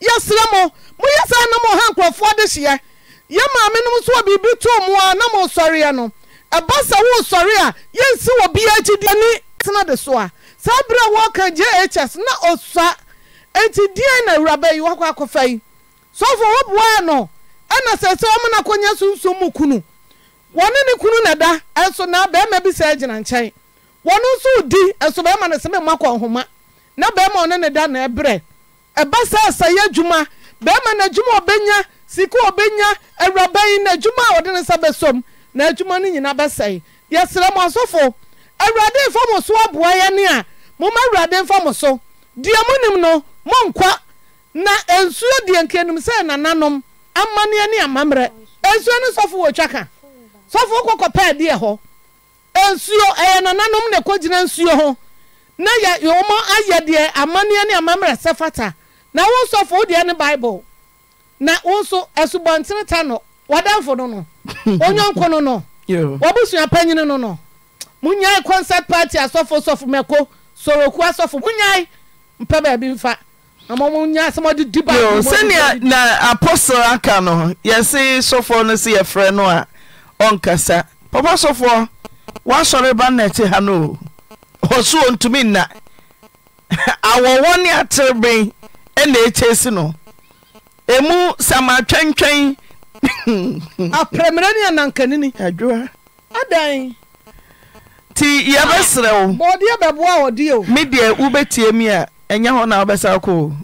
yɛsrɛ mo moyɛ saa na mo ha nkurɔfoɔ de hyeɛ yɛ maamenom so wɔ biribi too mu a na mosɔreɛ no ɛba sɛ woresɔre a yɛnsi wɔ bia akyidiɛ ni tena de so a saa berɛ a wɔka na ɔsua enti deɛn na awuraba yi wakɔ akɔfa yi sɔfo wɔboaa no ɛna sɛ sɛ ɔmo na akɔnya sunsum mu kunu wɔne ne kunu na da ɛso na bɛrima bi sɛ gyina nkyɛn wɔno nso di ɛso bɛrima no sɛ mɛmma kɔ nhoma na bɛrima ɔne ne da na ɛbrɛ ɛba saa asayɛ adwuma bɛrima na adwuma ɔbɛnya sika ɔbɛnya awuraba yi na adwuma a ɔde ne nsa bɛsɔm na adwuma no nyinaa bɛsɛe yɛsrɛ mo asɔfo awurade mfa mo so aboa yɛne a momma awurade mfa mo so deɛ monim no monkɔ na nsuo deɛ nkanim sɛ nananom amanneɛ ne amammerɛ nsuo no sɔfo wɔtwa ka sɔfo kɔkɔpɛɛ deɛ hɔ nsuo ɛyɛ nananom na ɛkɔgyina nsuo ho na yɛ wɔmɔ ayɛ deɛ amanneɛ ne amammerɛ sɛ fata na wo nsɔfo wo deɛ na wo nso ta nọ wadamfo no no onyɔnko no no wɔbosua panyini no no concert party asɔfo sɔfo mɛko soroku asɔfo monyae mpɛ baabi mfa sɛnea na apostle aka no sọfọ sɔfoɔ si sɛ yɛfrɛ no a ɔnkasa papa ha o nna ɛnɛ ɛkyisi no mu samatwɛntwɛn nti yɛbɛserɛ wo me deɛ wobɛtie mu a ɛnya hɔna wobɛsa koo